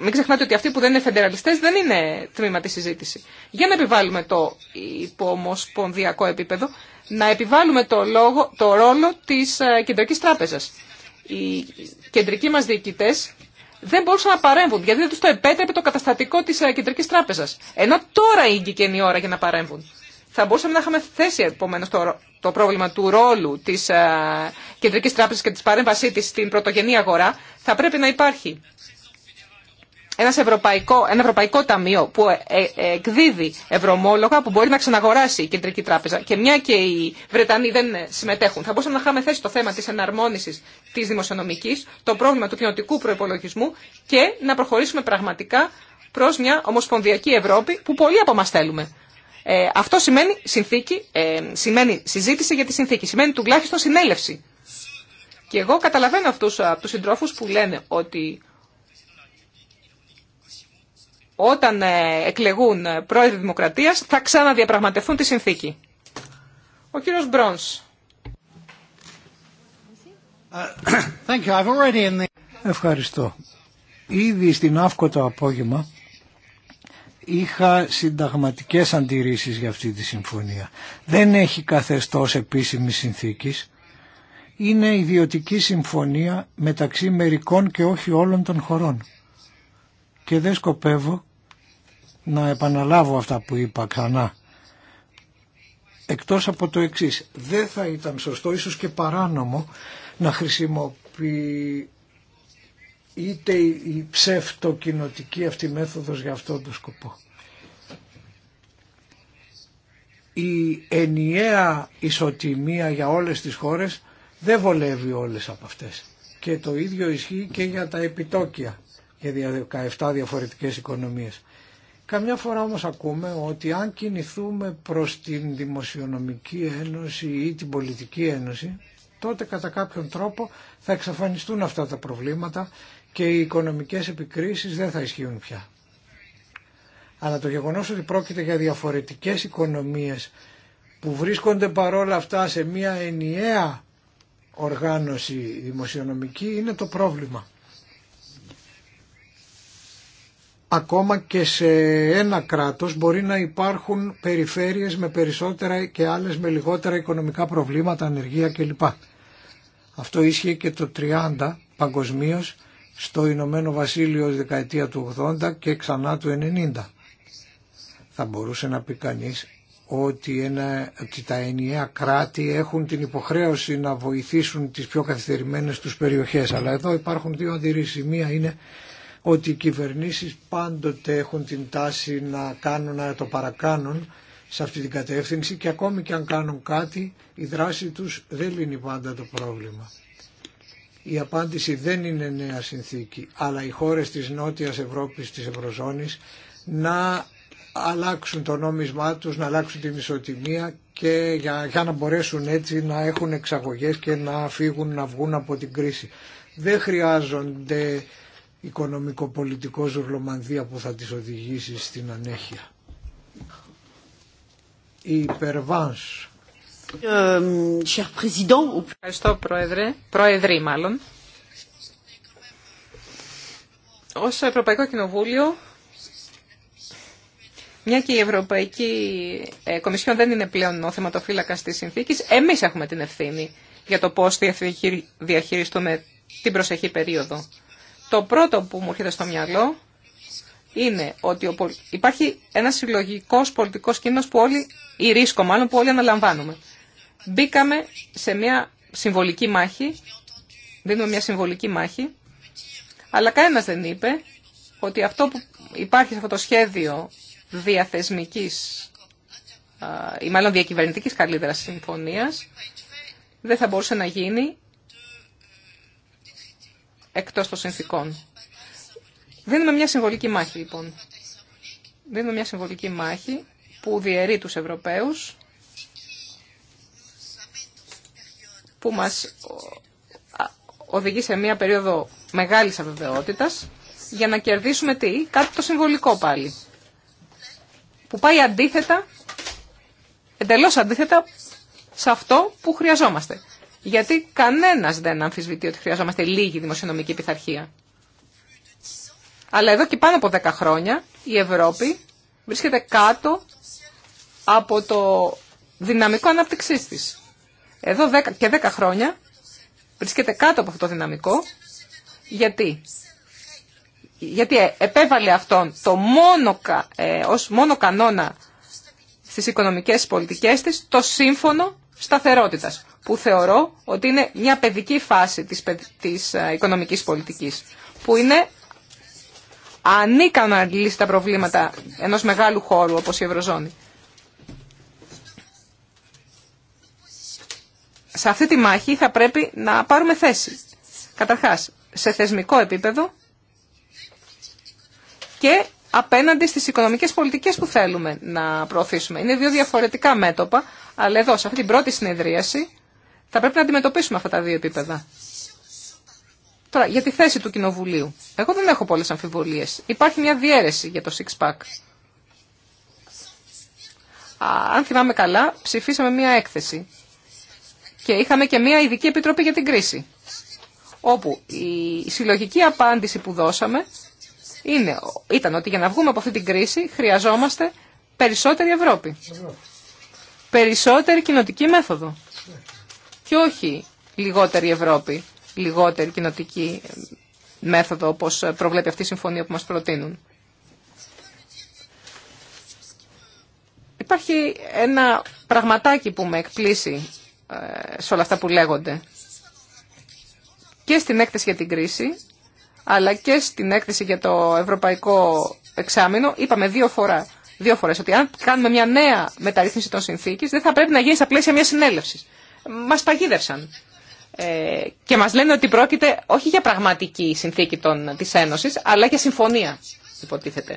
μην ξεχνάτε ότι αυτοί που δεν είναι φεντεραλιστέ δεν είναι τμήμα τη συζήτηση. Για να επιβάλλουμε το υποομοσπονδιακό επίπεδο, να επιβάλλουμε το, λόγο, το ρόλο τη κεντρική τράπεζα. Οι κεντρικοί μα διοικητέ δεν μπορούσαν να παρέμβουν, γιατί δεν του το επέτρεπε το καταστατικό τη κεντρική τράπεζα. Ενώ τώρα ήγηκε η ώρα για να παρέμβουν. Θα μπορούσαμε να είχαμε θέσει επομένω το, πρόβλημα του ρόλου τη ε, Κεντρική Τράπεζα και τη παρέμβασή τη στην πρωτογενή αγορά. Θα πρέπει να υπάρχει ένας ευρωπαϊκό, ένα ευρωπαϊκό ταμείο που ε, ε, εκδίδει ευρωμόλογα που μπορεί να ξαναγοράσει η Κεντρική Τράπεζα. Και μια και οι Βρετανοί δεν συμμετέχουν. Θα μπορούσαμε να είχαμε θέσει το θέμα τη εναρμόνιση τη δημοσιονομική, το πρόβλημα του κοινοτικού προπολογισμού και να προχωρήσουμε πραγματικά προ μια ομοσπονδιακή Ευρώπη που πολλοί από εμά θέλουμε. Ε, αυτό σημαίνει, συνθήκη, ε, σημαίνει συζήτηση για τη συνθήκη, σημαίνει τουλάχιστον συνέλευση. Και εγώ καταλαβαίνω αυτούς από ε, τους συντρόφους που λένε ότι όταν εκλεγούν πρόεδροι δημοκρατίας θα ξαναδιαπραγματευτούν τη συνθήκη. Ο κύριος Μπρόνς. Ευχαριστώ. Ήδη στην Αύκο το απόγευμα είχα συνταγματικές αντιρρήσεις για αυτή τη συμφωνία. Δεν έχει καθεστώς επίσημη συνθήκης. Είναι ιδιωτική συμφωνία μεταξύ μερικών και όχι όλων των χωρών. Και δεν σκοπεύω να επαναλάβω αυτά που είπα ξανά. Εκτός από το εξής, δεν θα ήταν σωστό, ίσως και παράνομο, να χρησιμοποιεί είτε η ψευτοκοινοτική αυτή μέθοδος για αυτόν τον σκοπό. Η ενιαία ισοτιμία για όλες τις χώρες δεν βολεύει όλες από αυτές. Και το ίδιο ισχύει και για τα επιτόκια, για 17 διαφορετικές οικονομίες. Καμιά φορά όμως ακούμε ότι αν κινηθούμε προς την Δημοσιονομική Ένωση ή την Πολιτική Ένωση, τότε κατά κάποιον τρόπο θα εξαφανιστούν αυτά τα προβλήματα και οι οικονομικές επικρίσεις δεν θα ισχύουν πια. Αλλά το γεγονός ότι πρόκειται για διαφορετικές οικονομίες που βρίσκονται παρόλα αυτά σε μια ενιαία οργάνωση δημοσιονομική είναι το πρόβλημα. Ακόμα και σε ένα κράτος μπορεί να υπάρχουν περιφέρειες με περισσότερα και άλλες με λιγότερα οικονομικά προβλήματα, ανεργία κλπ. Αυτό ίσχυε και το 30 παγκοσμίως στο Ηνωμένο Βασίλειο δεκαετία του 80 και ξανά του 90. Θα μπορούσε να πει κανείς ότι, ένα, ότι τα ενιαία κράτη έχουν την υποχρέωση να βοηθήσουν τις πιο καθυστερημένες τους περιοχές. Αλλά εδώ υπάρχουν δύο αντιρρήσεις. Μία είναι ότι οι κυβερνήσεις πάντοτε έχουν την τάση να κάνουν, να το παρακάνουν σε αυτή την κατεύθυνση και ακόμη και αν κάνουν κάτι η δράση τους δεν λύνει πάντα το πρόβλημα. Η απάντηση δεν είναι νέα συνθήκη, αλλά οι χώρες της Νότιας Ευρώπης, της Ευρωζώνης, να αλλάξουν το νόμισμά τους, να αλλάξουν την ισοτιμία και για, να μπορέσουν έτσι να έχουν εξαγωγές και να φύγουν, να βγουν από την κρίση. Δεν χρειάζονται οικονομικοπολιτικό ζουρλομανδία που θα τις οδηγήσει στην ανέχεια. Η υπερβάνς. Euh, Ευχαριστώ, Πρόεδρε. Πρόεδροι, μάλλον. Ως Ευρωπαϊκό Κοινοβούλιο, μια και η Ευρωπαϊκή ε, Κομισιόν δεν είναι πλέον ο θεματοφύλακας της συνθήκης, εμείς έχουμε την ευθύνη για το πώς διαχειριστούμε την προσεχή περίοδο. Το πρώτο που μου έρχεται στο μυαλό είναι ότι υπάρχει ένα συλλογικός πολιτικός κίνδυνος που όλοι, ή ρίσκο μάλλον, που όλοι αναλαμβάνουμε. Μπήκαμε σε μια συμβολική μάχη, δίνουμε μια συμβολική μάχη, αλλά κανένας δεν είπε ότι αυτό που υπάρχει σε αυτό το σχέδιο διαθεσμικής ή μάλλον διακυβερνητικής καλύτερα συμφωνίας δεν θα μπορούσε να γίνει εκτός των συνθήκων. Δίνουμε μια συμβολική μάχη λοιπόν. Δίνουμε μια συμβολική μάχη που διαιρεί τους Ευρωπαίους που μας οδηγεί σε μια περίοδο μεγάλης αβεβαιότητας για να κερδίσουμε τι, κάτι το συμβολικό πάλι. Που πάει αντίθετα, εντελώς αντίθετα σε αυτό που χρειαζόμαστε. Γιατί κανένας δεν αμφισβητεί ότι χρειαζόμαστε λίγη δημοσιονομική πειθαρχία. Αλλά εδώ και πάνω από 10 χρόνια η Ευρώπη βρίσκεται κάτω από το δυναμικό ανάπτυξής της. Εδώ και δέκα χρόνια βρίσκεται κάτω από αυτό το δυναμικό. Γιατί, γιατί ε, επέβαλε αυτόν το μόνο, ε, ως μόνο κανόνα στις οικονομικές πολιτικές της το σύμφωνο σταθερότητας που θεωρώ ότι είναι μια παιδική φάση της, της ε, οικονομικής πολιτικής που είναι ανίκανο να λύσει τα προβλήματα ενός μεγάλου χώρου όπως η Ευρωζώνη. σε αυτή τη μάχη θα πρέπει να πάρουμε θέση. Καταρχάς, σε θεσμικό επίπεδο και απέναντι στις οικονομικές πολιτικές που θέλουμε να προωθήσουμε. Είναι δύο διαφορετικά μέτωπα, αλλά εδώ, σε αυτή την πρώτη συνεδρίαση, θα πρέπει να αντιμετωπίσουμε αυτά τα δύο επίπεδα. Τώρα, για τη θέση του Κοινοβουλίου. Εγώ δεν έχω πολλές αμφιβολίες. Υπάρχει μια διαίρεση για το six-pack. Αν θυμάμαι καλά, ψηφίσαμε μια έκθεση και είχαμε και μία ειδική επιτροπή για την κρίση, όπου η συλλογική απάντηση που δώσαμε είναι, ήταν ότι για να βγούμε από αυτή την κρίση χρειαζόμαστε περισσότερη Ευρώπη. Περισσότερη κοινοτική μέθοδο. Και όχι λιγότερη Ευρώπη, λιγότερη κοινοτική μέθοδο όπως προβλέπει αυτή η συμφωνία που μας προτείνουν. Υπάρχει ένα πραγματάκι που με εκπλήσει ε, σε όλα αυτά που λέγονται. Και στην έκθεση για την κρίση, αλλά και στην έκθεση για το ευρωπαϊκό εξάμεινο, είπαμε δύο φορά. Δύο φορέ ότι αν κάνουμε μια νέα μεταρρύθμιση των συνθήκη, δεν θα πρέπει να γίνει στα πλαίσια μια συνέλευση. μας παγίδευσαν. Ε, και μας λένε ότι πρόκειται όχι για πραγματική συνθήκη της Ένωσης αλλά για συμφωνία, υποτίθεται.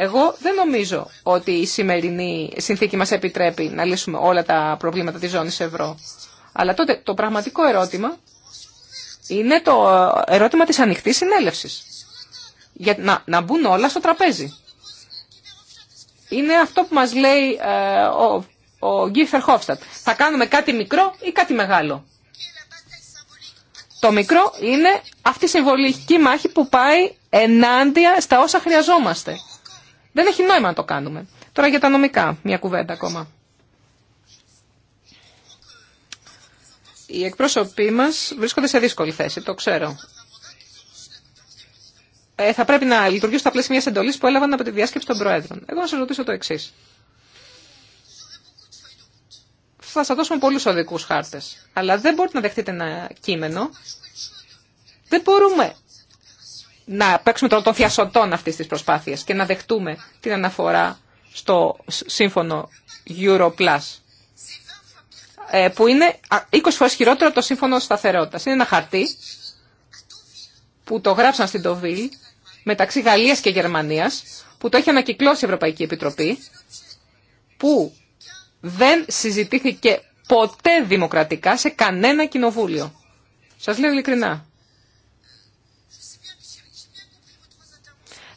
Εγώ δεν νομίζω ότι η σημερινή συνθήκη μας επιτρέπει να λύσουμε όλα τα προβλήματα της ζώνης ευρώ. Αλλά τότε το πραγματικό ερώτημα είναι το ε, ερώτημα της ανοιχτής συνέλευσης. Για να, μπουν όλα στο τραπέζι. Είναι αυτό που μας λέει ε, ο, ο Γκίφερ Χόφστατ. Θα κάνουμε κάτι μικρό ή κάτι μεγάλο. Το μικρό είναι αυτή η συμβολική μάχη που πάει ενάντια στα όσα χρειαζόμαστε. Δεν έχει νόημα να το κάνουμε. Τώρα για τα νομικά, μια κουβέντα ακόμα. Οι εκπρόσωποι μας βρίσκονται σε δύσκολη θέση, το ξέρω. Ε, θα πρέπει να λειτουργήσουν στα πλαίσια μια εντολή που έλαβαν από τη διάσκεψη των Προέδρων. Εγώ να σα ρωτήσω το εξή. Θα σα δώσουμε πολλού οδικού χάρτε. Αλλά δεν μπορείτε να δεχτείτε ένα κείμενο. Δεν μπορούμε να παίξουμε τον, των διασωτών αυτής της προσπάθειας και να δεχτούμε την αναφορά στο σύμφωνο Europlus ε, που είναι 20 φορές χειρότερο το σύμφωνο σταθερότητας. Είναι ένα χαρτί που το γράψαν στην Τοβίλ μεταξύ Γαλλίας και Γερμανίας που το έχει ανακυκλώσει η Ευρωπαϊκή Επιτροπή που δεν συζητήθηκε ποτέ δημοκρατικά σε κανένα κοινοβούλιο. Σας λέω ειλικρινά.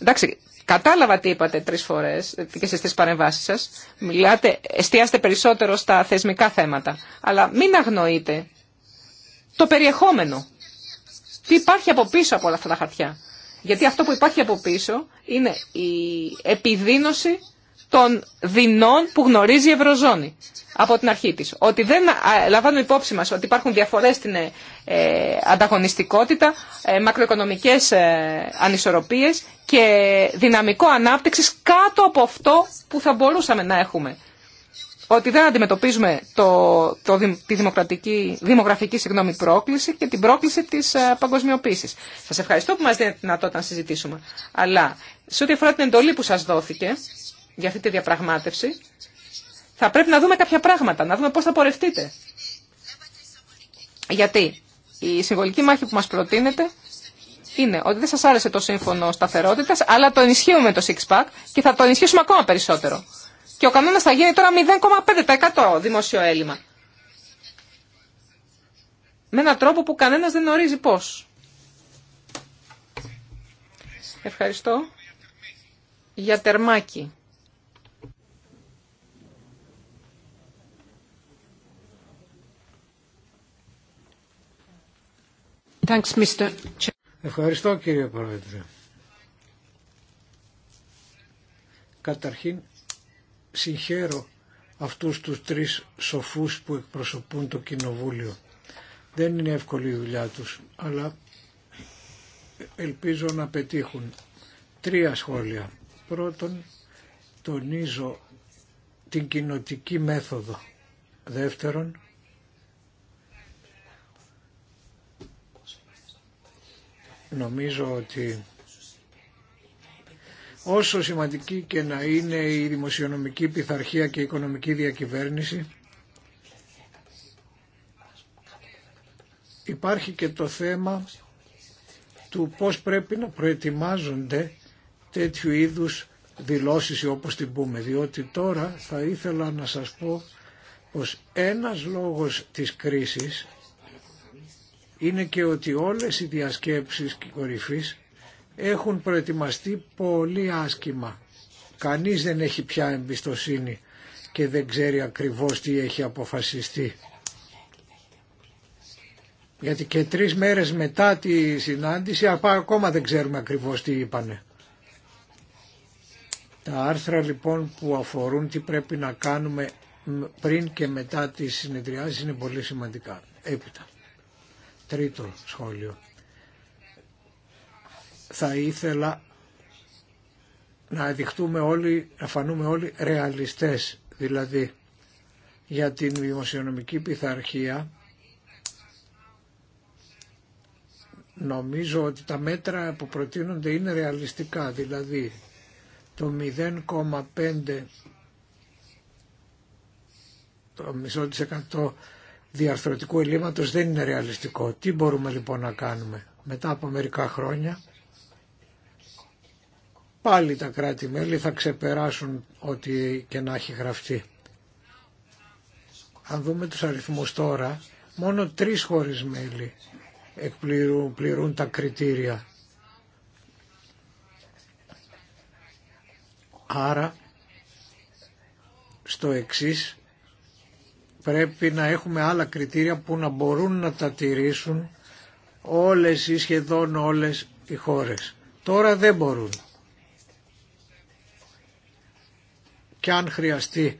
Εντάξει, κατάλαβα τι είπατε τρεις φορέ και στι τρει παρεμβάσει σας. Μιλάτε, εστιάστε περισσότερο στα θεσμικά θέματα. Αλλά μην αγνοείτε το περιεχόμενο. Τι υπάρχει από πίσω από όλα αυτά τα χαρτιά. Γιατί αυτό που υπάρχει από πίσω είναι η επιδίνωση των δεινών που γνωρίζει η Ευρωζώνη από την αρχή της. Ότι δεν λαμβάνουμε υπόψη μας ότι υπάρχουν διαφορές στην ε, ε, ανταγωνιστικότητα, ε, μακροοικονομικές ανισορροπίες και δυναμικό ανάπτυξης κάτω από αυτό που θα μπορούσαμε να έχουμε. Ότι δεν αντιμετωπίζουμε το, τη δημοκρατική, δημογραφική συγγνώμη, πρόκληση και την πρόκληση της παγκοσμιοποίησης. Σας ευχαριστώ που μας δίνετε τη δυνατότητα να συζητήσουμε. Αλλά σε ό,τι αφορά την εντολή που σας δόθηκε, για αυτή τη διαπραγμάτευση, θα πρέπει να δούμε κάποια πράγματα, να δούμε πώς θα πορευτείτε. Γιατί η συμβολική μάχη που μας προτείνεται είναι ότι δεν σας άρεσε το σύμφωνο σταθερότητας, αλλά το ενισχύουμε το six-pack και θα το ενισχύσουμε ακόμα περισσότερο. Και ο κανόνας θα γίνει τώρα 0,5% δημοσιο έλλειμμα. Με έναν τρόπο που κανένας δεν ορίζει πώς. Ευχαριστώ. Για τερμάκι. Ευχαριστώ κύριε Πρόεδρε. Καταρχήν συγχαίρω αυτούς τους τρεις σοφούς που εκπροσωπούν το Κοινοβούλιο. Δεν είναι εύκολη η δουλειά τους, αλλά ελπίζω να πετύχουν. Τρία σχόλια. Πρώτον, τονίζω την κοινοτική μέθοδο. Δεύτερον, Νομίζω ότι όσο σημαντική και να είναι η δημοσιονομική πειθαρχία και η οικονομική διακυβέρνηση, υπάρχει και το θέμα του πώς πρέπει να προετοιμάζονται τέτοιου είδους δηλώσεις όπως την πούμε. Διότι τώρα θα ήθελα να σας πω πως ένας λόγος της κρίσης είναι και ότι όλες οι διασκέψεις και κορυφής έχουν προετοιμαστεί πολύ άσκημα. Κανείς δεν έχει πια εμπιστοσύνη και δεν ξέρει ακριβώς τι έχει αποφασιστεί. Γιατί και τρεις μέρες μετά τη συνάντηση ακόμα δεν ξέρουμε ακριβώς τι είπανε. Τα άρθρα λοιπόν που αφορούν τι πρέπει να κάνουμε πριν και μετά τη συνεδριάσεις είναι πολύ σημαντικά. Έπειτα. Τρίτο σχόλιο. Θα ήθελα να δειχτούμε όλοι, να φανούμε όλοι ρεαλιστές, δηλαδή για την δημοσιονομική πειθαρχία νομίζω ότι τα μέτρα που προτείνονται είναι ρεαλιστικά, δηλαδή το 0,5 το μισό της διαρθρωτικού ελλείμματος δεν είναι ρεαλιστικό. Τι μπορούμε λοιπόν να κάνουμε μετά από μερικά χρόνια. Πάλι τα κράτη-μέλη θα ξεπεράσουν ό,τι και να έχει γραφτεί. Αν δούμε τους αριθμούς τώρα, μόνο τρεις χώρες μέλη εκπληρούν πληρούν τα κριτήρια. Άρα, στο εξής, πρέπει να έχουμε άλλα κριτήρια που να μπορούν να τα τηρήσουν όλες ή σχεδόν όλες οι χώρες. Τώρα δεν μπορούν. Και αν χρειαστεί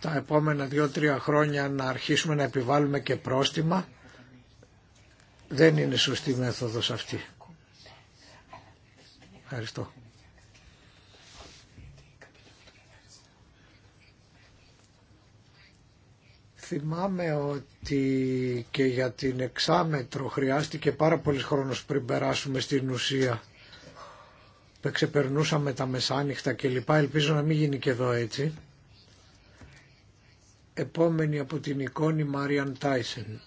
τα επόμενα δύο-τρία χρόνια να αρχίσουμε να επιβάλλουμε και πρόστιμα, δεν είναι σωστή μέθοδος αυτή. Ευχαριστώ. Θυμάμαι ότι και για την εξάμετρο χρειάστηκε πάρα πολύ χρόνο πριν περάσουμε στην ουσία. Με ξεπερνούσαμε τα μεσάνυχτα κλπ. Ελπίζω να μην γίνει και εδώ έτσι. Επόμενη από την εικόνη Μαρίαν Τάισεν.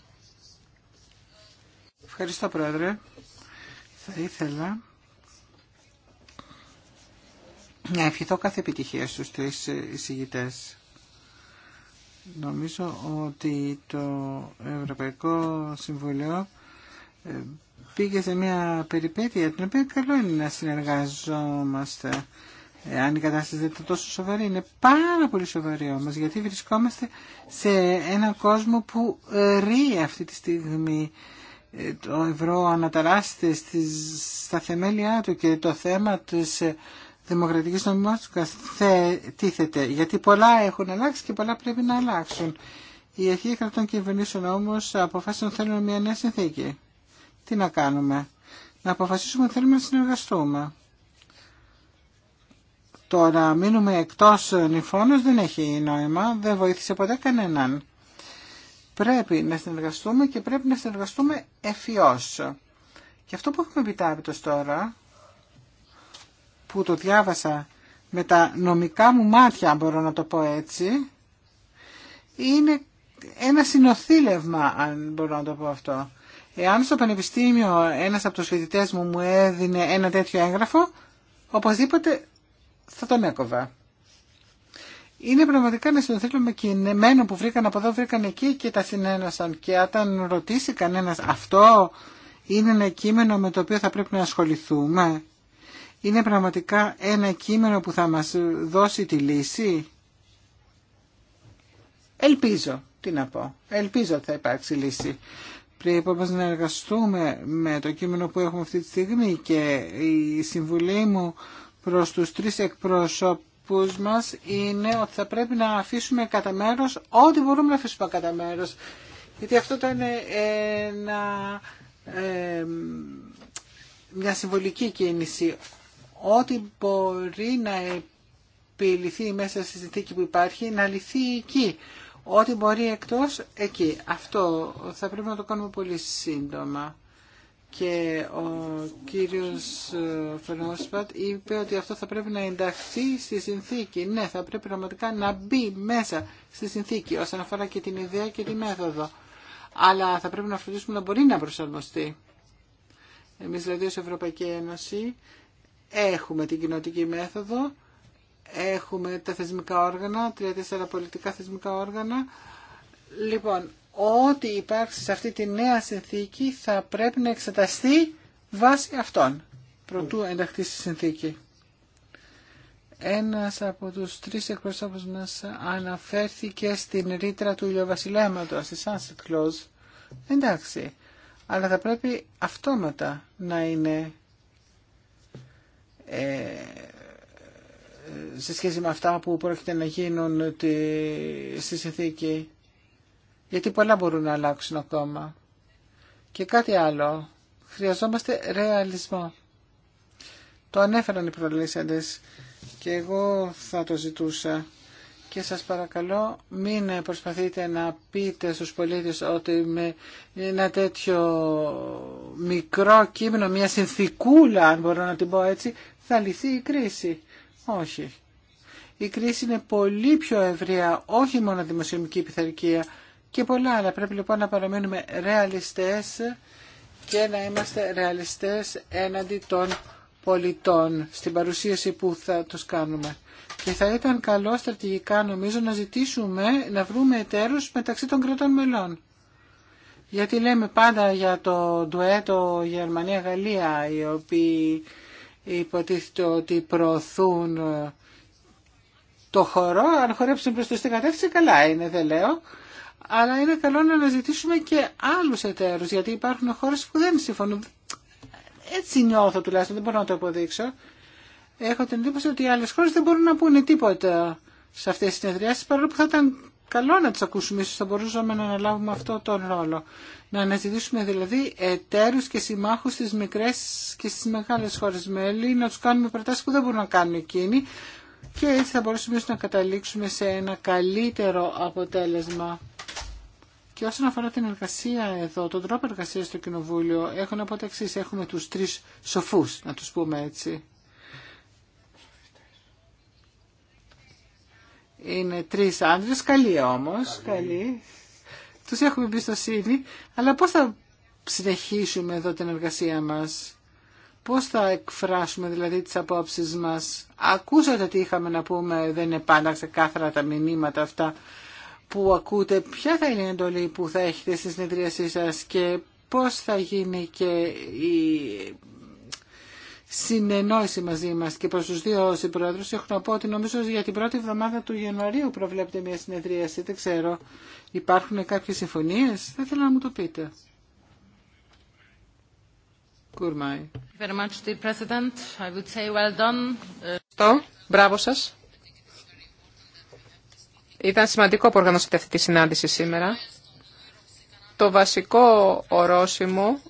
Ευχαριστώ Πρόεδρε. Θα ήθελα να ευχηθώ κάθε επιτυχία στους τρεις εισηγητές. Νομίζω ότι το Ευρωπαϊκό Συμβουλίο ε, πήγε σε μια περιπέτεια την οποία καλό είναι να συνεργαζόμαστε ε, αν η κατάσταση δεν είναι τόσο σοβαρή. Είναι πάρα πολύ σοβαρή όμως γιατί βρισκόμαστε σε έναν κόσμο που ρίει αυτή τη στιγμή ε, το ευρώ αναταράσσεται στα θεμέλια του και το θέμα της δημοκρατικής νομιμότητας τίθεται, γιατί πολλά έχουν αλλάξει και πολλά πρέπει να αλλάξουν. Οι αρχαίοι κρατών κυβερνήσεων όμως αποφάσισαν ότι θέλουν μια νέα συνθήκη. Τι να κάνουμε. Να αποφασίσουμε ότι θέλουμε να συνεργαστούμε. Τώρα, να μείνουμε εκτός νηφώνος δεν έχει νόημα, δεν βοήθησε ποτέ κανέναν. Πρέπει να συνεργαστούμε και πρέπει να συνεργαστούμε εφιώς. Και αυτό που έχουμε επιτάπητος τώρα που το διάβασα με τα νομικά μου μάτια, αν μπορώ να το πω έτσι, είναι ένα συνοθήλευμα, αν μπορώ να το πω αυτό. Εάν στο πανεπιστήμιο ένας από τους φοιτητές μου μου έδινε ένα τέτοιο έγγραφο, οπωσδήποτε θα τον έκοβα. Είναι πραγματικά ένα συνοθήλευμα εμένα που βρήκαν από εδώ, βρήκαν εκεί και τα συνένωσαν. Και όταν ρωτήσει κανένας αυτό είναι ένα κείμενο με το οποίο θα πρέπει να ασχοληθούμε, είναι πραγματικά ένα κείμενο που θα μας δώσει τη λύση. Ελπίζω, τι να πω, ελπίζω ότι θα υπάρξει λύση. Πρέπει όμως να εργαστούμε με το κείμενο που έχουμε αυτή τη στιγμή και η συμβουλή μου προς τους τρεις εκπροσώπους μας είναι ότι θα πρέπει να αφήσουμε κατά μέρο ό,τι μπορούμε να αφήσουμε κατά μέρο. Γιατί αυτό ήταν ένα, μια συμβολική κίνηση ό,τι μπορεί να επιληθεί μέσα στη συνθήκη που υπάρχει να λυθεί εκεί. Ό,τι μπορεί εκτός εκεί. Αυτό θα πρέπει να το κάνουμε πολύ σύντομα. Και ο κύριος ε, Φερνόσπατ είπε ότι αυτό θα πρέπει να ενταχθεί στη συνθήκη. Ναι, θα πρέπει πραγματικά να μπει μέσα στη συνθήκη όσον αφορά και την ιδέα και τη μέθοδο. Αλλά θα πρέπει να φροντίσουμε να μπορεί να προσαρμοστεί. Εμείς δηλαδή ως Ευρωπαϊκή Ένωση Έχουμε την κοινοτική μέθοδο, έχουμε τα θεσμικά όργανα, τρία-τέσσερα πολιτικά θεσμικά όργανα. Λοιπόν, ό,τι υπάρξει σε αυτή τη νέα συνθήκη θα πρέπει να εξεταστεί βάσει αυτών, προτού ενταχθεί στη συνθήκη. Ένας από τους τρεις εκπροσώπους μας αναφέρθηκε στην ρήτρα του ηλιοβασιλέματος, στη Sunset Clause. Εντάξει, αλλά θα πρέπει αυτόματα να είναι ε, σε σχέση με αυτά που πρόκειται να γίνουν στη συνθήκη. Γιατί πολλά μπορούν να αλλάξουν ακόμα. Και κάτι άλλο. Χρειαζόμαστε ρεαλισμό. Το ανέφεραν οι προλήσαντες και εγώ θα το ζητούσα. Και σας παρακαλώ μην προσπαθείτε να πείτε στους πολίτες ότι με ένα τέτοιο μικρό κείμενο, μια συνθηκούλα αν μπορώ να την πω έτσι, θα λυθεί η κρίση. Όχι. Η κρίση είναι πολύ πιο ευρεία, όχι μόνο δημοσιονομική πειθαρχία και πολλά άλλα. Πρέπει λοιπόν να παραμείνουμε ρεαλιστές και να είμαστε ρεαλιστές έναντι των πολιτών στην παρουσίαση που θα τους κάνουμε. Και θα ήταν καλό στρατηγικά νομίζω να ζητήσουμε να βρούμε εταίρους μεταξύ των κρατών μελών. Γιατί λέμε πάντα για το ντουέτο Γερμανία-Γαλλία, οι οποίοι υποτίθεται ότι προωθούν ε, το χορό. Αν χορέψουν προς το κατεύθυνση καλά είναι, δεν λέω. Αλλά είναι καλό να αναζητήσουμε και άλλους εταίρους, γιατί υπάρχουν χώρες που δεν συμφωνούν. Έτσι νιώθω τουλάχιστον, δεν μπορώ να το αποδείξω. Έχω την εντύπωση ότι οι άλλες χώρες δεν μπορούν να πούνε τίποτα σε αυτές τις συνεδριάσεις, παρόλο που θα ήταν καλό να τις ακούσουμε, ίσως θα μπορούσαμε να αναλάβουμε αυτό τον ρόλο. Να αναζητήσουμε δηλαδή εταίρους και συμμάχους στις μικρές και στις μεγάλες χώρες μέλη, να τους κάνουμε προτάσεις που δεν μπορούν να κάνουν εκείνοι και έτσι θα μπορούσαμε να καταλήξουμε σε ένα καλύτερο αποτέλεσμα. Και όσον αφορά την εργασία εδώ, τον τρόπο εργασία στο Κοινοβούλιο, έχουν από τα εξής. Έχουμε του τρει σοφού, να του πούμε έτσι. Είναι τρεις άντρες, καλοί όμως, καλοί. Τους έχουμε εμπιστοσύνη, αλλά πώς θα συνεχίσουμε εδώ την εργασία μας. Πώς θα εκφράσουμε δηλαδή τις απόψεις μας. Ακούσατε τι είχαμε να πούμε, δεν είναι πάντα ξεκάθαρα τα μηνύματα αυτά που ακούτε. Ποια θα είναι η εντολή που θα έχετε στη συνεδρίασή σας και πώς θα γίνει και η συνεννόηση μαζί μας και προς τους δύο συμπρόεδρους έχω να πω ότι νομίζω για την πρώτη εβδομάδα του Ιανουαρίου προβλέπεται μια συνεδρίαση, δεν ξέρω. Υπάρχουν κάποιες συμφωνίες, θα ήθελα να μου το πείτε. Κουρμάι. Well Μπράβο σας. Ήταν σημαντικό που οργανώσατε αυτή τη συνάντηση σήμερα. Το βασικό ορόσημο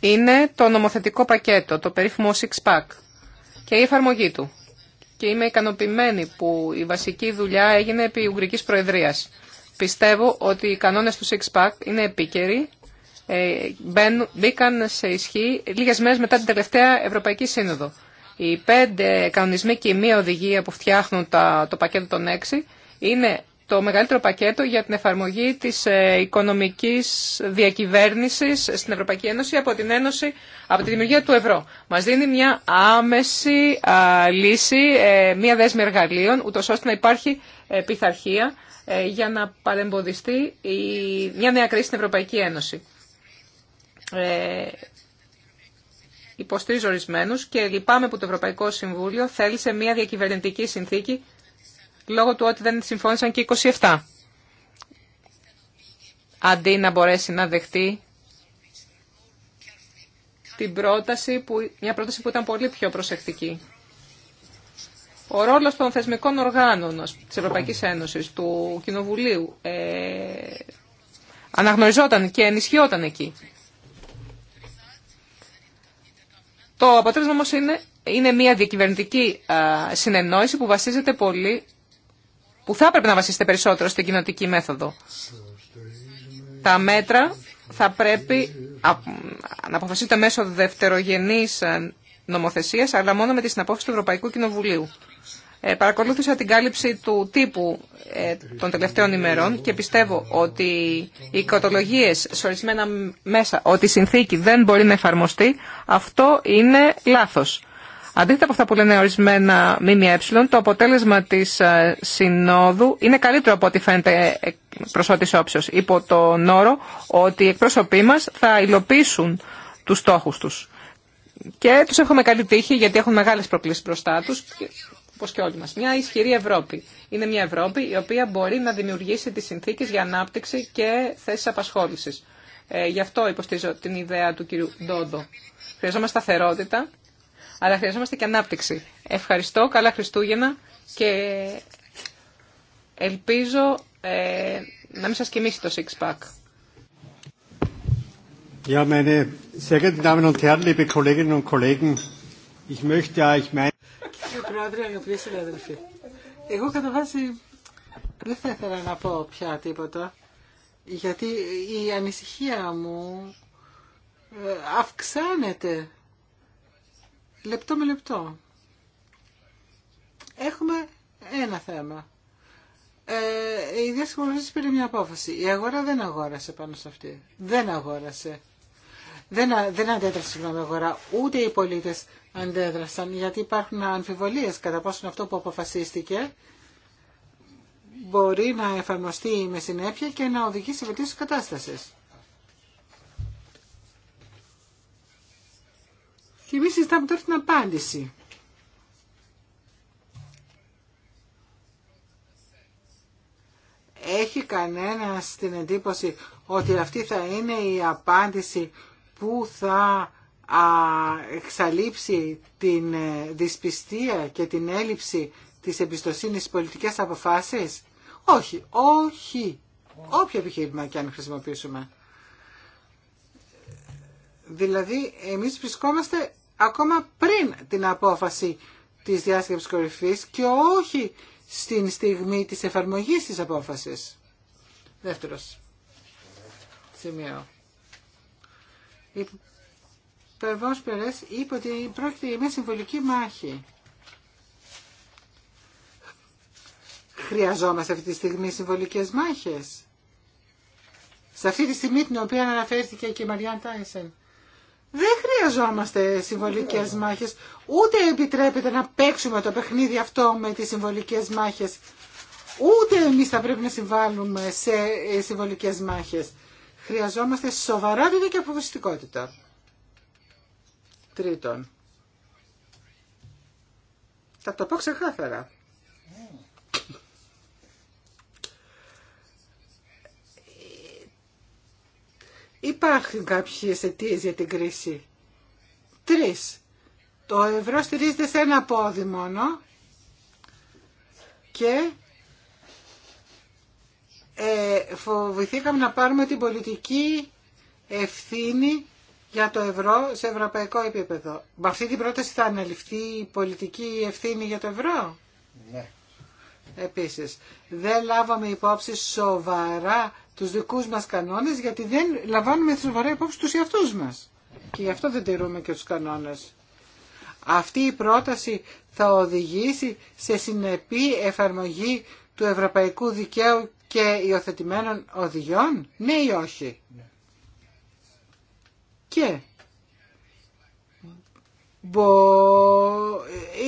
είναι το νομοθετικό πακέτο, το περίφημο six-pack και η εφαρμογή του. Και είμαι ικανοποιημένη που η βασική δουλειά έγινε επί Ουγγρικής Προεδρίας. Πιστεύω ότι οι κανόνες του six-pack είναι επίκαιροι, ε, μπήκαν σε ισχύ λίγες μέρες μετά την τελευταία Ευρωπαϊκή Σύνοδο. Οι πέντε κανονισμοί και η μία οδηγία που φτιάχνουν το πακέτο των έξι είναι το μεγαλύτερο πακέτο για την εφαρμογή της ε, οικονομικής διακυβέρνησης στην Ευρωπαϊκή Ένωση από την Ένωση, από τη δημιουργία του ευρώ. Μας δίνει μια άμεση λύση, ε, μια δέσμη εργαλείων, ούτως ώστε να υπάρχει ε, πειθαρχία για να παρεμποδιστεί μια νέα κρίση στην Ευρωπαϊκή Ένωση. Υποστηρίζω ορισμένου και λυπάμαι που το Ευρωπαϊκό Συμβούλιο θέλησε μια διακυβερνητική συνθήκη λόγω του ότι δεν συμφώνησαν και 27. Αντί να μπορέσει να δεχτεί την πρόταση που, μια πρόταση που ήταν πολύ πιο προσεκτική. Ο ρόλος των θεσμικών οργάνων της Ευρωπαϊκής Ένωσης, του Κοινοβουλίου, ε, αναγνωριζόταν και ενισχυόταν εκεί. Το αποτέλεσμα όμως είναι, είναι μια διακυβερνητική συνεννόηση που βασίζεται πολύ που θα έπρεπε να βασίσετε περισσότερο στην κοινοτική μέθοδο. Τα μέτρα θα πρέπει να αποφασίσετε μέσω δευτερογενής ε, νομοθεσίας, αλλά μόνο με τη συναπόφαση του Ευρωπαϊκού Κοινοβουλίου. Ε, παρακολούθησα την κάλυψη του τύπου ε, των τελευταίων ημερών και πιστεύω ότι οι οικοτολογίες σε ορισμένα μέσα, ότι η συνθήκη δεν μπορεί να εφαρμοστεί, αυτό είναι λάθος. Αντίθετα από αυτά που λένε ορισμένα ΜΜΕ, το αποτέλεσμα τη ε, συνόδου είναι καλύτερο από ό,τι φαίνεται ε, προ ό,τι όψεω. Υπό τον όρο ότι οι εκπρόσωποι μα θα υλοποιήσουν του στόχου του. Και του έχουμε καλή τύχη γιατί έχουν μεγάλε προκλήσει μπροστά του, όπω και όλοι μα. Μια ισχυρή Ευρώπη. Είναι μια Ευρώπη η οποία μπορεί να δημιουργήσει τι συνθήκε για ανάπτυξη και θέσει απασχόληση. Ε, γι' αυτό υποστήριζω την ιδέα του κ. Ντόντο. Χρειαζόμαστε σταθερότητα αλλά χρειαζόμαστε και ανάπτυξη. Ευχαριστώ, καλά Χριστούγεννα και ελπίζω ε, να μην σας κοιμήσει το six pack. Ja, meine sehr geehrten Damen und Herren, liebe Kolleginnen und Kollegen, ich möchte ich meine... Κύριε Πρόεδρε, αγαπητοί συνάδελφοι, εγώ κατά βάση δεν θα ήθελα να πω πια τίποτα, γιατί η ανησυχία μου ε, αυξάνεται λεπτό με λεπτό. Έχουμε ένα θέμα. Ε, η διάσκεψη πήρε μια απόφαση. Η αγορά δεν αγόρασε πάνω σε αυτή. Δεν αγόρασε. Δεν, δεν αντέδρασε η αγορά. Ούτε οι πολίτες αντέδρασαν γιατί υπάρχουν αμφιβολίες κατά πόσο αυτό που αποφασίστηκε μπορεί να εφαρμοστεί με συνέπεια και να οδηγήσει σε βελτίωση κατάστασης. Και εμείς συζητάμε τώρα την απάντηση. Έχει κανένα την εντύπωση ότι αυτή θα είναι η απάντηση που θα α, εξαλείψει την ε, δυσπιστία και την έλλειψη της εμπιστοσύνης στις πολιτικές αποφάσεις. Όχι, όχι. Όποιο επιχείρημα και αν χρησιμοποιήσουμε. Δηλαδή, εμείς βρισκόμαστε ακόμα πριν την απόφαση της διάσκεψης κορυφής και όχι στην στιγμή της εφαρμογής της απόφασης. Δεύτερος σημείο. Η Περβός Περές είπε ότι πρόκειται για μια συμβολική μάχη. Χρειαζόμαστε αυτή τη στιγμή συμβολικές μάχες. Σε αυτή τη στιγμή την οποία αναφέρθηκε και η Μαριάν Τάισεν. Δεν χρειαζόμαστε συμβολικές μάχες, ούτε επιτρέπεται να παίξουμε το παιχνίδι αυτό με τις συμβολικές μάχες. Ούτε εμείς θα πρέπει να συμβάλλουμε σε ε, συμβολικές μάχες. Χρειαζόμαστε σοβαρά και αποφασιστικότητα. Τρίτον, θα το πω ξεκάθαρα. Υπάρχουν κάποιε αιτίε για την κρίση. Τρει. Το ευρώ στηρίζεται σε ένα πόδι μόνο και ε, φοβηθήκαμε να πάρουμε την πολιτική ευθύνη για το ευρώ σε ευρωπαϊκό επίπεδο. Με αυτή την πρόταση θα αναλυφθεί η πολιτική ευθύνη για το ευρώ. Ναι. Επίσης, δεν λάβαμε υπόψη σοβαρά τους δικούς μας κανόνες γιατί δεν λαμβάνουμε σοβαρά υπόψη τους εαυτούς μας. Και γι' αυτό δεν τηρούμε και τους κανόνες. Αυτή η πρόταση θα οδηγήσει σε συνεπή εφαρμογή του ευρωπαϊκού δικαίου και υιοθετημένων οδηγιών, ναι ή όχι. Ναι. Και μπο...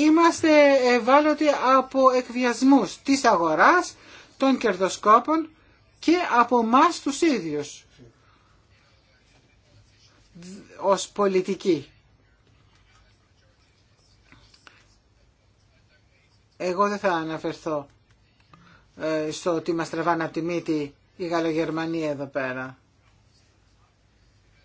είμαστε ευάλωτοι από εκβιασμούς της αγοράς, των κερδοσκόπων και από εμά τους ίδιου ως πολιτικοί. Εγώ δεν θα αναφερθώ ε, στο ότι μας τραβάνε από τη μύτη η Γαλλογερμανία εδώ πέρα.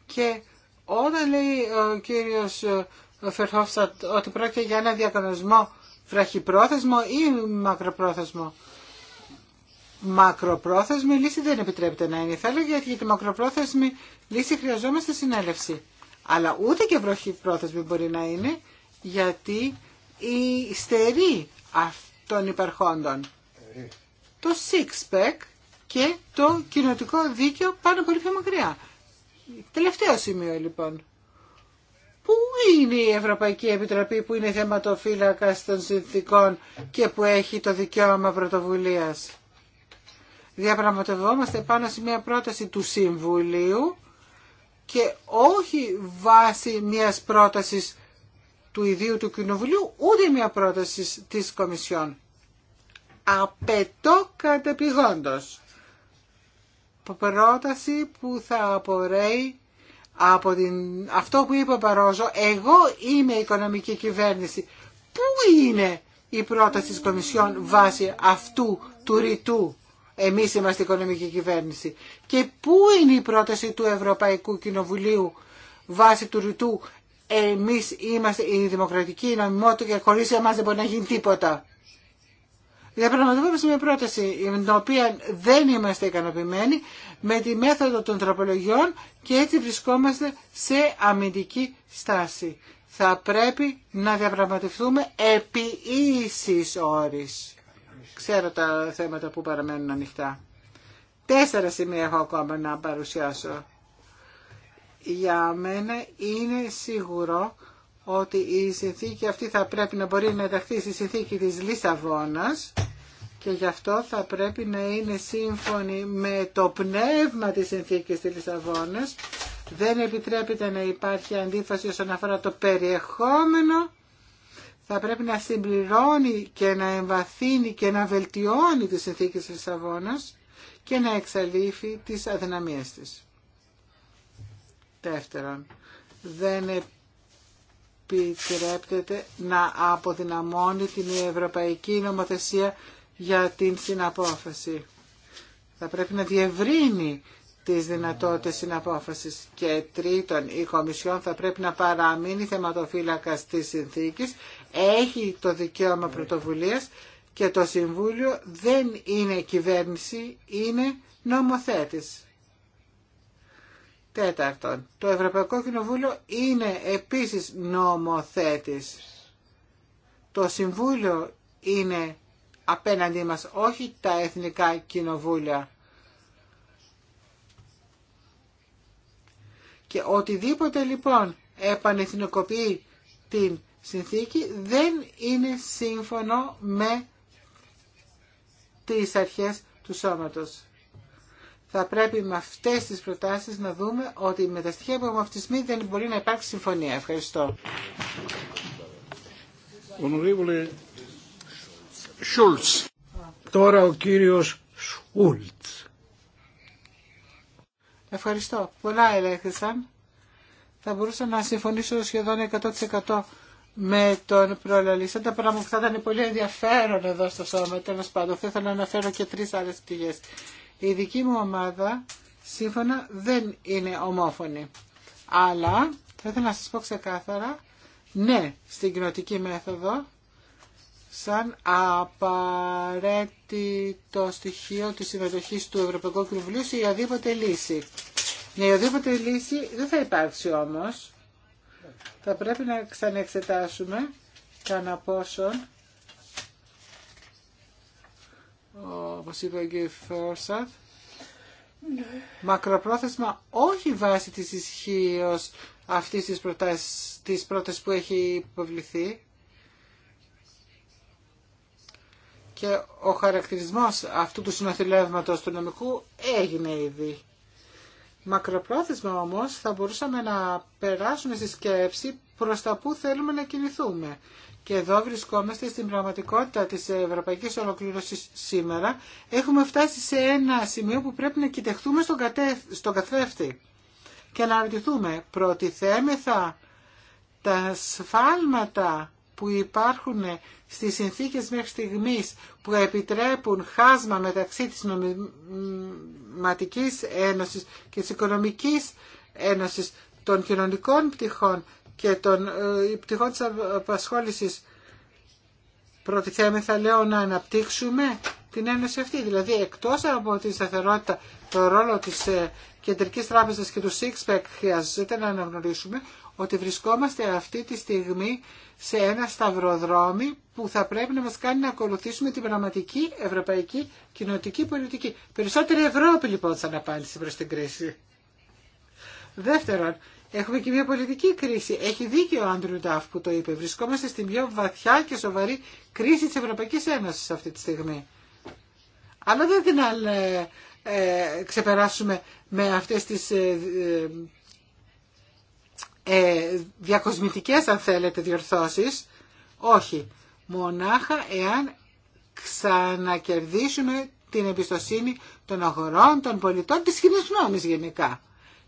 Και όταν λέει ο κύριος ε, Φερχόφστατ ότι πρόκειται για ένα διακανονισμό βραχυπρόθεσμο ή μακροπρόθεσμο, μακροπρόθεσμη λύση δεν επιτρέπεται να είναι. Θέλω γιατί για τη μακροπρόθεσμη λύση χρειαζόμαστε συνέλευση. Αλλά ούτε και βροχή πρόθεσμη μπορεί να είναι γιατί η στερή αυτών υπαρχόντων. Το six-pack και το κοινοτικό δίκαιο πάνε πολύ πιο μακριά. Τελευταίο σημείο λοιπόν. Πού είναι η Ευρωπαϊκή Επιτροπή που είναι θεματοφύλακας των συνθήκων και που έχει το δικαίωμα πρωτοβουλίας διαπραγματευόμαστε πάνω σε μια πρόταση του Συμβουλίου και όχι βάσει μιας πρότασης του ιδίου του Κοινοβουλίου, ούτε μια πρόταση της Κομισιόν. Απαιτώ κατεπηγόντως πρόταση που θα απορρέει από την... αυτό που είπε ο Παρόζο, εγώ είμαι η οικονομική κυβέρνηση. Πού είναι η πρόταση της Κομισιόν βάσει αυτού του ρητού εμείς είμαστε η οικονομική κυβέρνηση. Και πού είναι η πρόταση του Ευρωπαϊκού Κοινοβουλίου βάσει του ρητού εμείς είμαστε η δημοκρατική νομιμότητα και χωρίς εμάς δεν μπορεί να γίνει τίποτα. Διαπραγματευόμαστε μια πρόταση με την οποία δεν είμαστε ικανοποιημένοι με τη μέθοδο των τροπολογιών και έτσι βρισκόμαστε σε αμυντική στάση. Θα πρέπει να διαπραγματευτούμε επί ίσης όρης ξέρω τα θέματα που παραμένουν ανοιχτά. Τέσσερα σημεία έχω ακόμα να παρουσιάσω. Για μένα είναι σίγουρο ότι η συνθήκη αυτή θα πρέπει να μπορεί να ενταχθεί στη συνθήκη της Λισαβόνας και γι' αυτό θα πρέπει να είναι σύμφωνη με το πνεύμα της συνθήκης της Λισαβόνας. Δεν επιτρέπεται να υπάρχει αντίφαση όσον αφορά το περιεχόμενο θα πρέπει να συμπληρώνει και να εμβαθύνει και να βελτιώνει τις συνθήκες της Λισαβόνας και να εξαλείφει τις αδυναμίες της. Δεύτερον, δεν επιτρέπεται να αποδυναμώνει την Ευρωπαϊκή Νομοθεσία για την συναπόφαση. Θα πρέπει να διευρύνει τις δυνατότητες συναπόφασης. Και τρίτον, η Κομισιόν θα πρέπει να παραμείνει θεματοφύλακα της συνθήκες, έχει το δικαίωμα πρωτοβουλίας και το Συμβούλιο δεν είναι κυβέρνηση, είναι νομοθέτης. Τέταρτον, το Ευρωπαϊκό Κοινοβούλιο είναι επίσης νομοθέτης. Το Συμβούλιο είναι απέναντί μας, όχι τα εθνικά κοινοβούλια. Και οτιδήποτε λοιπόν επανεθνικοποιεί την συνθήκη δεν είναι σύμφωνο με τις αρχές του σώματος. Θα πρέπει με αυτές τις προτάσεις να δούμε ότι με τα στοιχεία που έχουμε δεν μπορεί να υπάρξει συμφωνία. Ευχαριστώ. Τώρα ο κύριος Σούλτς. Ευχαριστώ. Πολλά ελέγχθησαν. Θα μπορούσα να συμφωνήσω σχεδόν 100% με τον προλαλήσαντα, πράγμα που θα ήταν πολύ ενδιαφέρον εδώ στο σώμα. Τέλο πάντων, θα ήθελα να αναφέρω και τρει άλλε πηγέ. Η δική μου ομάδα, σύμφωνα, δεν είναι ομόφωνη. Αλλά θα ήθελα να σα πω ξεκάθαρα, ναι, στην κοινοτική μέθοδο, σαν απαραίτητο στοιχείο της συμμετοχή του Ευρωπαϊκού Κοινοβουλίου σε οποιαδήποτε λύση. Η οποιαδήποτε λύση δεν θα υπάρξει όμως θα πρέπει να ξανεξετάσουμε κανένα πόσο όπως είπε ο μακροπρόθεσμα όχι βάσει της ισχύω αυτή, της, προτάσεις, της πρότασης που έχει υποβληθεί και ο χαρακτηρισμός αυτού του συνοθηλεύματος του νομικού έγινε ήδη. Μακροπρόθεσμα όμως θα μπορούσαμε να περάσουμε στη σκέψη προς τα που θέλουμε να κινηθούμε. Και εδώ βρισκόμαστε στην πραγματικότητα της ευρωπαϊκής ολοκλήρωσης σήμερα. Έχουμε φτάσει σε ένα σημείο που πρέπει να κοιτεχτούμε στον, κατέ, στον καθρέφτη και να ρωτηθούμε προτιθέμεθα τα σφάλματα που υπάρχουν στις συνθήκες μέχρι στιγμής που επιτρέπουν χάσμα μεταξύ της νομιματικής ένωσης και της οικονομικής ένωσης των κοινωνικών πτυχών και των ε, πτυχών της απασχόλησης προτιθέμεθα λέω να αναπτύξουμε την ένωση αυτή. Δηλαδή εκτός από τη σταθερότητα το ρόλο της ε, Κεντρικής Τράπεζας και του ΣΥΚΣΠΕΚ χρειάζεται να αναγνωρίσουμε ότι βρισκόμαστε αυτή τη στιγμή σε ένα σταυροδρόμι που θα πρέπει να μας κάνει να ακολουθήσουμε την πραγματική ευρωπαϊκή κοινωτική πολιτική. Περισσότερη Ευρώπη λοιπόν θα απάντηση προς την κρίση. Δεύτερον, έχουμε και μια πολιτική κρίση. Έχει δίκιο ο Άντριου Νταφ που το είπε. Βρισκόμαστε στην πιο βαθιά και σοβαρή κρίση της Ευρωπαϊκής Ένωσης αυτή τη στιγμή. Αλλά δεν την ε, ξεπεράσουμε με αυτές τις ε, ε, ε, διακοσμητικές αν θέλετε διορθώσεις. Όχι. Μονάχα εάν ξανακερδίσουμε την εμπιστοσύνη των αγορών, των πολιτών, της κοινή γενικά.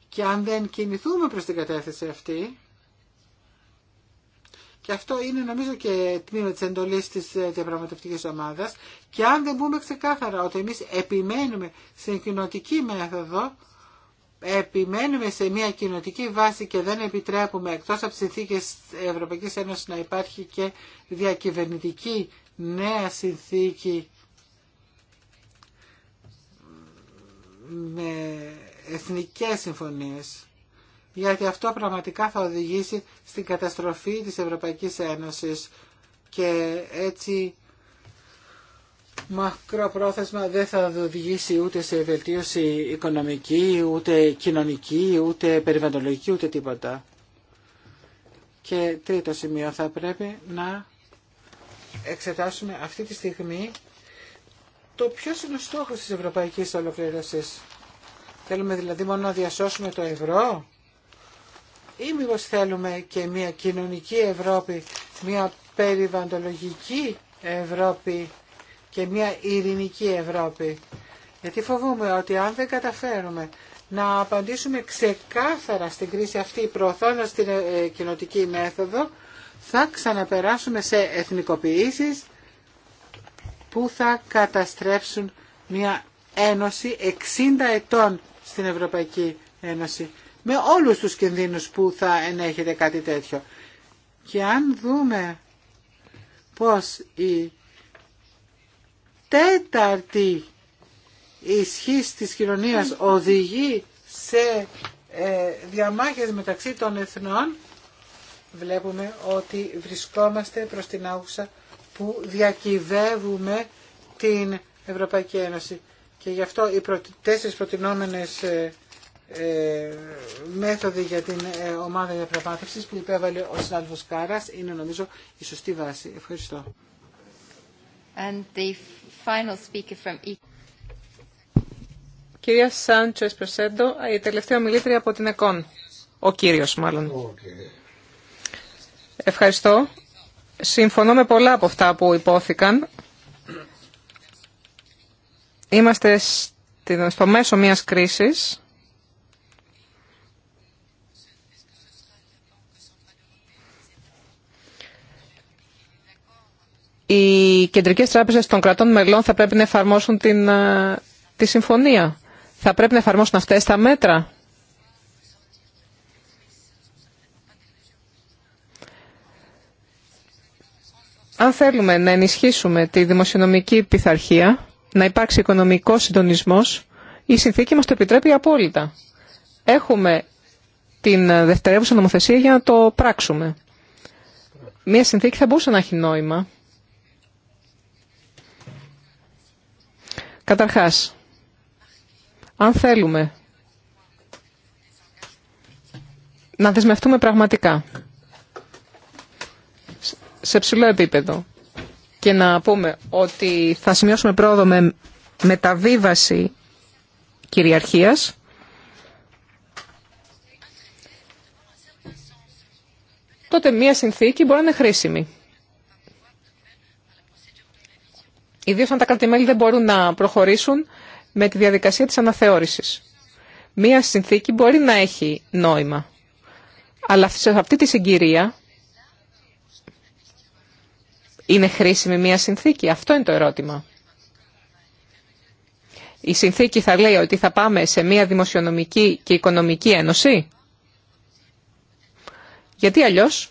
Και αν δεν κινηθούμε προς την κατεύθυνση αυτή, και αυτό είναι νομίζω και τμήμα της εντολής της ε, διαπραγματευτικής ομάδας, και αν δεν πούμε ξεκάθαρα ότι εμείς επιμένουμε στην κοινωτική μέθοδο, επιμένουμε σε μια κοινοτική βάση και δεν επιτρέπουμε εκτός από τις συνθήκες Ευρωπαϊκής Ένωσης να υπάρχει και διακυβερνητική νέα συνθήκη με εθνικές συμφωνίες γιατί αυτό πραγματικά θα οδηγήσει στην καταστροφή της Ευρωπαϊκής Ένωσης και έτσι μακροπρόθεσμα δεν θα οδηγήσει ούτε σε βελτίωση οικονομική, ούτε κοινωνική, ούτε περιβαλλοντολογική, ούτε τίποτα. Και τρίτο σημείο θα πρέπει να εξετάσουμε αυτή τη στιγμή το ποιο είναι ο στόχο τη ευρωπαϊκή ολοκλήρωση. Θέλουμε δηλαδή μόνο να διασώσουμε το ευρώ ή μήπω θέλουμε και μια κοινωνική Ευρώπη, μια περιβαλλοντολογική Ευρώπη και μια ειρηνική Ευρώπη. Γιατί φοβούμε ότι αν δεν καταφέρουμε να απαντήσουμε ξεκάθαρα στην κρίση αυτή προωθώντας την ε, κοινοτική μέθοδο, θα ξαναπεράσουμε σε εθνικοποιήσεις που θα καταστρέψουν μια ένωση 60 ετών στην Ευρωπαϊκή Ένωση με όλους τους κινδύνους που θα ενέχεται κάτι τέτοιο. Και αν δούμε πως η τέταρτη ισχύ της κοινωνίας οδηγεί σε ε, διαμάχες μεταξύ των εθνών, βλέπουμε ότι βρισκόμαστε προς την άγουσα που διακυβεύουμε την Ευρωπαϊκή Ένωση. Και γι' αυτό οι τέσσερις προτινόμενες ε, ε, μέθοδοι για την ομάδα διαπραγμάτευσης που υπέβαλε ο συνάδελφος Κάρας είναι νομίζω η σωστή βάση. Ευχαριστώ. E- Κυρία Σάντσες Περσέντο, η τελευταία μιλήτρια από την ΕΚΟΝ. Ο κύριος μάλλον. Ευχαριστώ. Συμφωνώ με πολλά από αυτά που υπόθηκαν. Είμαστε στο μέσο μιας κρίσης οι κεντρικέ τράπεζε των κρατών μελών θα πρέπει να εφαρμόσουν την, ε, τη συμφωνία. Θα πρέπει να εφαρμόσουν αυτές τα μέτρα. Αν θέλουμε να ενισχύσουμε τη δημοσιονομική πειθαρχία, να υπάρξει οικονομικό συντονισμός, η συνθήκη μας το επιτρέπει απόλυτα. Έχουμε την δευτερεύουσα νομοθεσία για να το πράξουμε. Μία συνθήκη θα μπορούσε να έχει νόημα Καταρχάς, αν θέλουμε να δεσμευτούμε πραγματικά σε ψηλό επίπεδο και να πούμε ότι θα σημειώσουμε πρόοδο με μεταβίβαση κυριαρχίας τότε μία συνθήκη μπορεί να είναι χρήσιμη. ιδίως αν τα κρατημέλη δεν μπορούν να προχωρήσουν με τη διαδικασία της αναθεώρησης. Μία συνθήκη μπορεί να έχει νόημα, αλλά σε αυτή τη συγκυρία είναι χρήσιμη μία συνθήκη. Αυτό είναι το ερώτημα. Η συνθήκη θα λέει ότι θα πάμε σε μία δημοσιονομική και οικονομική ένωση. Γιατί αλλιώς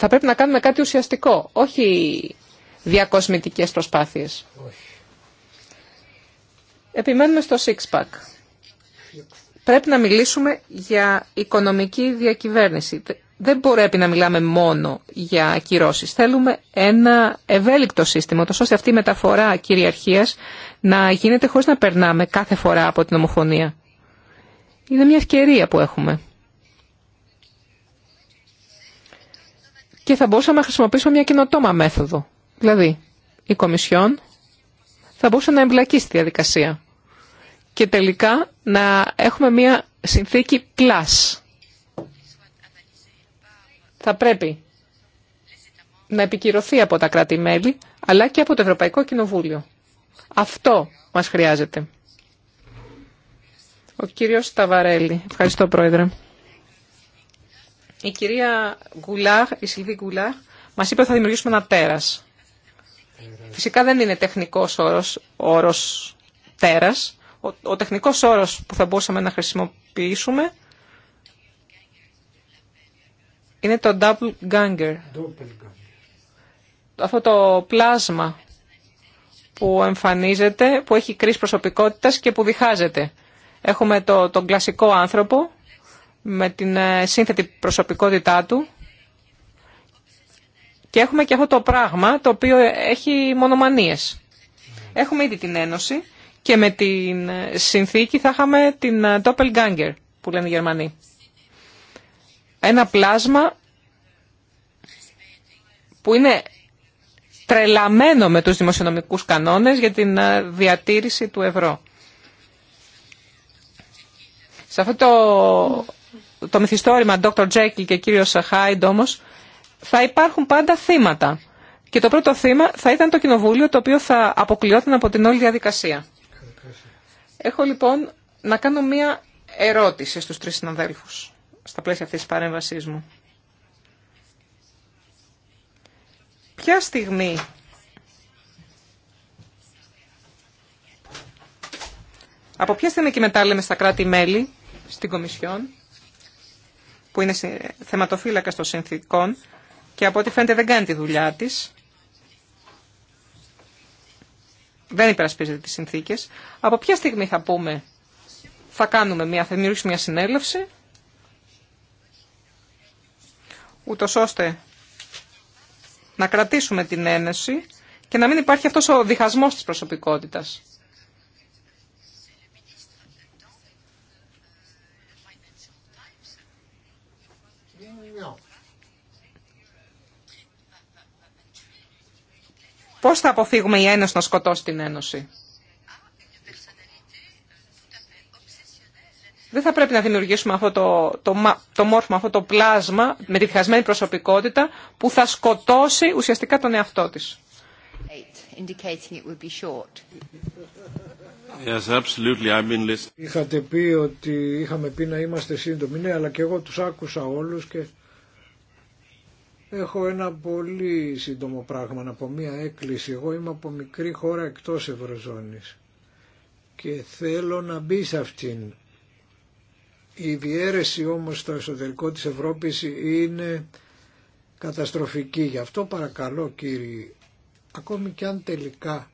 θα πρέπει να κάνουμε κάτι ουσιαστικό, όχι διακοσμητικές προσπάθειες. Όχι. Επιμένουμε στο six-pack. Πρέπει να μιλήσουμε για οικονομική διακυβέρνηση. Δεν μπορεί να μιλάμε μόνο για ακυρώσεις. Θέλουμε ένα ευέλικτο σύστημα, ώστε αυτή η μεταφορά κυριαρχίας να γίνεται χωρίς να περνάμε κάθε φορά από την ομοφωνία. Είναι μια ευκαιρία που έχουμε. και θα μπορούσαμε να χρησιμοποιήσουμε μια κοινοτόμα μέθοδο. Δηλαδή, η Κομισιόν θα μπορούσε να εμπλακεί στη διαδικασία και τελικά να έχουμε μια συνθήκη πλάς. Θα πρέπει να επικυρωθεί από τα κράτη-μέλη, αλλά και από το Ευρωπαϊκό Κοινοβούλιο. Αυτό μας χρειάζεται. Ο κύριος Σταβαρέλη. Ευχαριστώ, Πρόεδρε. Η κυρία Γκουλάχ, η Σιλβί Γκουλάχ, μα είπε ότι θα δημιουργήσουμε ένα τέρας. Φυσικά δεν είναι τεχνικό όρο όρος, όρος τέρας. Ο, ο τεχνικός όρος που θα μπορούσαμε να χρησιμοποιήσουμε είναι το double ganger. Αυτό το πλάσμα που εμφανίζεται, που έχει κρίση προσωπικότητας και που διχάζεται. Έχουμε το, τον κλασικό άνθρωπο με την ε, σύνθετη προσωπικότητά του και έχουμε και αυτό το πράγμα το οποίο έχει μονομανίες. Έχουμε ήδη την Ένωση και με την ε, συνθήκη θα είχαμε την ε, Doppelganger που λένε οι Γερμανοί. Ένα πλάσμα που είναι τρελαμένο με τους δημοσιονομικούς κανόνες για την διατήρηση του ευρώ. Σε αυτό το το μυθιστόρημα Dr. Jekyll και κύριο Hyde όμω, θα υπάρχουν πάντα θύματα. Και το πρώτο θύμα θα ήταν το κοινοβούλιο το οποίο θα αποκλειόταν από την όλη διαδικασία. Έχω λοιπόν να κάνω μία ερώτηση στους τρεις συναδέλφους στα πλαίσια αυτής της παρέμβασής μου. Ποια στιγμή Από ποια στιγμή και μετά λέμε στα κράτη-μέλη, στην Κομισιόν, που είναι θεματοφύλακα των συνθήκων και από ό,τι φαίνεται δεν κάνει τη δουλειά της. Δεν υπερασπίζεται τις συνθήκες. Από ποια στιγμή θα πούμε θα κάνουμε μια, θα δημιουργήσουμε μια συνέλευση ούτω ώστε να κρατήσουμε την ένεση και να μην υπάρχει αυτός ο διχασμός της προσωπικότητας. Πώ θα αποφύγουμε η Ένωση να σκοτώσει την Ένωση. Δεν θα πρέπει να δημιουργήσουμε αυτό το, το, μόρφωμα, αυτό το πλάσμα με τη διχασμένη προσωπικότητα που θα σκοτώσει ουσιαστικά τον εαυτό της. Είχατε πει ότι είχαμε πει να είμαστε σύντομοι, ναι, αλλά και εγώ τους άκουσα όλους και Έχω ένα πολύ σύντομο πράγμα από μία έκκληση. Εγώ είμαι από μικρή χώρα εκτός Ευρωζώνης και θέλω να μπει σε αυτήν. Η διέρεση όμως στο εσωτερικό της Ευρώπης είναι καταστροφική. Γι' αυτό παρακαλώ κύριοι, ακόμη κι αν τελικά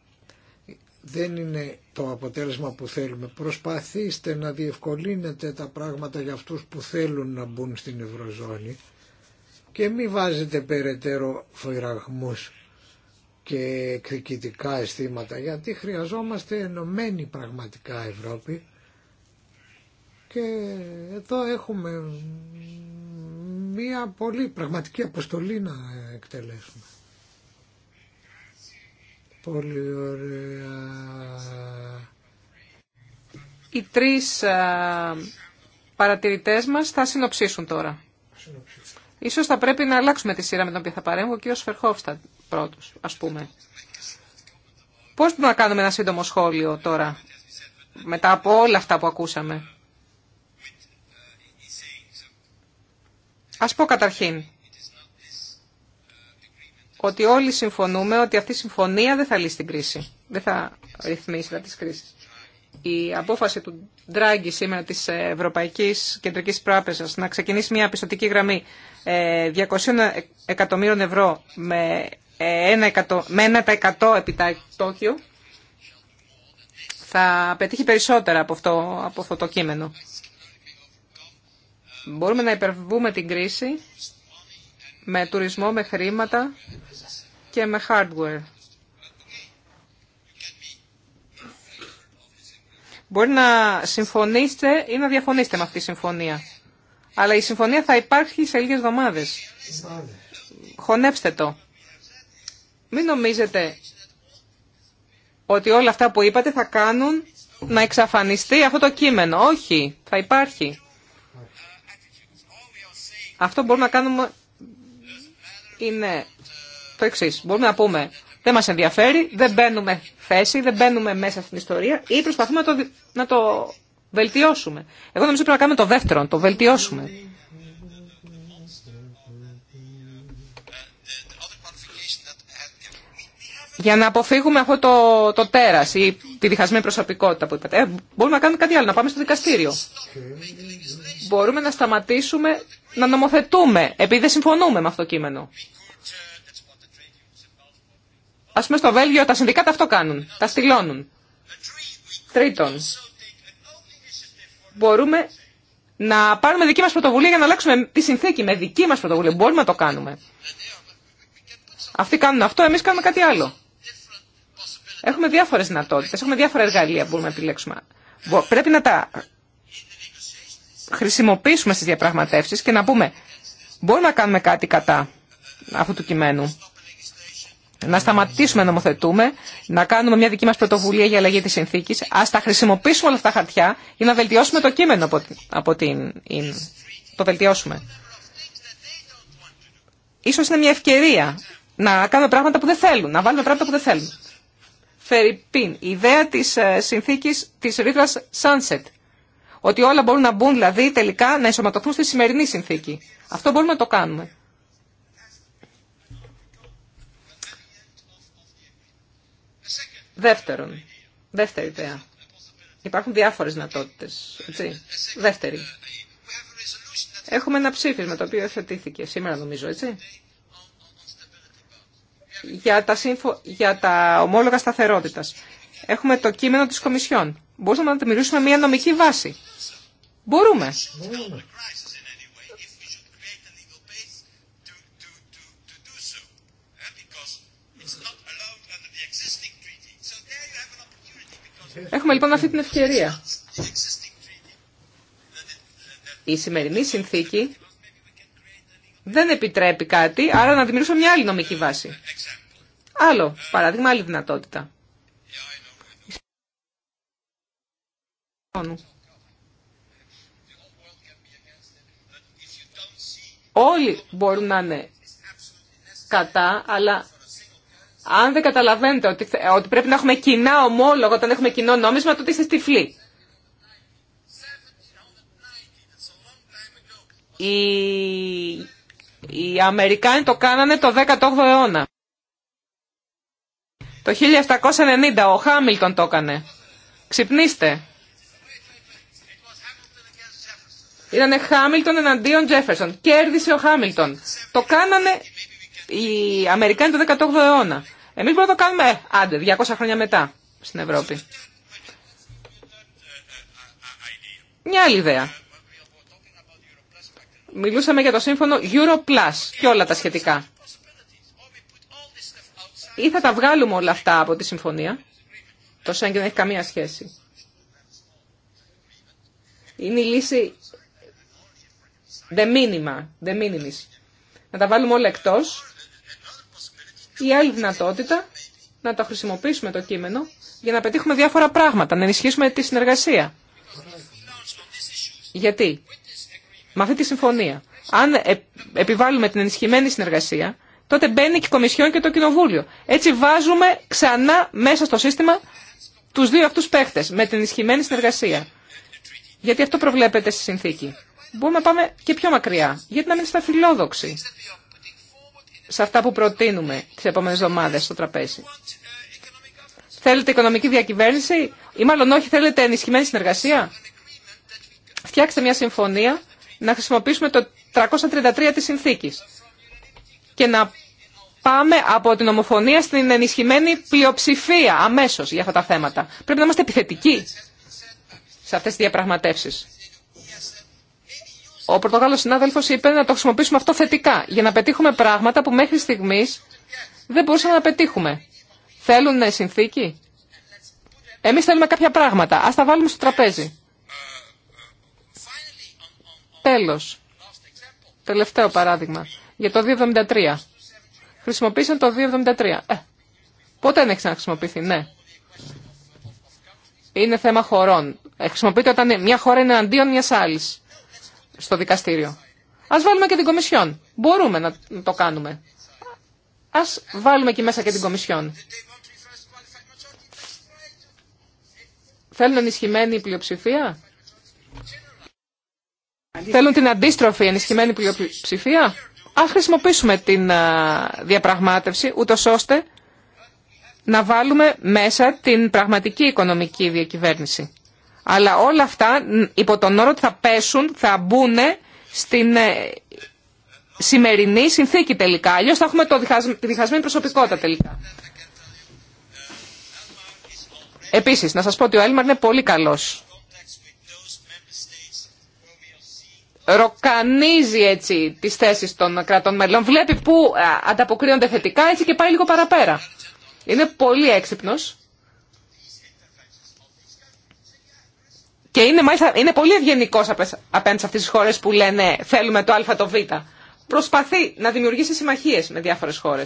δεν είναι το αποτέλεσμα που θέλουμε, προσπαθήστε να διευκολύνετε τα πράγματα για αυτούς που θέλουν να μπουν στην Ευρωζώνη και μη βάζετε περαιτέρω φοηραγμούς και εκδικητικά αισθήματα γιατί χρειαζόμαστε ενωμένη πραγματικά Ευρώπη και εδώ έχουμε μία πολύ πραγματική αποστολή να εκτελέσουμε. Πολύ ωραία. Οι τρεις παρατηρητές μας θα συνοψίσουν τώρα. Συνοψίσουν. Σω θα πρέπει να αλλάξουμε τη σειρά με την οποία θα παρέμβω, ο κύριο Φερχόφστατ πρώτο, ας πούμε. Πώ μπορούμε να κάνουμε ένα σύντομο σχόλιο τώρα, μετά από όλα αυτά που ακούσαμε. Ας πω καταρχήν, ότι όλοι συμφωνούμε ότι αυτή η συμφωνία δεν θα λύσει την κρίση. Δεν θα ρυθμίσει τα τη κρίση η απόφαση του Ντράγκη σήμερα της Ευρωπαϊκής Κεντρικής Τράπεζας να ξεκινήσει μια πιστοτική γραμμή 200 ε, εκατομμύρων ευρώ με 1%, ε, με 1 επιτόκιο θα πετύχει περισσότερα από αυτό, από αυτό το κείμενο. Μπορούμε να υπερβούμε την κρίση με τουρισμό, με χρήματα και με hardware. Μπορεί να συμφωνήσετε ή να διαφωνήσετε με αυτή τη συμφωνία. Αλλά η συμφωνία θα υπάρχει σε λίγες εβδομάδες. Χωνέψτε το. Μην νομίζετε ότι όλα αυτά που είπατε θα κάνουν να εξαφανιστεί αυτό το κείμενο. Όχι, θα υπάρχει. Αυτό που μπορούμε να κάνουμε είναι το εξή. Μπορούμε να πούμε δεν μας ενδιαφέρει, δεν μπαίνουμε θέση, δεν μπαίνουμε μέσα στην ιστορία ή προσπαθούμε να το, βελτιώσουμε. Εγώ νομίζω πρέπει να κάνουμε το δεύτερο, να το βελτιώσουμε. Για να αποφύγουμε αυτό το, το τέρας ή τη διχασμένη προσωπικότητα που είπατε. Ε, μπορούμε να κάνουμε κάτι άλλο, να πάμε στο δικαστήριο. Μπορούμε να σταματήσουμε να νομοθετούμε, επειδή δεν συμφωνούμε με αυτό το κείμενο. Α πούμε στο Βέλγιο τα συνδικάτα αυτό κάνουν, τα στυλώνουν. Τρίτον, μπορούμε να πάρουμε δική μας πρωτοβουλία για να αλλάξουμε τη συνθήκη με δική μας πρωτοβουλία. Μπορούμε να το κάνουμε. Αυτοί κάνουν αυτό, εμείς κάνουμε κάτι άλλο. Έχουμε διάφορες δυνατότητες, έχουμε διάφορα εργαλεία που μπορούμε να επιλέξουμε. Πρέπει να τα χρησιμοποιήσουμε στις διαπραγματεύσεις και να πούμε μπορούμε να κάνουμε κάτι κατά αυτού του κειμένου να σταματήσουμε να νομοθετούμε, να κάνουμε μια δική μα πρωτοβουλία για αλλαγή τη συνθήκη, α τα χρησιμοποιήσουμε όλα αυτά τα χαρτιά για να βελτιώσουμε το κείμενο από την... Το βελτιώσουμε. Ίσως είναι μια ευκαιρία να κάνουμε πράγματα που δεν θέλουν, να βάλουμε πράγματα που δεν θέλουν. Φερρυπίν, η ιδέα της ε, συνθήκη, τη ρήτρα Sunset. Ότι όλα μπορούν να μπουν, δηλαδή, τελικά να ενσωματωθούν στη σημερινή συνθήκη. Αυτό μπορούμε να το κάνουμε. Δεύτερον, δεύτερη ιδέα. Υπάρχουν διάφορες δυνατότητε. Δεύτερη. Έχουμε ένα ψήφισμα το οποίο εφετήθηκε σήμερα νομίζω, έτσι. Για τα, σύμφω... για τα ομόλογα σταθερότητα. Έχουμε το κείμενο της Κομισιόν. Μπορούμε να δημιουργήσουμε μια νομική βάση. Μπορούμε. Έχουμε λοιπόν αυτή την ευκαιρία. Η σημερινή συνθήκη δεν επιτρέπει κάτι, άρα να δημιουργήσουμε μια άλλη νομική βάση. Άλλο παράδειγμα, άλλη δυνατότητα. Όλοι μπορούν να είναι κατά, αλλά αν δεν καταλαβαίνετε ότι, ότι πρέπει να έχουμε κοινά ομόλογα όταν έχουμε κοινό νόμισμα, τότε είστε τυφλοί. Οι, οι Αμερικάνοι το κάνανε το 18ο αιώνα. Το 1790 ο Χάμιλτον το έκανε. Ξυπνήστε. Ήτανε Χάμιλτον εναντίον Τζέφερσον. Κέρδισε ο Χάμιλτον. Το κάνανε οι Αμερικάνοι το 18ο αιώνα. Εμείς μπορούμε να το κάνουμε, άντε, 200 χρόνια μετά στην Ευρώπη. Μια άλλη ιδέα. Μιλούσαμε για το σύμφωνο Europlus και όλα τα σχετικά. Ή θα τα βγάλουμε όλα αυτά από τη συμφωνία. Το Σέγγεν δεν έχει καμία σχέση. Είναι η λύση δεμήνυμα, minima, Να τα βάλουμε όλα εκτός η άλλη δυνατότητα να το χρησιμοποιήσουμε το κείμενο για να πετύχουμε διάφορα πράγματα, να ενισχύσουμε τη συνεργασία. Γιατί με αυτή τη συμφωνία, αν ε, επιβάλλουμε την ενισχυμένη συνεργασία, τότε μπαίνει και η Κομισιόν και το Κοινοβούλιο. Έτσι βάζουμε ξανά μέσα στο σύστημα τους δύο αυτούς παίχτες, με την ενισχυμένη συνεργασία. Γιατί αυτό προβλέπεται στη συνθήκη. Μπορούμε να πάμε και πιο μακριά. Γιατί να μην είστε φιλόδοξοι σε αυτά που προτείνουμε τις επόμενες εβδομάδες στο τραπέζι. Θέλετε οικονομική διακυβέρνηση ή μάλλον όχι θέλετε ενισχυμένη συνεργασία. Φτιάξτε μια συμφωνία να χρησιμοποιήσουμε το 333 της συνθήκης και να πάμε από την ομοφωνία στην ενισχυμένη πλειοψηφία αμέσως για αυτά τα θέματα. Πρέπει να είμαστε επιθετικοί σε αυτές τις διαπραγματεύσεις. Ο Πορτογάλος συνάδελφος είπε να το χρησιμοποιήσουμε αυτό θετικά για να πετύχουμε πράγματα που μέχρι στιγμής δεν μπορούσαμε να πετύχουμε. Θέλουν συνθήκη. Εμείς θέλουμε κάποια πράγματα. Ας τα βάλουμε στο τραπέζι. Τέλος. Τελευταίο παράδειγμα. Για το 273. Χρησιμοποίησαν το 273. Ε, πότε δεν έχει να χρησιμοποιηθεί, ναι. Είναι θέμα χωρών. Ε, χρησιμοποιείται όταν μια χώρα είναι αντίον μιας άλλης στο δικαστήριο. Ας βάλουμε και την Κομισιόν. Μπορούμε να το κάνουμε. Ας βάλουμε εκεί μέσα και την Κομισιόν. Θέλουν ενισχυμένη πλειοψηφία. Θέλουν την αντίστροφη ενισχυμένη πλειοψηφία. Ας χρησιμοποιήσουμε την διαπραγμάτευση, ούτω ώστε να βάλουμε μέσα την πραγματική οικονομική διακυβέρνηση. Αλλά όλα αυτά υπό τον όρο ότι θα πέσουν, θα μπουν στην ε, σημερινή συνθήκη τελικά. Αλλιώ θα έχουμε το τη διχασμένη προσωπικότητα τελικά. Επίσης, να σας πω ότι ο Έλμαρ είναι πολύ καλός. Ροκανίζει έτσι τις θέσεις των κρατών μελών. Βλέπει που ε, ανταποκρίνονται θετικά έτσι και πάει λίγο παραπέρα. Είναι πολύ έξυπνος. Και είναι, είναι πολύ ευγενικό απέναντι σε αυτέ τι χώρε που λένε θέλουμε το Α, το Β. Προσπαθεί να δημιουργήσει συμμαχίε με διάφορε χώρε.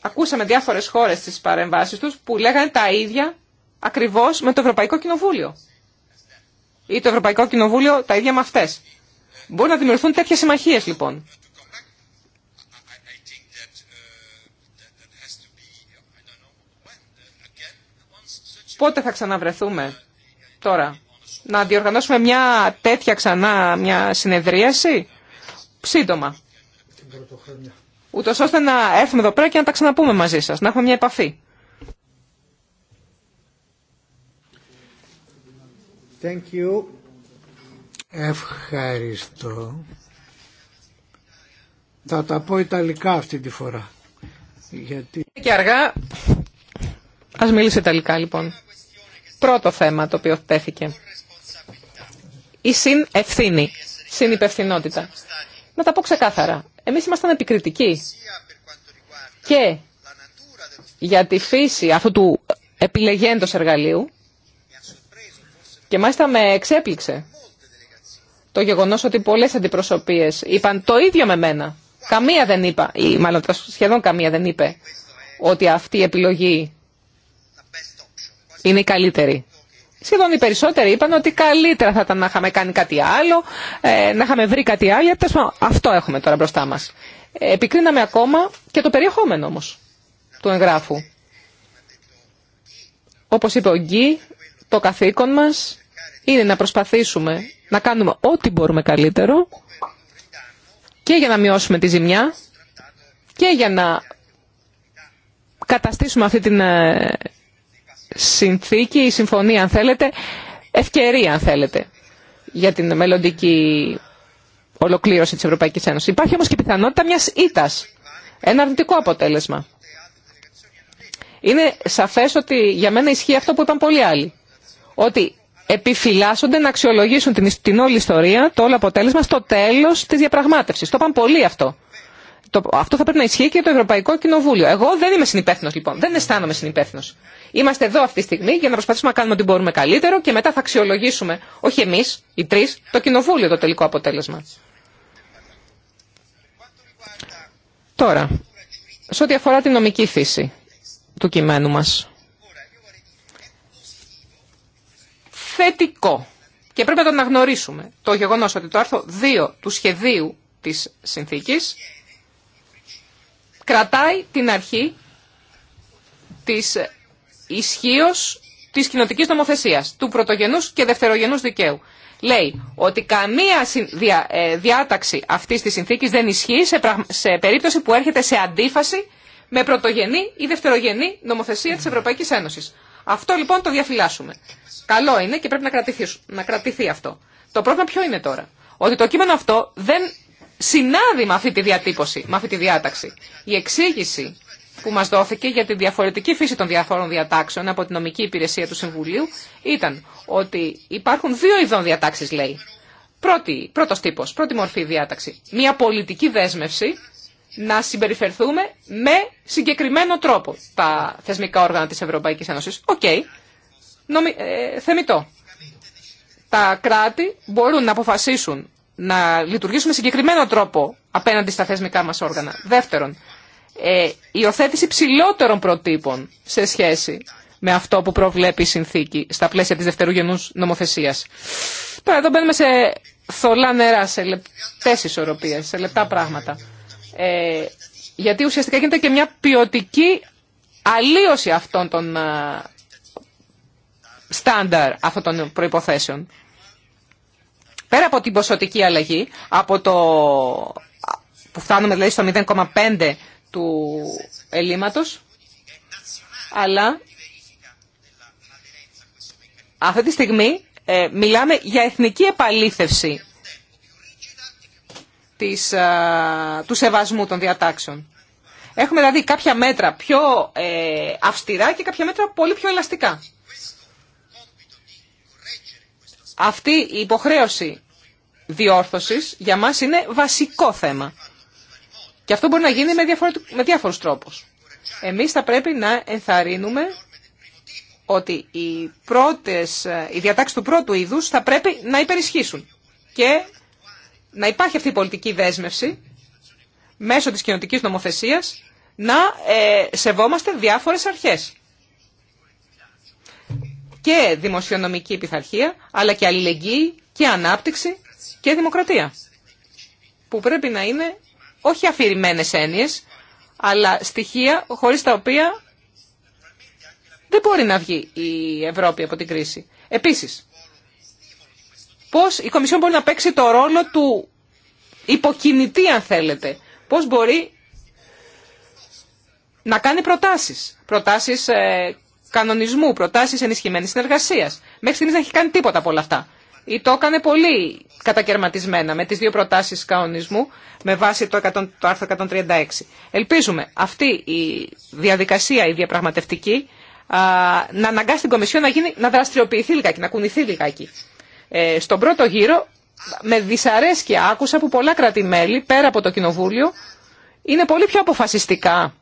Ακούσαμε διάφορε χώρε στι παρεμβάσει του που λέγανε τα ίδια ακριβώ με το Ευρωπαϊκό Κοινοβούλιο. Ή το Ευρωπαϊκό Κοινοβούλιο τα ίδια με αυτέ. Μπορεί να δημιουργηθούν τέτοιε συμμαχίε λοιπόν. Πότε θα ξαναβρεθούμε Τώρα, να διοργανώσουμε μια τέτοια ξανά μια συνεδρίαση, σύντομα. Ούτω ώστε να έρθουμε εδώ πέρα και να τα ξαναπούμε μαζί σας, να έχουμε μια επαφή. Thank you. Ευχαριστώ. Θα τα πω Ιταλικά αυτή τη φορά. Γιατί... Και αργά. Ας μιλήσει Ιταλικά λοιπόν. Πρώτο θέμα το οποίο τέθηκε. Η συνευθύνη, συνυπευθυνότητα. Να τα πω ξεκάθαρα. Εμείς ήμασταν επικριτικοί και για τη φύση αυτού του επιλεγέντος εργαλείου και μάλιστα με εξέπληξε το γεγονός ότι πολλές αντιπροσωπείες είπαν το ίδιο με μένα. Καμία δεν είπα, ή μάλλον σχεδόν καμία δεν είπε ότι αυτή η επιλογή είναι οι καλύτεροι. Σχεδόν οι περισσότεροι είπαν ότι καλύτερα θα ήταν να είχαμε κάνει κάτι άλλο, ε, να είχαμε βρει κάτι άλλο. Αυτό έχουμε τώρα μπροστά μας. Ε, επικρίναμε ακόμα και το περιεχόμενο όμω του εγγράφου. Όπως είπε ο Γκί, το καθήκον μας είναι να προσπαθήσουμε να κάνουμε ό,τι μπορούμε καλύτερο και για να μειώσουμε τη ζημιά και για να καταστήσουμε αυτή την ε, συνθήκη, η συμφωνία αν θέλετε, ευκαιρία αν θέλετε για την μελλοντική ολοκλήρωση της Ευρωπαϊκής Ένωσης. Υπάρχει όμως και πιθανότητα μιας ήτας, ένα αρνητικό αποτέλεσμα. Είναι σαφές ότι για μένα ισχύει αυτό που είπαν πολλοί άλλοι, ότι επιφυλάσσονται να αξιολογήσουν την, την όλη ιστορία, το όλο αποτέλεσμα στο τέλος της διαπραγμάτευσης. Το είπαν πολλοί αυτό αυτό θα πρέπει να ισχύει και το Ευρωπαϊκό Κοινοβούλιο. Εγώ δεν είμαι συνυπεύθυνο λοιπόν. Δεν αισθάνομαι συνυπεύθυνο. Είμαστε εδώ αυτή τη στιγμή για να προσπαθήσουμε να κάνουμε ό,τι μπορούμε καλύτερο και μετά θα αξιολογήσουμε, όχι εμεί, οι τρει, το Κοινοβούλιο το τελικό αποτέλεσμα. Τώρα, σε ό,τι αφορά την νομική φύση του κειμένου μας. Θετικό. Και πρέπει να το αναγνωρίσουμε. Το γεγονός ότι το άρθρο 2 του σχεδίου της συνθήκης κρατάει την αρχή της ισχύω της κοινοτική νομοθεσίας, του πρωτογενούς και δευτερογενούς δικαίου. Λέει ότι καμία ε, διάταξη αυτής της συνθήκης δεν ισχύει σε περίπτωση που έρχεται σε αντίφαση με πρωτογενή ή δευτερογενή νομοθεσία της Ευρωπαϊκής Ένωσης. Αυτό λοιπόν το διαφυλάσσουμε. Καλό είναι και πρέπει να να κρατηθεί αυτό. Το πρόβλημα ποιο είναι τώρα. Ότι το κείμενο αυτό δεν συνάδει με αυτή τη διατύπωση, με αυτή τη διάταξη. Η εξήγηση που μας δόθηκε για τη διαφορετική φύση των διαφόρων διατάξεων από την νομική υπηρεσία του Συμβουλίου ήταν ότι υπάρχουν δύο ειδών διατάξεις, λέει. Πρώτη, πρώτος τύπος, πρώτη μορφή διάταξη. Μια πολιτική δέσμευση να συμπεριφερθούμε με συγκεκριμένο τρόπο τα θεσμικά όργανα της Ευρωπαϊκής Ένωσης. Οκ, okay. Ε, θεμητό. Τα κράτη μπορούν να αποφασίσουν να λειτουργήσουμε συγκεκριμένο τρόπο απέναντι στα θεσμικά μας όργανα. Δεύτερον, η ε, υιοθέτηση ψηλότερων προτύπων σε σχέση με αυτό που προβλέπει η συνθήκη στα πλαίσια της δευτερογενούς νομοθεσίας. Τώρα εδώ μπαίνουμε σε θολά νερά, σε λεπτές ισορροπίες, σε λεπτά πράγματα. Ε, γιατί ουσιαστικά γίνεται και μια ποιοτική αλλίωση αυτών των ε, στάνταρ αυτών των προϋποθέσεων. Πέρα από την ποσοτική αλλαγή, από το που φτάνουμε δηλαδή στο 0,5 του ελλείμματος, αλλά αυτή τη στιγμή ε, μιλάμε για εθνική επαλήθευση της, α, ε, του σεβασμού των διατάξεων. Έχουμε δηλαδή κάποια μέτρα πιο ε, αυστηρά και κάποια μέτρα πολύ πιο ελαστικά. Αυτή η υποχρέωση διόρθωσης για μας είναι βασικό θέμα. Και αυτό μπορεί να γίνει με, με διάφορους τρόπους. Εμείς θα πρέπει να ενθαρρύνουμε ότι οι, πρώτες, οι του πρώτου είδους θα πρέπει να υπερισχύσουν και να υπάρχει αυτή η πολιτική δέσμευση μέσω της κοινωτικής νομοθεσίας να ε, σεβόμαστε διάφορες αρχές και δημοσιονομική πειθαρχία, αλλά και αλληλεγγύη και ανάπτυξη και δημοκρατία. Που πρέπει να είναι όχι αφηρημένες έννοιες, αλλά στοιχεία χωρίς τα οποία δεν μπορεί να βγει η Ευρώπη από την κρίση. Επίσης, πώς η Κομισιόν μπορεί να παίξει το ρόλο του υποκινητή, αν θέλετε. Πώς μπορεί να κάνει προτάσεις. Προτάσεις ε, κανονισμού, προτάσεις ενισχυμένης συνεργασία. Μέχρι στιγμής δεν έχει κάνει τίποτα από όλα αυτά. Ή το έκανε πολύ κατακαιρματισμένα με τις δύο προτάσεις κανονισμού με βάση το, 100, το άρθρο 136. Ελπίζουμε αυτή η διαδικασία, η διαπραγματευτική, να αναγκάσει την Κομισιόν να, γίνει, να δραστηριοποιηθεί λιγάκι, να κουνηθεί λιγάκι. Ε, στον πρώτο γύρο, με δυσαρέσκεια άκουσα που πολλά πέρα από το Κοινοβούλιο, είναι πολύ πιο αποφασιστικά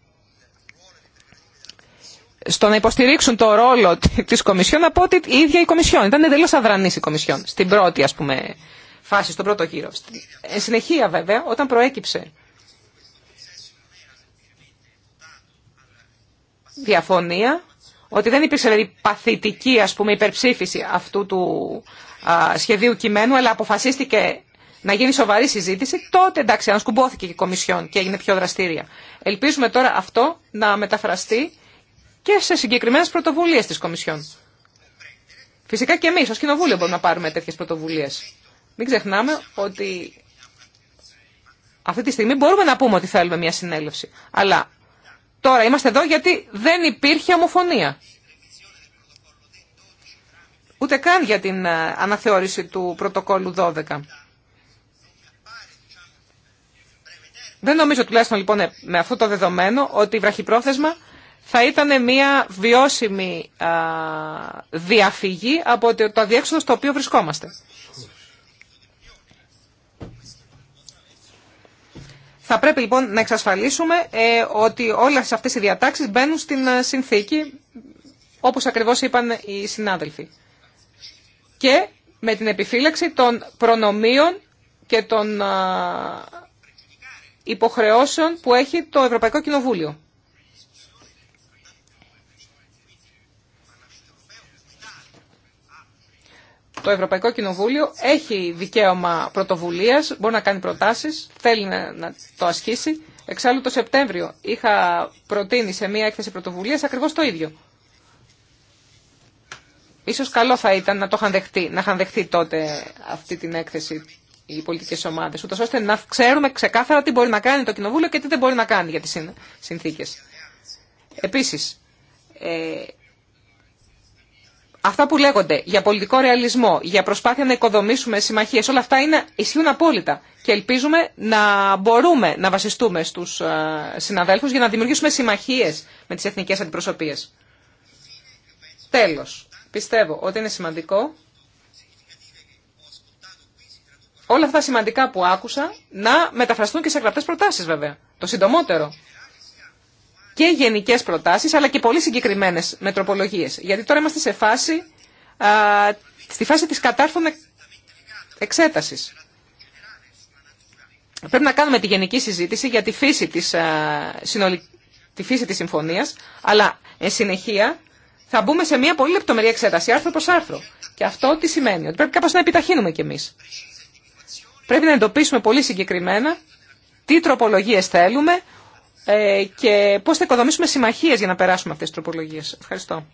στο να υποστηρίξουν το ρόλο της Κομισιόν από ότι η ίδια η Κομισιόν. Ήταν εντελώς αδρανής η Κομισιόν στην πρώτη ας πούμε φάση, στον πρώτο γύρο. Εν συνεχεία βέβαια όταν προέκυψε διαφωνία ότι δεν υπήρξε δηλαδή, παθητική ας πούμε, υπερψήφιση αυτού του α, σχεδίου κειμένου, αλλά αποφασίστηκε να γίνει σοβαρή συζήτηση, τότε εντάξει, άν και η Κομισιόν και έγινε πιο δραστήρια. Ελπίζουμε τώρα αυτό να μεταφραστεί και σε συγκεκριμένες πρωτοβουλίε της Κομισιόν. Φυσικά και εμείς ω Κοινοβούλιο μπορούμε να πάρουμε τέτοιε πρωτοβουλίε. Μην ξεχνάμε ότι αυτή τη στιγμή μπορούμε να πούμε ότι θέλουμε μια συνέλευση. Αλλά τώρα είμαστε εδώ γιατί δεν υπήρχε ομοφωνία. Ούτε καν για την ε, αναθεώρηση του πρωτοκόλου 12. Δεν νομίζω τουλάχιστον λοιπόν ε, με αυτό το δεδομένο ότι βραχυπρόθεσμα θα ήταν μια βιώσιμη διαφυγή από το αδιέξοδο στο οποίο βρισκόμαστε. Θα πρέπει λοιπόν να εξασφαλίσουμε ε, ότι όλες αυτές οι διατάξεις μπαίνουν στην ε, συνθήκη, όπως ακριβώς είπαν οι συνάδελφοι. Και με την επιφύλαξη των προνομίων και των υποχρεώσεων που έχει το Ευρωπαϊκό Κοινοβούλιο. Το Ευρωπαϊκό Κοινοβούλιο έχει δικαίωμα πρωτοβουλία, μπορεί να κάνει προτάσει, θέλει να, το ασχίσει. Εξάλλου το Σεπτέμβριο είχα προτείνει σε μία έκθεση πρωτοβουλία ακριβώ το ίδιο. Ίσως καλό θα ήταν να το είχαν δεχτεί, να είχαν δεχτεί τότε αυτή την έκθεση οι πολιτικές ομάδες, ούτως ώστε να ξέρουμε ξεκάθαρα τι μπορεί να κάνει το Κοινοβούλιο και τι δεν μπορεί να κάνει για τις συνθήκες. Επίσης, ε, αυτά που λέγονται για πολιτικό ρεαλισμό, για προσπάθεια να οικοδομήσουμε συμμαχίε, όλα αυτά είναι, ισχύουν απόλυτα. Και ελπίζουμε να μπορούμε να βασιστούμε στου ε, συναδέλφου για να δημιουργήσουμε συμμαχίε με τι εθνικέ αντιπροσωπείε. Τέλο, πιστεύω ότι είναι σημαντικό όλα αυτά σημαντικά που άκουσα να μεταφραστούν και σε γραπτέ προτάσει βέβαια. Το συντομότερο και γενικέ προτάσει, αλλά και πολύ συγκεκριμένες μετροπολογίε. Γιατί τώρα είμαστε σε φάση, α, στη φάση τη κατάρθων εξέταση. Πρέπει να κάνουμε τη γενική συζήτηση για τη φύση της, τη φύση της συμφωνίας, αλλά εν συνεχεία θα μπούμε σε μια πολύ λεπτομερή εξέταση, άρθρο προς άρθρο. Και αυτό τι σημαίνει, ότι πρέπει κάπως να επιταχύνουμε κι εμείς. Πρέπει να εντοπίσουμε πολύ συγκεκριμένα τι τροπολογίες θέλουμε, ε, και πώς θα οικοδομήσουμε συμμαχίε για να περάσουμε αυτές τις τροπολογίες. Ευχαριστώ.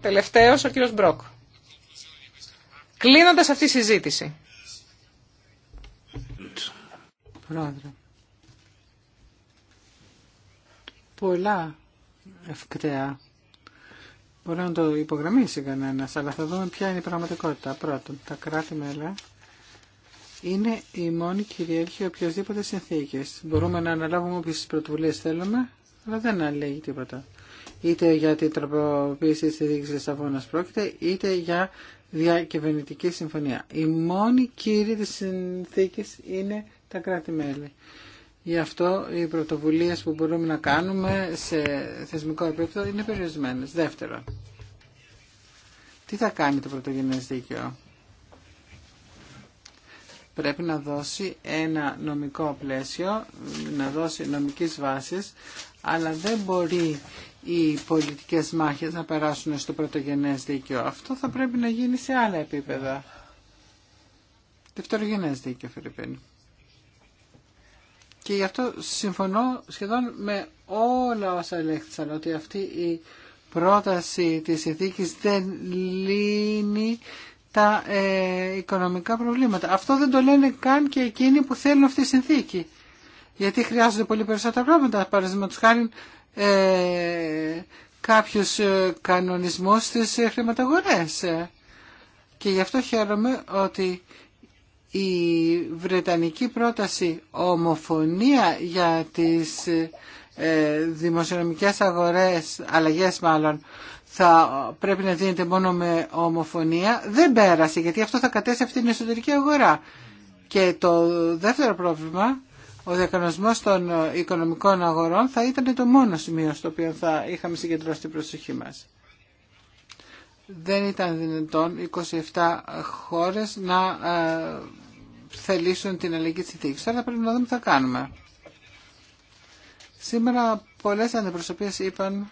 Τελευταίος ο κύριο Μπρόκ. Κλείνοντα αυτή τη συζήτηση. Πρόεδρε. Πολλά ευκταία. Μπορεί να το υπογραμμίσει κανένα, αλλά θα δούμε ποια είναι η πραγματικότητα. Πρώτον, τα κράτη-μέλα είναι η μόνη κυρίαρχη οποιασδήποτε συνθήκε. Μπορούμε να αναλάβουμε όποιε πρωτοβουλίε θέλουμε, αλλά δεν αναλέγει τίποτα. Είτε για την τροποποίηση τη διοίκηση τη Αβώνα πρόκειται, είτε για διακυβερνητική συμφωνία. Η μόνη κύριε τη συνθήκη είναι τα κράτη-μέλη. Γι' αυτό οι πρωτοβουλίε που μπορούμε να κάνουμε σε θεσμικό επίπεδο είναι περιορισμένε. Δεύτερον, τι θα κάνει το πρωτογενέ δίκαιο πρέπει να δώσει ένα νομικό πλαίσιο, να δώσει νομικής βάσης, αλλά δεν μπορεί οι πολιτικές μάχες να περάσουν στο πρωτογενές δίκαιο. Αυτό θα πρέπει να γίνει σε άλλα επίπεδα. Δευτερογενές δίκαιο, Φερρυπίνη. Και γι' αυτό συμφωνώ σχεδόν με όλα όσα ελέγχθησαν, ότι αυτή η πρόταση της ηθίκης δεν λύνει τα ε, οικονομικά προβλήματα. Αυτό δεν το λένε καν και εκείνοι που θέλουν αυτή τη συνθήκη. Γιατί χρειάζονται πολύ περισσότερα πράγματα. Παραδείγματο χάρη ε, κάποιου ε, κανονισμού στι ε, χρηματαγορέ. Και γι' αυτό χαίρομαι ότι η βρετανική πρόταση ομοφωνία για τις ε, δημοσιονομικές αγορές, αλλαγές μάλλον, θα πρέπει να δίνεται μόνο με ομοφωνία δεν πέρασε γιατί αυτό θα κατέσει αυτή την εσωτερική αγορά. Και το δεύτερο πρόβλημα, ο διακανονισμό των οικονομικών αγορών θα ήταν το μόνο σημείο στο οποίο θα είχαμε συγκεντρώσει την προσοχή μας. Δεν ήταν δυνατόν 27 χώρες να ε, θελήσουν την αλληλική συνθήκη. Τώρα πρέπει να δούμε τι θα κάνουμε. Σήμερα πολλές αντιπροσωπείες είπαν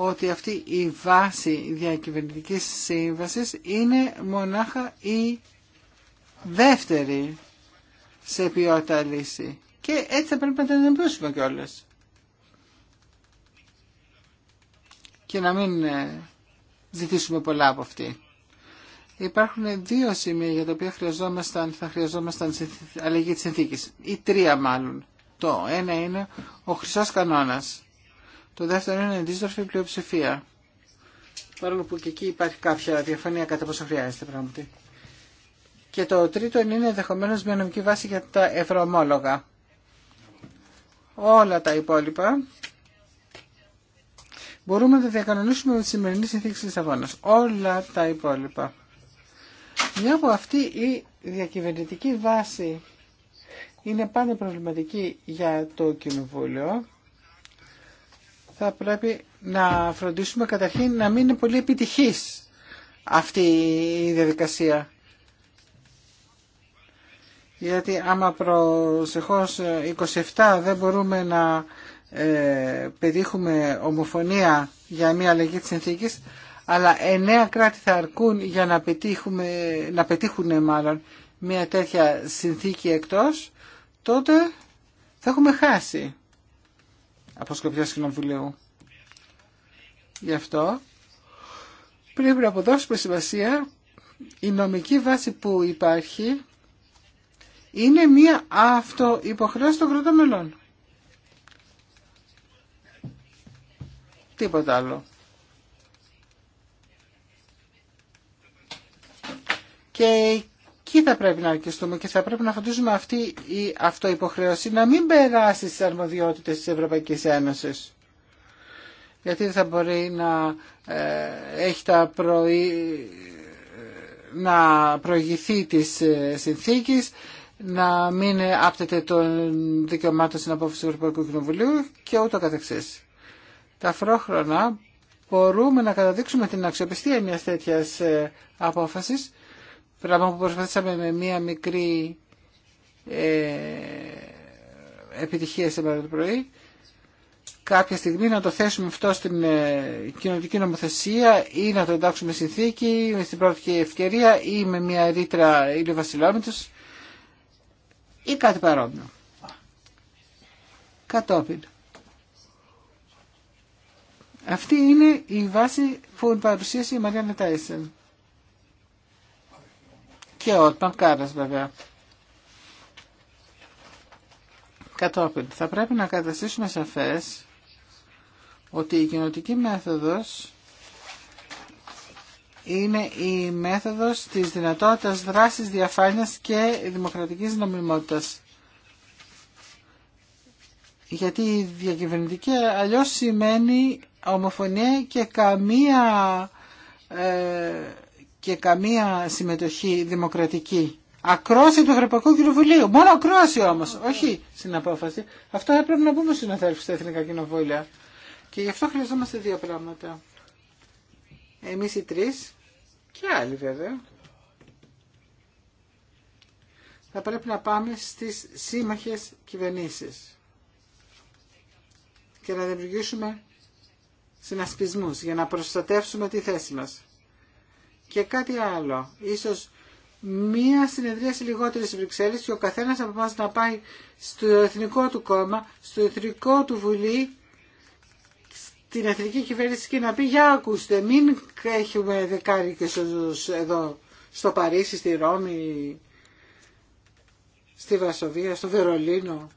ότι αυτή η βάση διακυβερνητικής σύμβασης είναι μονάχα η δεύτερη σε ποιότητα λύση. Και έτσι θα πρέπει να την εμπλούσουμε κιόλας. Και να μην ε, ζητήσουμε πολλά από αυτή. Υπάρχουν δύο σημεία για τα οποία χρειαζόμασταν, θα χρειαζόμασταν αλλαγή της συνθήκης. Ή τρία μάλλον. Το ένα είναι ο χρυσός κανόνας το δεύτερο είναι αντίστροφη πλειοψηφία. Παρόλο που και εκεί υπάρχει κάποια διαφωνία κατά πόσο χρειάζεται πράγματι. Και το τρίτο είναι ενδεχομένω μια νομική βάση για τα ευρωομόλογα. Όλα τα υπόλοιπα μπορούμε να τα διακανονίσουμε με τη σημερινή συνθήκη τη αγώνα. Όλα τα υπόλοιπα. Μια από αυτή η διακυβερνητική βάση είναι πάντα προβληματική για το Κοινοβούλιο θα πρέπει να φροντίσουμε καταρχήν να μην είναι πολύ επιτυχής αυτή η διαδικασία. Γιατί άμα προσεχώς 27 δεν μπορούμε να ε, πετύχουμε ομοφωνία για μια αλλαγή της συνθήκης, αλλά 9 κράτη θα αρκούν για να, πετύχουμε, να πετύχουν μάλλον μια τέτοια συνθήκη εκτός, τότε θα έχουμε χάσει από σκοπιά κοινοβουλίου. Γι' αυτό πρέπει να αποδώσουμε σημασία η νομική βάση που υπάρχει είναι μία αυτοϋποχρέωση των κρατομελών. Τίποτα άλλο. Και εκεί θα πρέπει να αρκεστούμε και θα πρέπει να φροντίζουμε αυτή η αυτοϋποχρέωση να μην περάσει στις αρμοδιότητες της Ευρωπαϊκής Ένωσης. Γιατί δεν θα μπορεί να ε, έχει τα ε, να προηγηθεί της ε, συνθήκης, να μην άπτεται των δικαιωμάτων στην απόφαση του Ευρωπαϊκού Κοινοβουλίου και ούτω καθεξής. Ταυτόχρονα μπορούμε να καταδείξουμε την αξιοπιστία μιας τέτοιας απόφασης πράγμα που προσπαθήσαμε με μία μικρή ε, επιτυχία σήμερα το πρωί, κάποια στιγμή να το θέσουμε αυτό στην ε, κοινωνική νομοθεσία ή να το εντάξουμε συνθήκη στην πρώτη ευκαιρία ή με μια ρήτρα ήλιο βασιλόμητος ή κάτι παρόμοιο. Κατόπιν. Αυτή είναι η βάση που παρουσίασε η Μαριάννα αυτη ειναι η βαση που παρουσιασε η μαρια ταισεν και όταν κάρας βέβαια. Κατόπιν, θα πρέπει να καταστήσουμε σαφές ότι η κοινωτική μέθοδος είναι η μέθοδος της δυνατότητας δράσης διαφάνειας και δημοκρατικής νομιμότητας. Γιατί η διακυβερνητική αλλιώς σημαίνει ομοφωνία και καμία ε, και καμία συμμετοχή δημοκρατική. Ακρόαση του Ευρωπαϊκού Κοινοβουλίου. Μόνο ακρόαση όμω, όχι στην απόφαση. Αυτό πρέπει να πούμε στου αδέλφου στα Εθνικά Κοινοβούλια. Και γι' αυτό χρειαζόμαστε δύο πράγματα. Εμεί οι τρει και άλλοι βέβαια. Θα πρέπει να πάμε στις σύμμαχες κυβερνήσεις και να δημιουργήσουμε συνασπισμούς για να προστατεύσουμε τη θέση μας. Και κάτι άλλο. Ίσως μία συνεδρία λιγότερη στις Βρυξέλλες και ο καθένας από εμάς να πάει στο εθνικό του κόμμα, στο εθνικό του βουλή, στην εθνική κυβέρνηση και να πει «Για ακούστε, μην έχουμε δεκάρικες εδώ στο Παρίσι, στη Ρώμη, στη Βασοβία, στο Βερολίνο».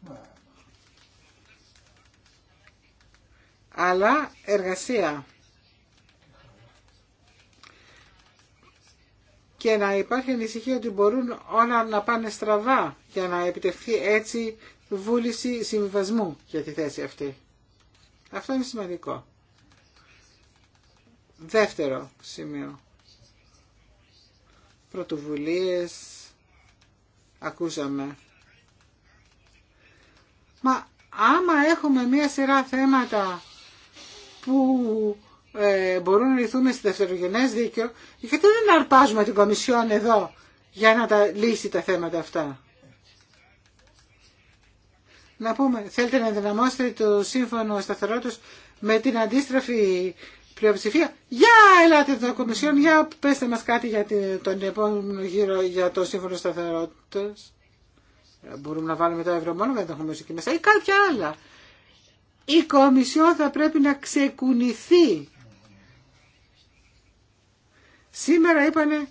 Αλλά εργασία. και να υπάρχει ανησυχία ότι μπορούν όλα να πάνε στραβά για να επιτευχθεί έτσι βούληση συμβιβασμού για τη θέση αυτή. Αυτό είναι σημαντικό. Δεύτερο σημείο. Πρωτοβουλίες. Ακούσαμε. Μα άμα έχουμε μία σειρά θέματα που ε, μπορούν να λυθούν στη δευτερογενέ δίκαιο, γιατί δεν αρπάζουμε την Κομισιόν εδώ για να τα λύσει τα θέματα αυτά. Να πούμε, θέλετε να δυναμώσετε το σύμφωνο σταθερότητα με την αντίστροφη πλειοψηφία. Για ελάτε το Κομισιόν, για πέστε μα κάτι για τον επόμενο γύρο για το σύμφωνο σταθερότητα, ε, Μπορούμε να βάλουμε το ευρώ μόνο, δεν το έχουμε εκεί κάποια άλλα. Η Κομισιόν θα πρέπει να ξεκουνηθεί Σήμερα είπανε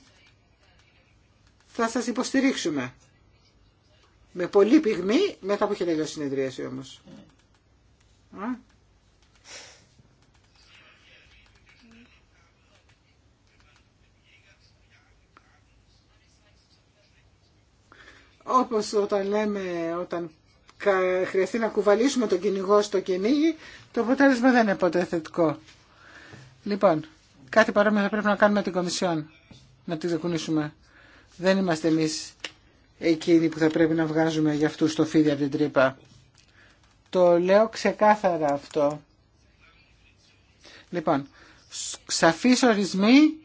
θα σας υποστηρίξουμε. Με πολύ πυγμή, μετά που είχε τελειώσει η συνεδρίαση όμως. Όπως όταν λέμε, όταν χρειαστεί να κουβαλήσουμε τον κυνηγό στο κυνήγι, το αποτέλεσμα δεν είναι ποτέ θετικό. Λοιπόν, Κάτι παρόμοιο θα πρέπει να κάνουμε την Κομισιόν, να τη δοκουνήσουμε. Δεν είμαστε εμείς εκείνοι που θα πρέπει να βγάζουμε για αυτούς το φίδι από την τρύπα. Το λέω ξεκάθαρα αυτό. Λοιπόν, σαφείς ορισμοί,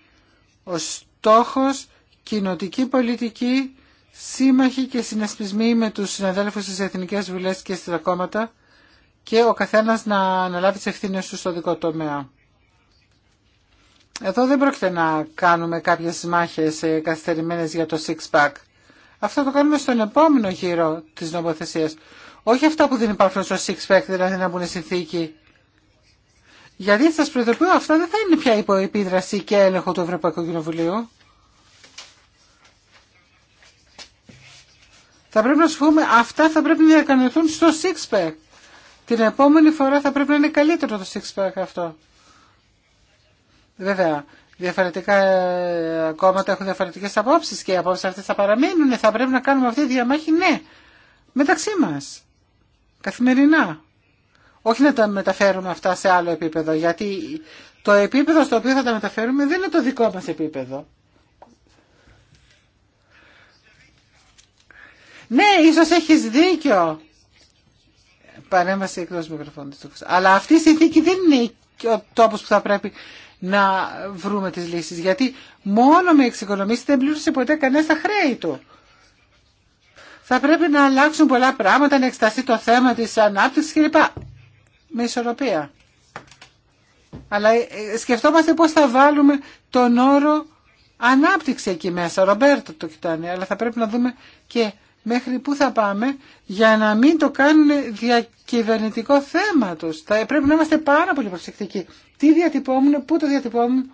ο στόχος, κοινοτική πολιτική, σύμμαχοι και συνασπισμοί με τους συναδέλφους στις Εθνικές Βουλέ και στα κόμματα και ο καθένας να αναλάβει τις ευθύνες του στο δικό τομέα. Εδώ δεν πρόκειται να κάνουμε κάποιες μάχες ε, καθυστερημένες για το six-pack. Αυτό το κάνουμε στον επόμενο γύρο της νομοθεσίας. Όχι αυτά που δεν υπάρχουν στο six-pack, δηλαδή να μπουν συνθήκη. Γιατί σας προειδοποιώ, αυτά δεν θα είναι πια υπό επίδραση και έλεγχο του Ευρωπαϊκού Κοινοβουλίου. Θα πρέπει να σου πούμε, αυτά θα πρέπει να διακανονιστούν στο six-pack. Την επόμενη φορά θα πρέπει να είναι καλύτερο το six-pack αυτό. Βέβαια, διαφορετικά ε, κόμματα έχουν διαφορετικές απόψεις και οι απόψεις αυτές θα παραμείνουν. Θα πρέπει να κάνουμε αυτή τη διαμάχη, ναι, μεταξύ μας, καθημερινά. Όχι να τα μεταφέρουμε αυτά σε άλλο επίπεδο, γιατί το επίπεδο στο οποίο θα τα μεταφέρουμε δεν είναι το δικό μας επίπεδο. Ναι, ίσως έχεις δίκιο. Παρέμβαση εκτός μικροφώνου. Αλλά αυτή η συνθήκη δεν είναι ο τόπος που θα πρέπει να βρούμε τις λύσεις. Γιατί μόνο με εξοικονομήσεις δεν πλούσε ποτέ κανένα τα χρέη του. Θα πρέπει να αλλάξουν πολλά πράγματα, να εξεταστεί το θέμα της ανάπτυξης κλπ. Με ισορροπία. Αλλά ε, ε, σκεφτόμαστε πώς θα βάλουμε τον όρο ανάπτυξη εκεί μέσα. Ο Ρομπέρτο το κοιτάνε, αλλά θα πρέπει να δούμε και μέχρι πού θα πάμε για να μην το κάνουν διακυβερνητικό θέμα τους. Θα ε, πρέπει να είμαστε πάρα πολύ προσεκτικοί τι διατυπώμουν, πού το διατυπώμουν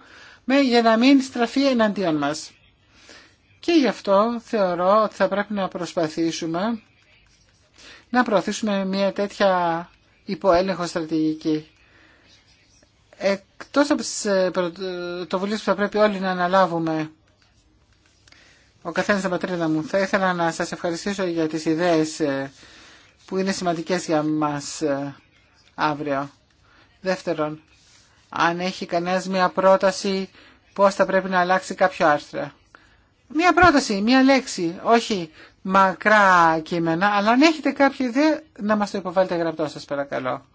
για να μην στραφεί εναντίον μας. Και γι' αυτό θεωρώ ότι θα πρέπει να προσπαθήσουμε να προωθήσουμε μια τέτοια υποέλεγχο στρατηγική. Εκτός από ε, το πρωτοβουλίες που θα πρέπει όλοι να αναλάβουμε ο καθένας στην πατρίδα μου, θα ήθελα να σας ευχαριστήσω για τις ιδέες ε, που είναι σημαντικές για μας ε, αύριο. Δεύτερον, αν έχει κανένας μια πρόταση πώς θα πρέπει να αλλάξει κάποιο άρθρο. Μια πρόταση, μια λέξη, όχι μακρά κείμενα, αλλά αν έχετε κάποια ιδέα να μας το υποβάλλετε γραπτό σας παρακαλώ.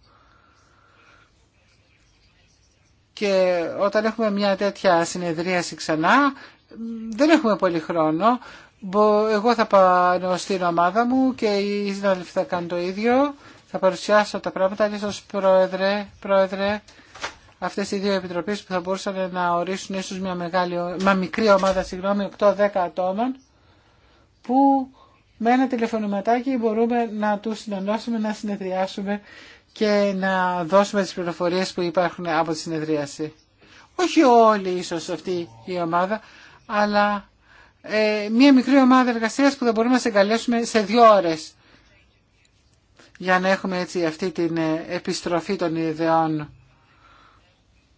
Και όταν έχουμε μια τέτοια συνεδρίαση ξανά, δεν έχουμε πολύ χρόνο. Εγώ θα πάω στην ομάδα μου και οι συναδελφοί θα κάνουν το ίδιο. Θα παρουσιάσω τα πράγματα, ίσως πρόεδρε, πρόεδρε, Αυτέ οι δύο επιτροπέ που θα μπορούσαν να ορίσουν ίσω μια, μια μικρή ομάδα, συγγνώμη, 8-10 ατόμων, που με ένα τηλεφωνηματάκι μπορούμε να του συνενώσουμε, να συνεδριάσουμε και να δώσουμε τι πληροφορίε που υπάρχουν από τη συνεδρίαση. Όχι όλοι ίσω αυτή η ομάδα, αλλά ε, μια μικρή ομάδα εργασία που θα μπορούμε να σε εγκαλέσουμε σε δύο ώρε, για να έχουμε έτσι αυτή την ε, επιστροφή των ιδεών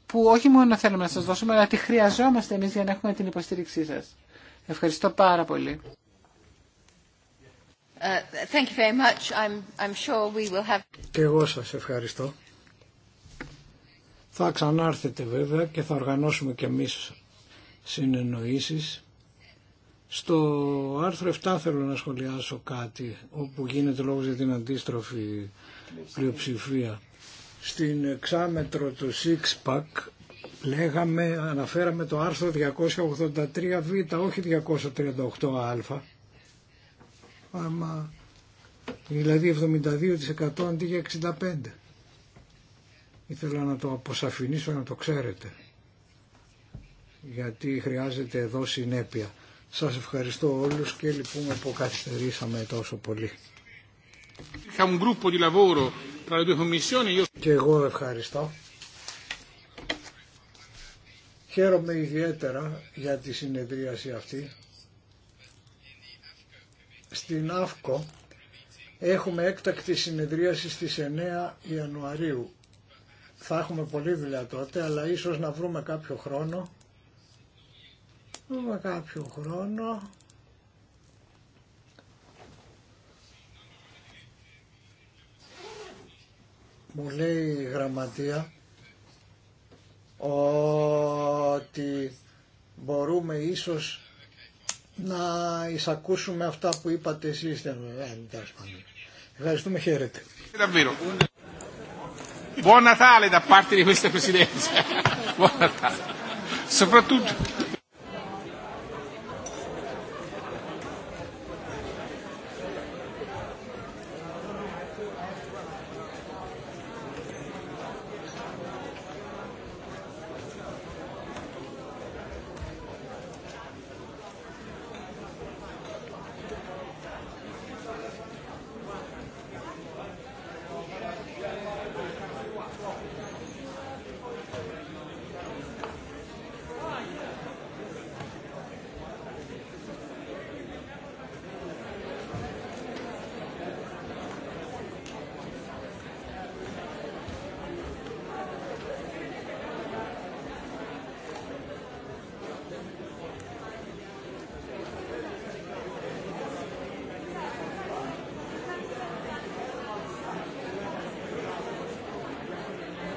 που όχι μόνο θέλουμε να σας δώσουμε, αλλά τη χρειαζόμαστε εμείς για να έχουμε την υποστήριξή σας. Ευχαριστώ πάρα πολύ. Και εγώ σας ευχαριστώ. Θα ξανάρθετε βέβαια και θα οργανώσουμε και εμείς συνεννοήσεις. Στο άρθρο 7 θέλω να σχολιάσω κάτι, όπου γίνεται λόγος για την αντίστροφη πλειοψηφία στην εξάμετρο του Six λέγαμε, αναφέραμε το άρθρο 283β, όχι 238α. Άμα, δηλαδή 72% αντί για 65. Ήθελα να το αποσαφηνίσω να το ξέρετε. Γιατί χρειάζεται εδώ συνέπεια. Σας ευχαριστώ όλους και λυπούμε λοιπόν που τόσο πολύ. un di lavoro και εγώ ευχαριστώ. Χαίρομαι ιδιαίτερα για τη συνεδρίαση αυτή. Στην ΑΦΚΟ έχουμε έκτακτη συνεδρίαση στις 9 Ιανουαρίου. Θα έχουμε πολύ δουλειά τότε, αλλά ίσως να βρούμε κάποιο χρόνο. Βρούμε κάποιο χρόνο μου λέει η γραμματεία ότι μπορούμε ίσως να εισακούσουμε αυτά που είπατε εσείς. Ε, Ευχαριστούμε, χαίρετε. Davvero. Buon Natale da parte di questa Presidenza. Buon Natale. Soprattutto...